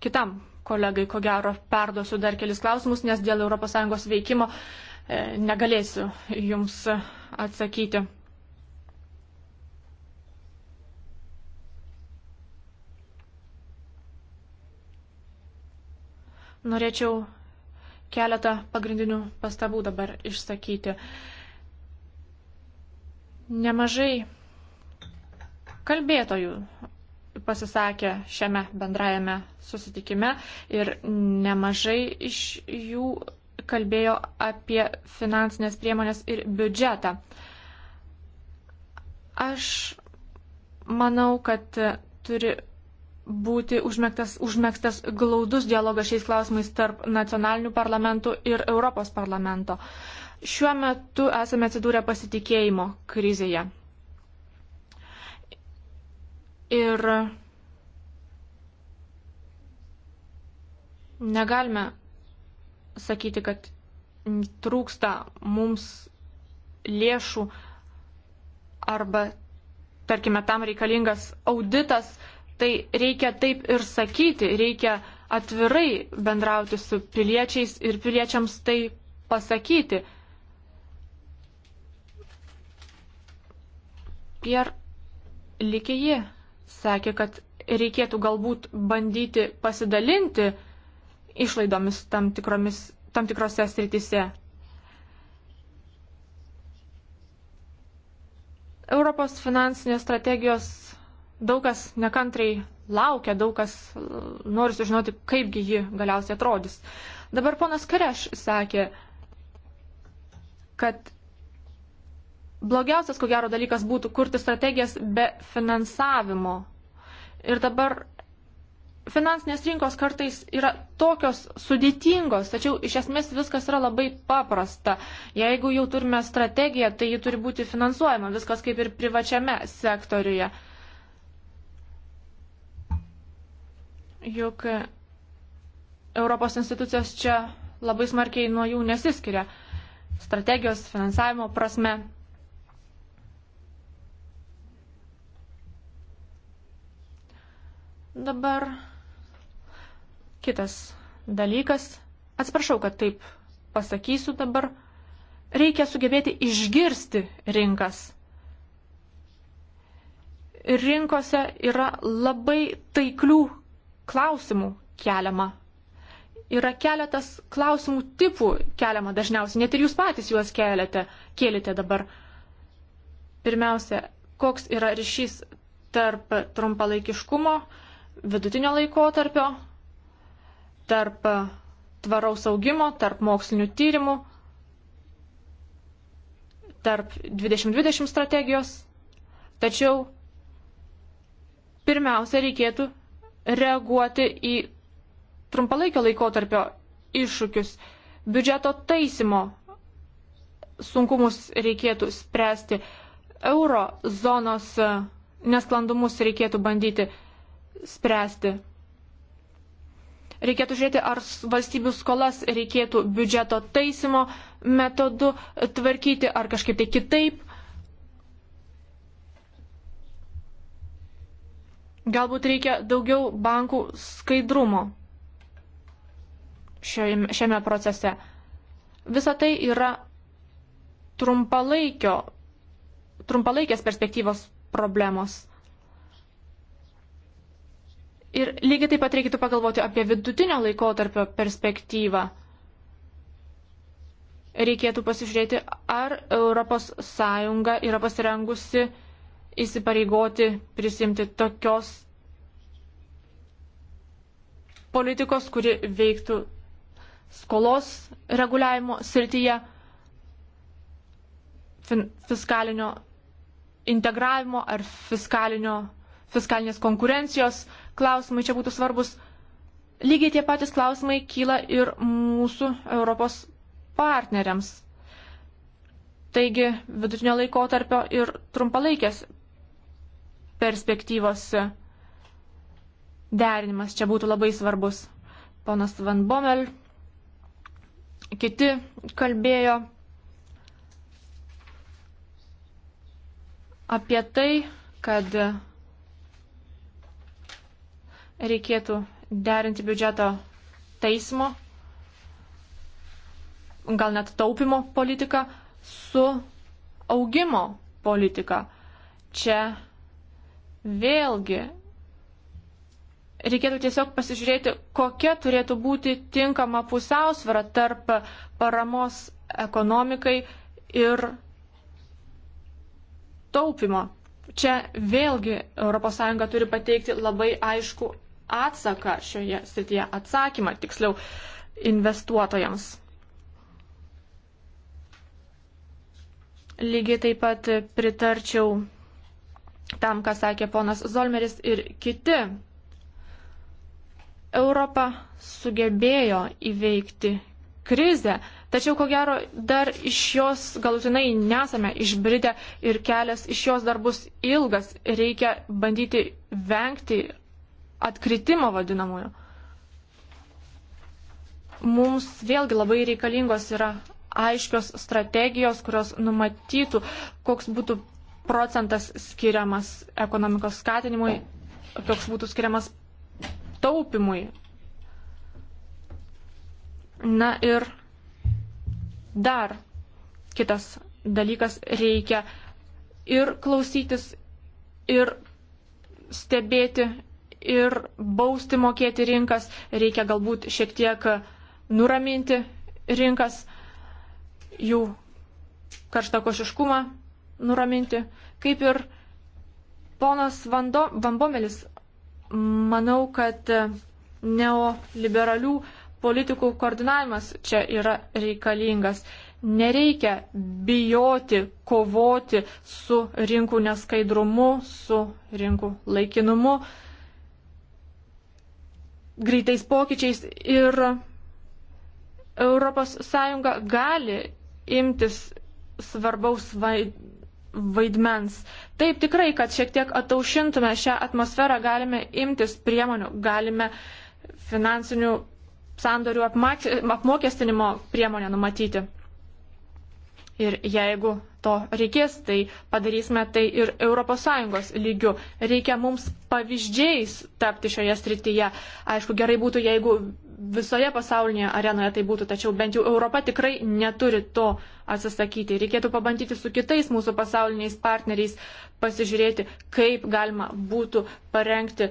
kitam kolegai, ko gero, perduosiu dar kelis klausimus, nes dėl ES veikimo e, negalėsiu jums atsakyti. Norėčiau keletą pagrindinių pastabų dabar išsakyti. Nemažai kalbėtojų pasisakė šiame bendrajame susitikime ir nemažai iš jų kalbėjo apie finansinės priemonės ir biudžetą. Aš manau, kad turi būti užmėgtas, užmėgstas glaudus dialogas šiais klausimais tarp nacionalinių parlamentų ir Europos parlamento. Šiuo metu esame atsidūrę pasitikėjimo krizėje. Ir negalime sakyti, kad trūksta mums lėšų arba, tarkime, tam reikalingas auditas, tai reikia taip ir sakyti, reikia atvirai bendrauti su piliečiais ir piliečiams tai pasakyti. Pierre Likėji sakė, kad reikėtų galbūt bandyti pasidalinti išlaidomis tam, tikromis, tam tikrose sritise. Europos finansinės strategijos daug kas nekantrai laukia, daug kas uh, nori sužinoti, kaipgi ji galiausiai atrodys. Dabar ponas Kareš sakė, kad blogiausias, ko gero, dalykas būtų kurti strategijas be finansavimo. Ir dabar finansinės rinkos kartais yra tokios sudėtingos, tačiau iš esmės viskas yra labai paprasta. Jeigu jau turime strategiją, tai ji turi būti finansuojama, viskas kaip ir privačiame sektoriuje. Juk Europos institucijos čia labai smarkiai nuo jų nesiskiria strategijos finansavimo prasme. Dabar kitas dalykas. Atsiprašau, kad taip pasakysiu dabar. Reikia sugebėti išgirsti rinkas rinkose yra labai taiklių klausimų keliama. Yra keletas klausimų tipų keliama dažniausiai, net ir jūs patys juos keliate, kėlite dabar. Pirmiausia, koks yra ryšys tarp trumpalaikiškumo, uh, vidutinio laikotarpio, tarp tvaraus augimo, tarp mokslinių tyrimų, tarp 2020 strategijos. Tačiau pirmiausia reikėtų reaguoti į trumpalaikio laikotarpio iššūkius. Biudžeto taisimo sunkumus reikėtų spręsti, euro zonos nesklandumus reikėtų bandyti spręsti spręsti. Reikėtų žiūrėti, ar valstybių skolas reikėtų biudžeto taisimo metodu tvarkyti, ar kažkaip tai kitaip. Galbūt reikia daugiau bankų skaidrumo šiame, šiame procese. Visa tai yra trumpalaikio, trumpalaikės perspektyvos problemos. Ir lygiai taip pat reikėtų pagalvoti apie vidutinio laikotarpio perspektyvą. Reikėtų pasižiūrėti, ar ES yra pasirengusi įsipareigoti prisimti tokios politikos, kuri veiktų skolos reguliavimo srityje, fiskalinio integravimo ar fiskalinio, fiskalinės konkurencijos klausimai čia būtų svarbus. Lygiai tie patys klausimai kyla ir mūsų Europos partneriams. Taigi vidutinio laiko tarpio ir trumpalaikės perspektyvos derinimas čia būtų labai svarbus. Ponas Van Bommel, kiti kalbėjo apie tai, kad reikėtų derinti biudžeto teismo, gal net taupimo politiką su augimo politika. Čia vėlgi reikėtų tiesiog pasižiūrėti, kokia turėtų būti tinkama pusiausvara tarp paramos ekonomikai ir taupimo. Čia vėlgi ES turi pateikti labai aišku atsaką šioje srityje, atsakymą tiksliau investuotojams. Lygiai taip pat pritarčiau tam, ką sakė ponas Zolmeris ir kiti. Europa sugebėjo įveikti krizę, tačiau ko gero dar iš jos galutinai nesame išbridę ir kelias iš jos dar bus ilgas. Reikia bandyti vengti atkritimo vadinamojo. Mums vėlgi labai reikalingos yra aiškios strategijos, kurios numatytų, koks būtų procentas skiriamas ekonomikos skatinimui, koks būtų skiriamas taupimui. Na ir dar kitas dalykas reikia ir klausytis, ir stebėti ir bausti mokėti rinkas, reikia galbūt šiek tiek nuraminti rinkas, jų karštakošiškumą nuraminti. Kaip ir ponas Vambomelis, manau, kad neoliberalių politikų koordinavimas čia yra reikalingas. Nereikia bijoti kovoti su rinkų neskaidrumu, su rinkų laikinumu greitais pokyčiais ir ES gali imtis svarbaus vaidmens. Taip tikrai, kad šiek tiek ataušintume šią atmosferą, galime imtis priemonių, galime finansinių sandorių apmokestinimo priemonę numatyti. Ir jeigu to reikės, tai padarysime tai ir ES lygiu. Reikia mums pavyzdžiais tapti šioje srityje. Aišku, gerai būtų, jeigu visoje pasaulinėje arenoje tai būtų, tačiau bent jau Europa tikrai neturi to atsisakyti. Reikėtų pabandyti su kitais mūsų pasauliniais partneriais pasižiūrėti, kaip galima būtų parengti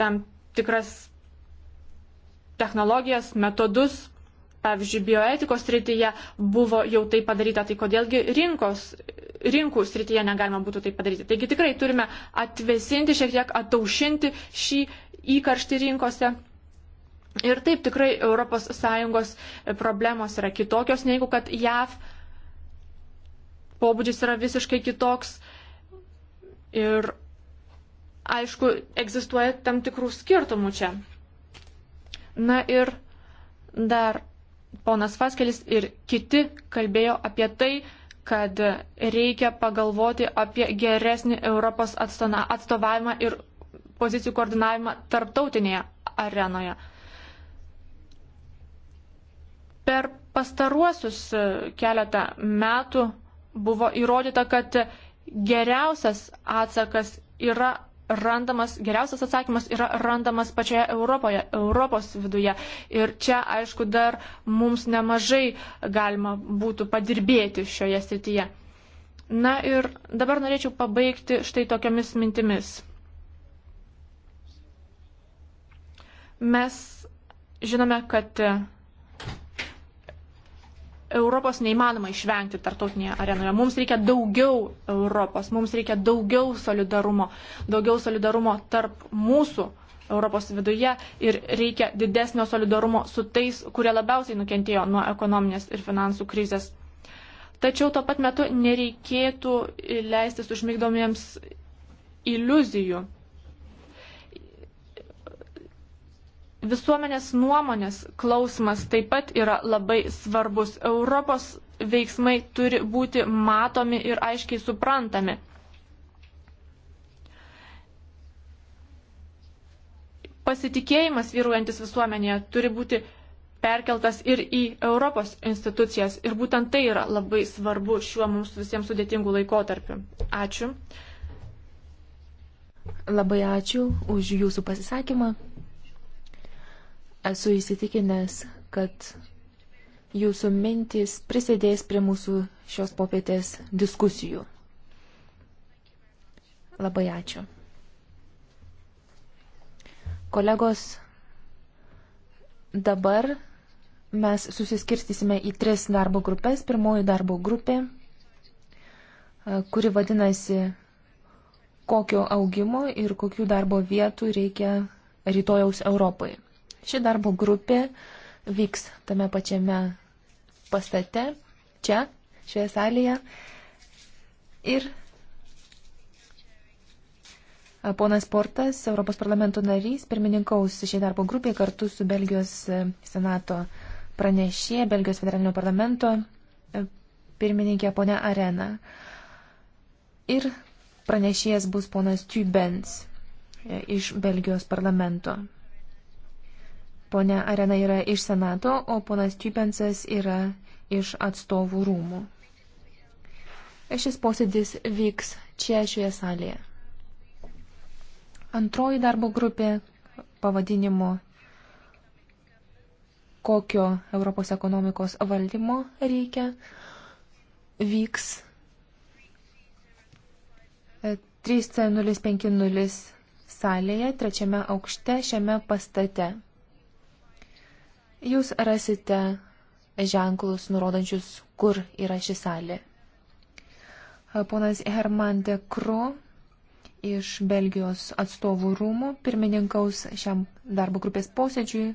tam tikras technologijas, metodus, pavyzdžiui, bioetikos srityje buvo jau tai padaryta, tai kodėlgi rinkos, rinkų srityje negalima būtų tai padaryti. Taigi tikrai turime atvesinti, šiek tiek ataušinti šį įkarštį rinkose. Ir taip tikrai ES problemos yra kitokios, negu kad JAV pobūdis yra visiškai kitoks. Ir aišku, egzistuoja tam tikrų skirtumų čia. Na ir dar ponas Faskelis ir kiti kalbėjo apie tai, kad reikia pagalvoti apie geresnį Europos atstovavimą ir pozicijų koordinavimą tarptautinėje arenoje. Per pastaruosius e, keletą metų buvo įrodyta, kad geriausias atsakas yra randamas, geriausias atsakymas yra randamas pačioje Europoje, Europos viduje. Ir čia, aišku, dar mums nemažai galima būtų padirbėti šioje srityje. Na ir dabar norėčiau pabaigti štai tokiamis mintimis. Mes žinome, kad Europos neįmanoma išvengti tartautinėje arenoje. Mums reikia daugiau Europos, mums reikia daugiau solidarumo, daugiau solidarumo tarp mūsų Europos viduje ir reikia didesnio solidarumo su tais, kurie labiausiai nukentėjo nuo ekonominės ir finansų krizės. Tačiau tuo pat metu nereikėtų leistis užmygdomiems iliuzijų. Visuomenės nuomonės klausimas taip pat yra labai svarbus. Europos veiksmai turi būti matomi ir aiškiai suprantami. Pasitikėjimas vyruojantis visuomenėje turi būti perkeltas ir į Europos institucijas. Ir būtent tai yra labai svarbu šiuo mums visiems sudėtingu laikotarpiu. Ačiū. Labai ačiū už jūsų pasisakymą. Esu įsitikinęs, kad jūsų mintys prisidės prie mūsų šios popietės diskusijų. Labai ačiū. Kolegos, dabar mes susiskirstysime į tris darbo grupės. Pirmoji darbo grupė, kuri vadinasi, kokio augimo ir kokių darbo vietų reikia rytojaus Europai. Ši darbo grupė vyks tame pačiame pastate, čia, šioje salėje. Ir ponas Portas, Europos parlamento narys, pirmininkaus šiai darbo grupiai kartu su Belgijos senato pranešė, Belgijos federalinio parlamento pirmininkė ponia Arena. Ir pranešėjas bus ponas Tubens iš Belgijos parlamento. Pone Arena yra iš Senato, o ponas Čiupensas yra iš atstovų rūmų. Šis posėdis vyks čia šioje salėje. Antroji darbo grupė pavadinimu kokio Europos ekonomikos valdymo reikia, vyks 3C050 salėje, trečiame aukšte šiame pastate. Jūs rasite ženklus nurodančius, kur yra ši salė. Ponas Herman de Kro iš Belgijos atstovų rūmų pirmininkaus šiam darbo grupės posėdžiui.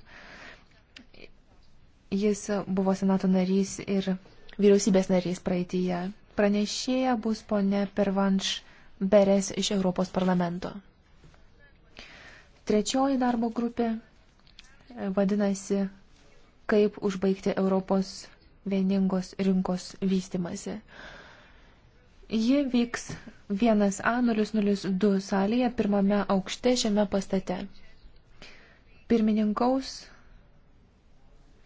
Jis buvo senato narys ir vyriausybės narys praeitįje. Pranešėja bus ponė Pervanš Beres iš Europos parlamento. Trečioji darbo grupė vadinasi kaip užbaigti Europos vieningos rinkos vystimasi. Ji vyks 1A002 salėje pirmame aukšte šiame pastate. Pirmininkaus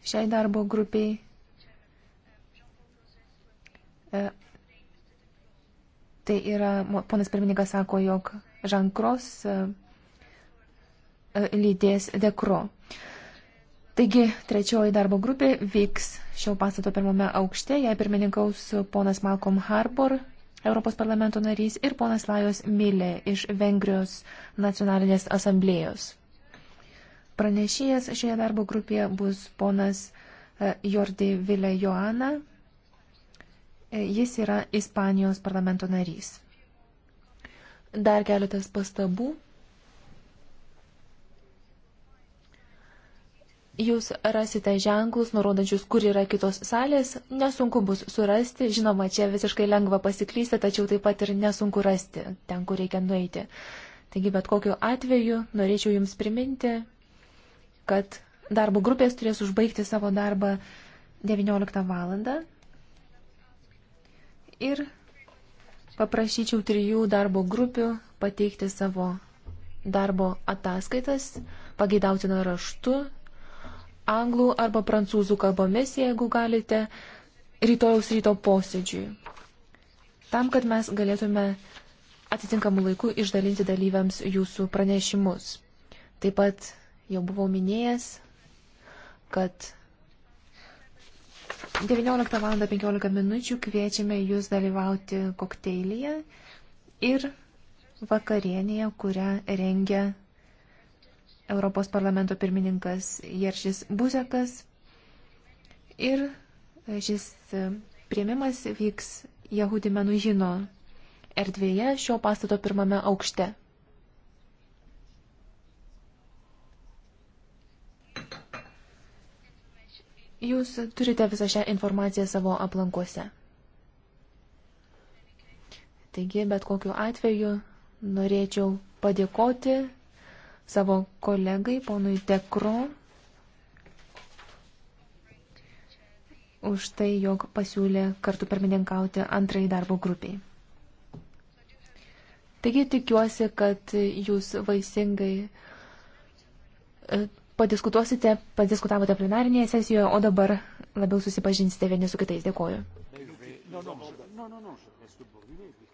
šiai darbo grupiai e, Tai yra, ponas pirmininkas sako, jog Žankros e, e, lydės dekro. Taigi, trečioji darbo grupė vyks šio pastato pirmame aukšte, jai pirmininkaus ponas Malcolm Harbour, Europos parlamento narys, ir ponas Lajos Milė iš Vengrijos nacionalinės asamblėjos. Pranešėjas šioje darbo grupėje bus ponas e, Jordi Vilė Joana, e, jis yra Ispanijos parlamento narys. Dar keletas pastabų. Jūs rasite ženklus, nurodančius, kur yra kitos salės, nesunku bus surasti, žinoma, čia visiškai lengva pasiklysti, tačiau taip pat ir nesunku rasti ten, kur reikia nueiti. Taigi, bet kokiu atveju norėčiau Jums priminti, kad darbo grupės turės užbaigti savo darbą 19 valandą ir paprašyčiau trijų darbo grupių pateikti savo darbo ataskaitas, pageidautina raštu anglų arba prancūzų kalbomis, jeigu galite, rytojaus ryto posėdžiui. Tam, kad mes galėtume atitinkamų laikų išdalinti dalyviams jūsų pranešimus. Taip pat jau buvau minėjęs, kad 19 val. 15 minučių kviečiame jūs dalyvauti kokteilyje ir vakarienėje, kurią rengia Europos parlamento pirmininkas Jeršis Buzekas. Ir šis e, prieimimas vyks Jehudi Menužino erdvėje šio pastato pirmame aukšte. Jūs turite visą šią informaciją savo aplankuose. Taigi, bet kokiu atveju norėčiau padėkoti savo kolegai, ponui Tekro, už tai, jog pasiūlė kartu pirmininkauti antrai darbo grupiai. Taigi tikiuosi, kad jūs vaisingai padiskutuosite, padiskutavote plenarinėje sesijoje, o dabar labiau susipažinsite vieni su kitais. Dėkoju. No, no, no, no, no, no, no, no, no, no, no, no.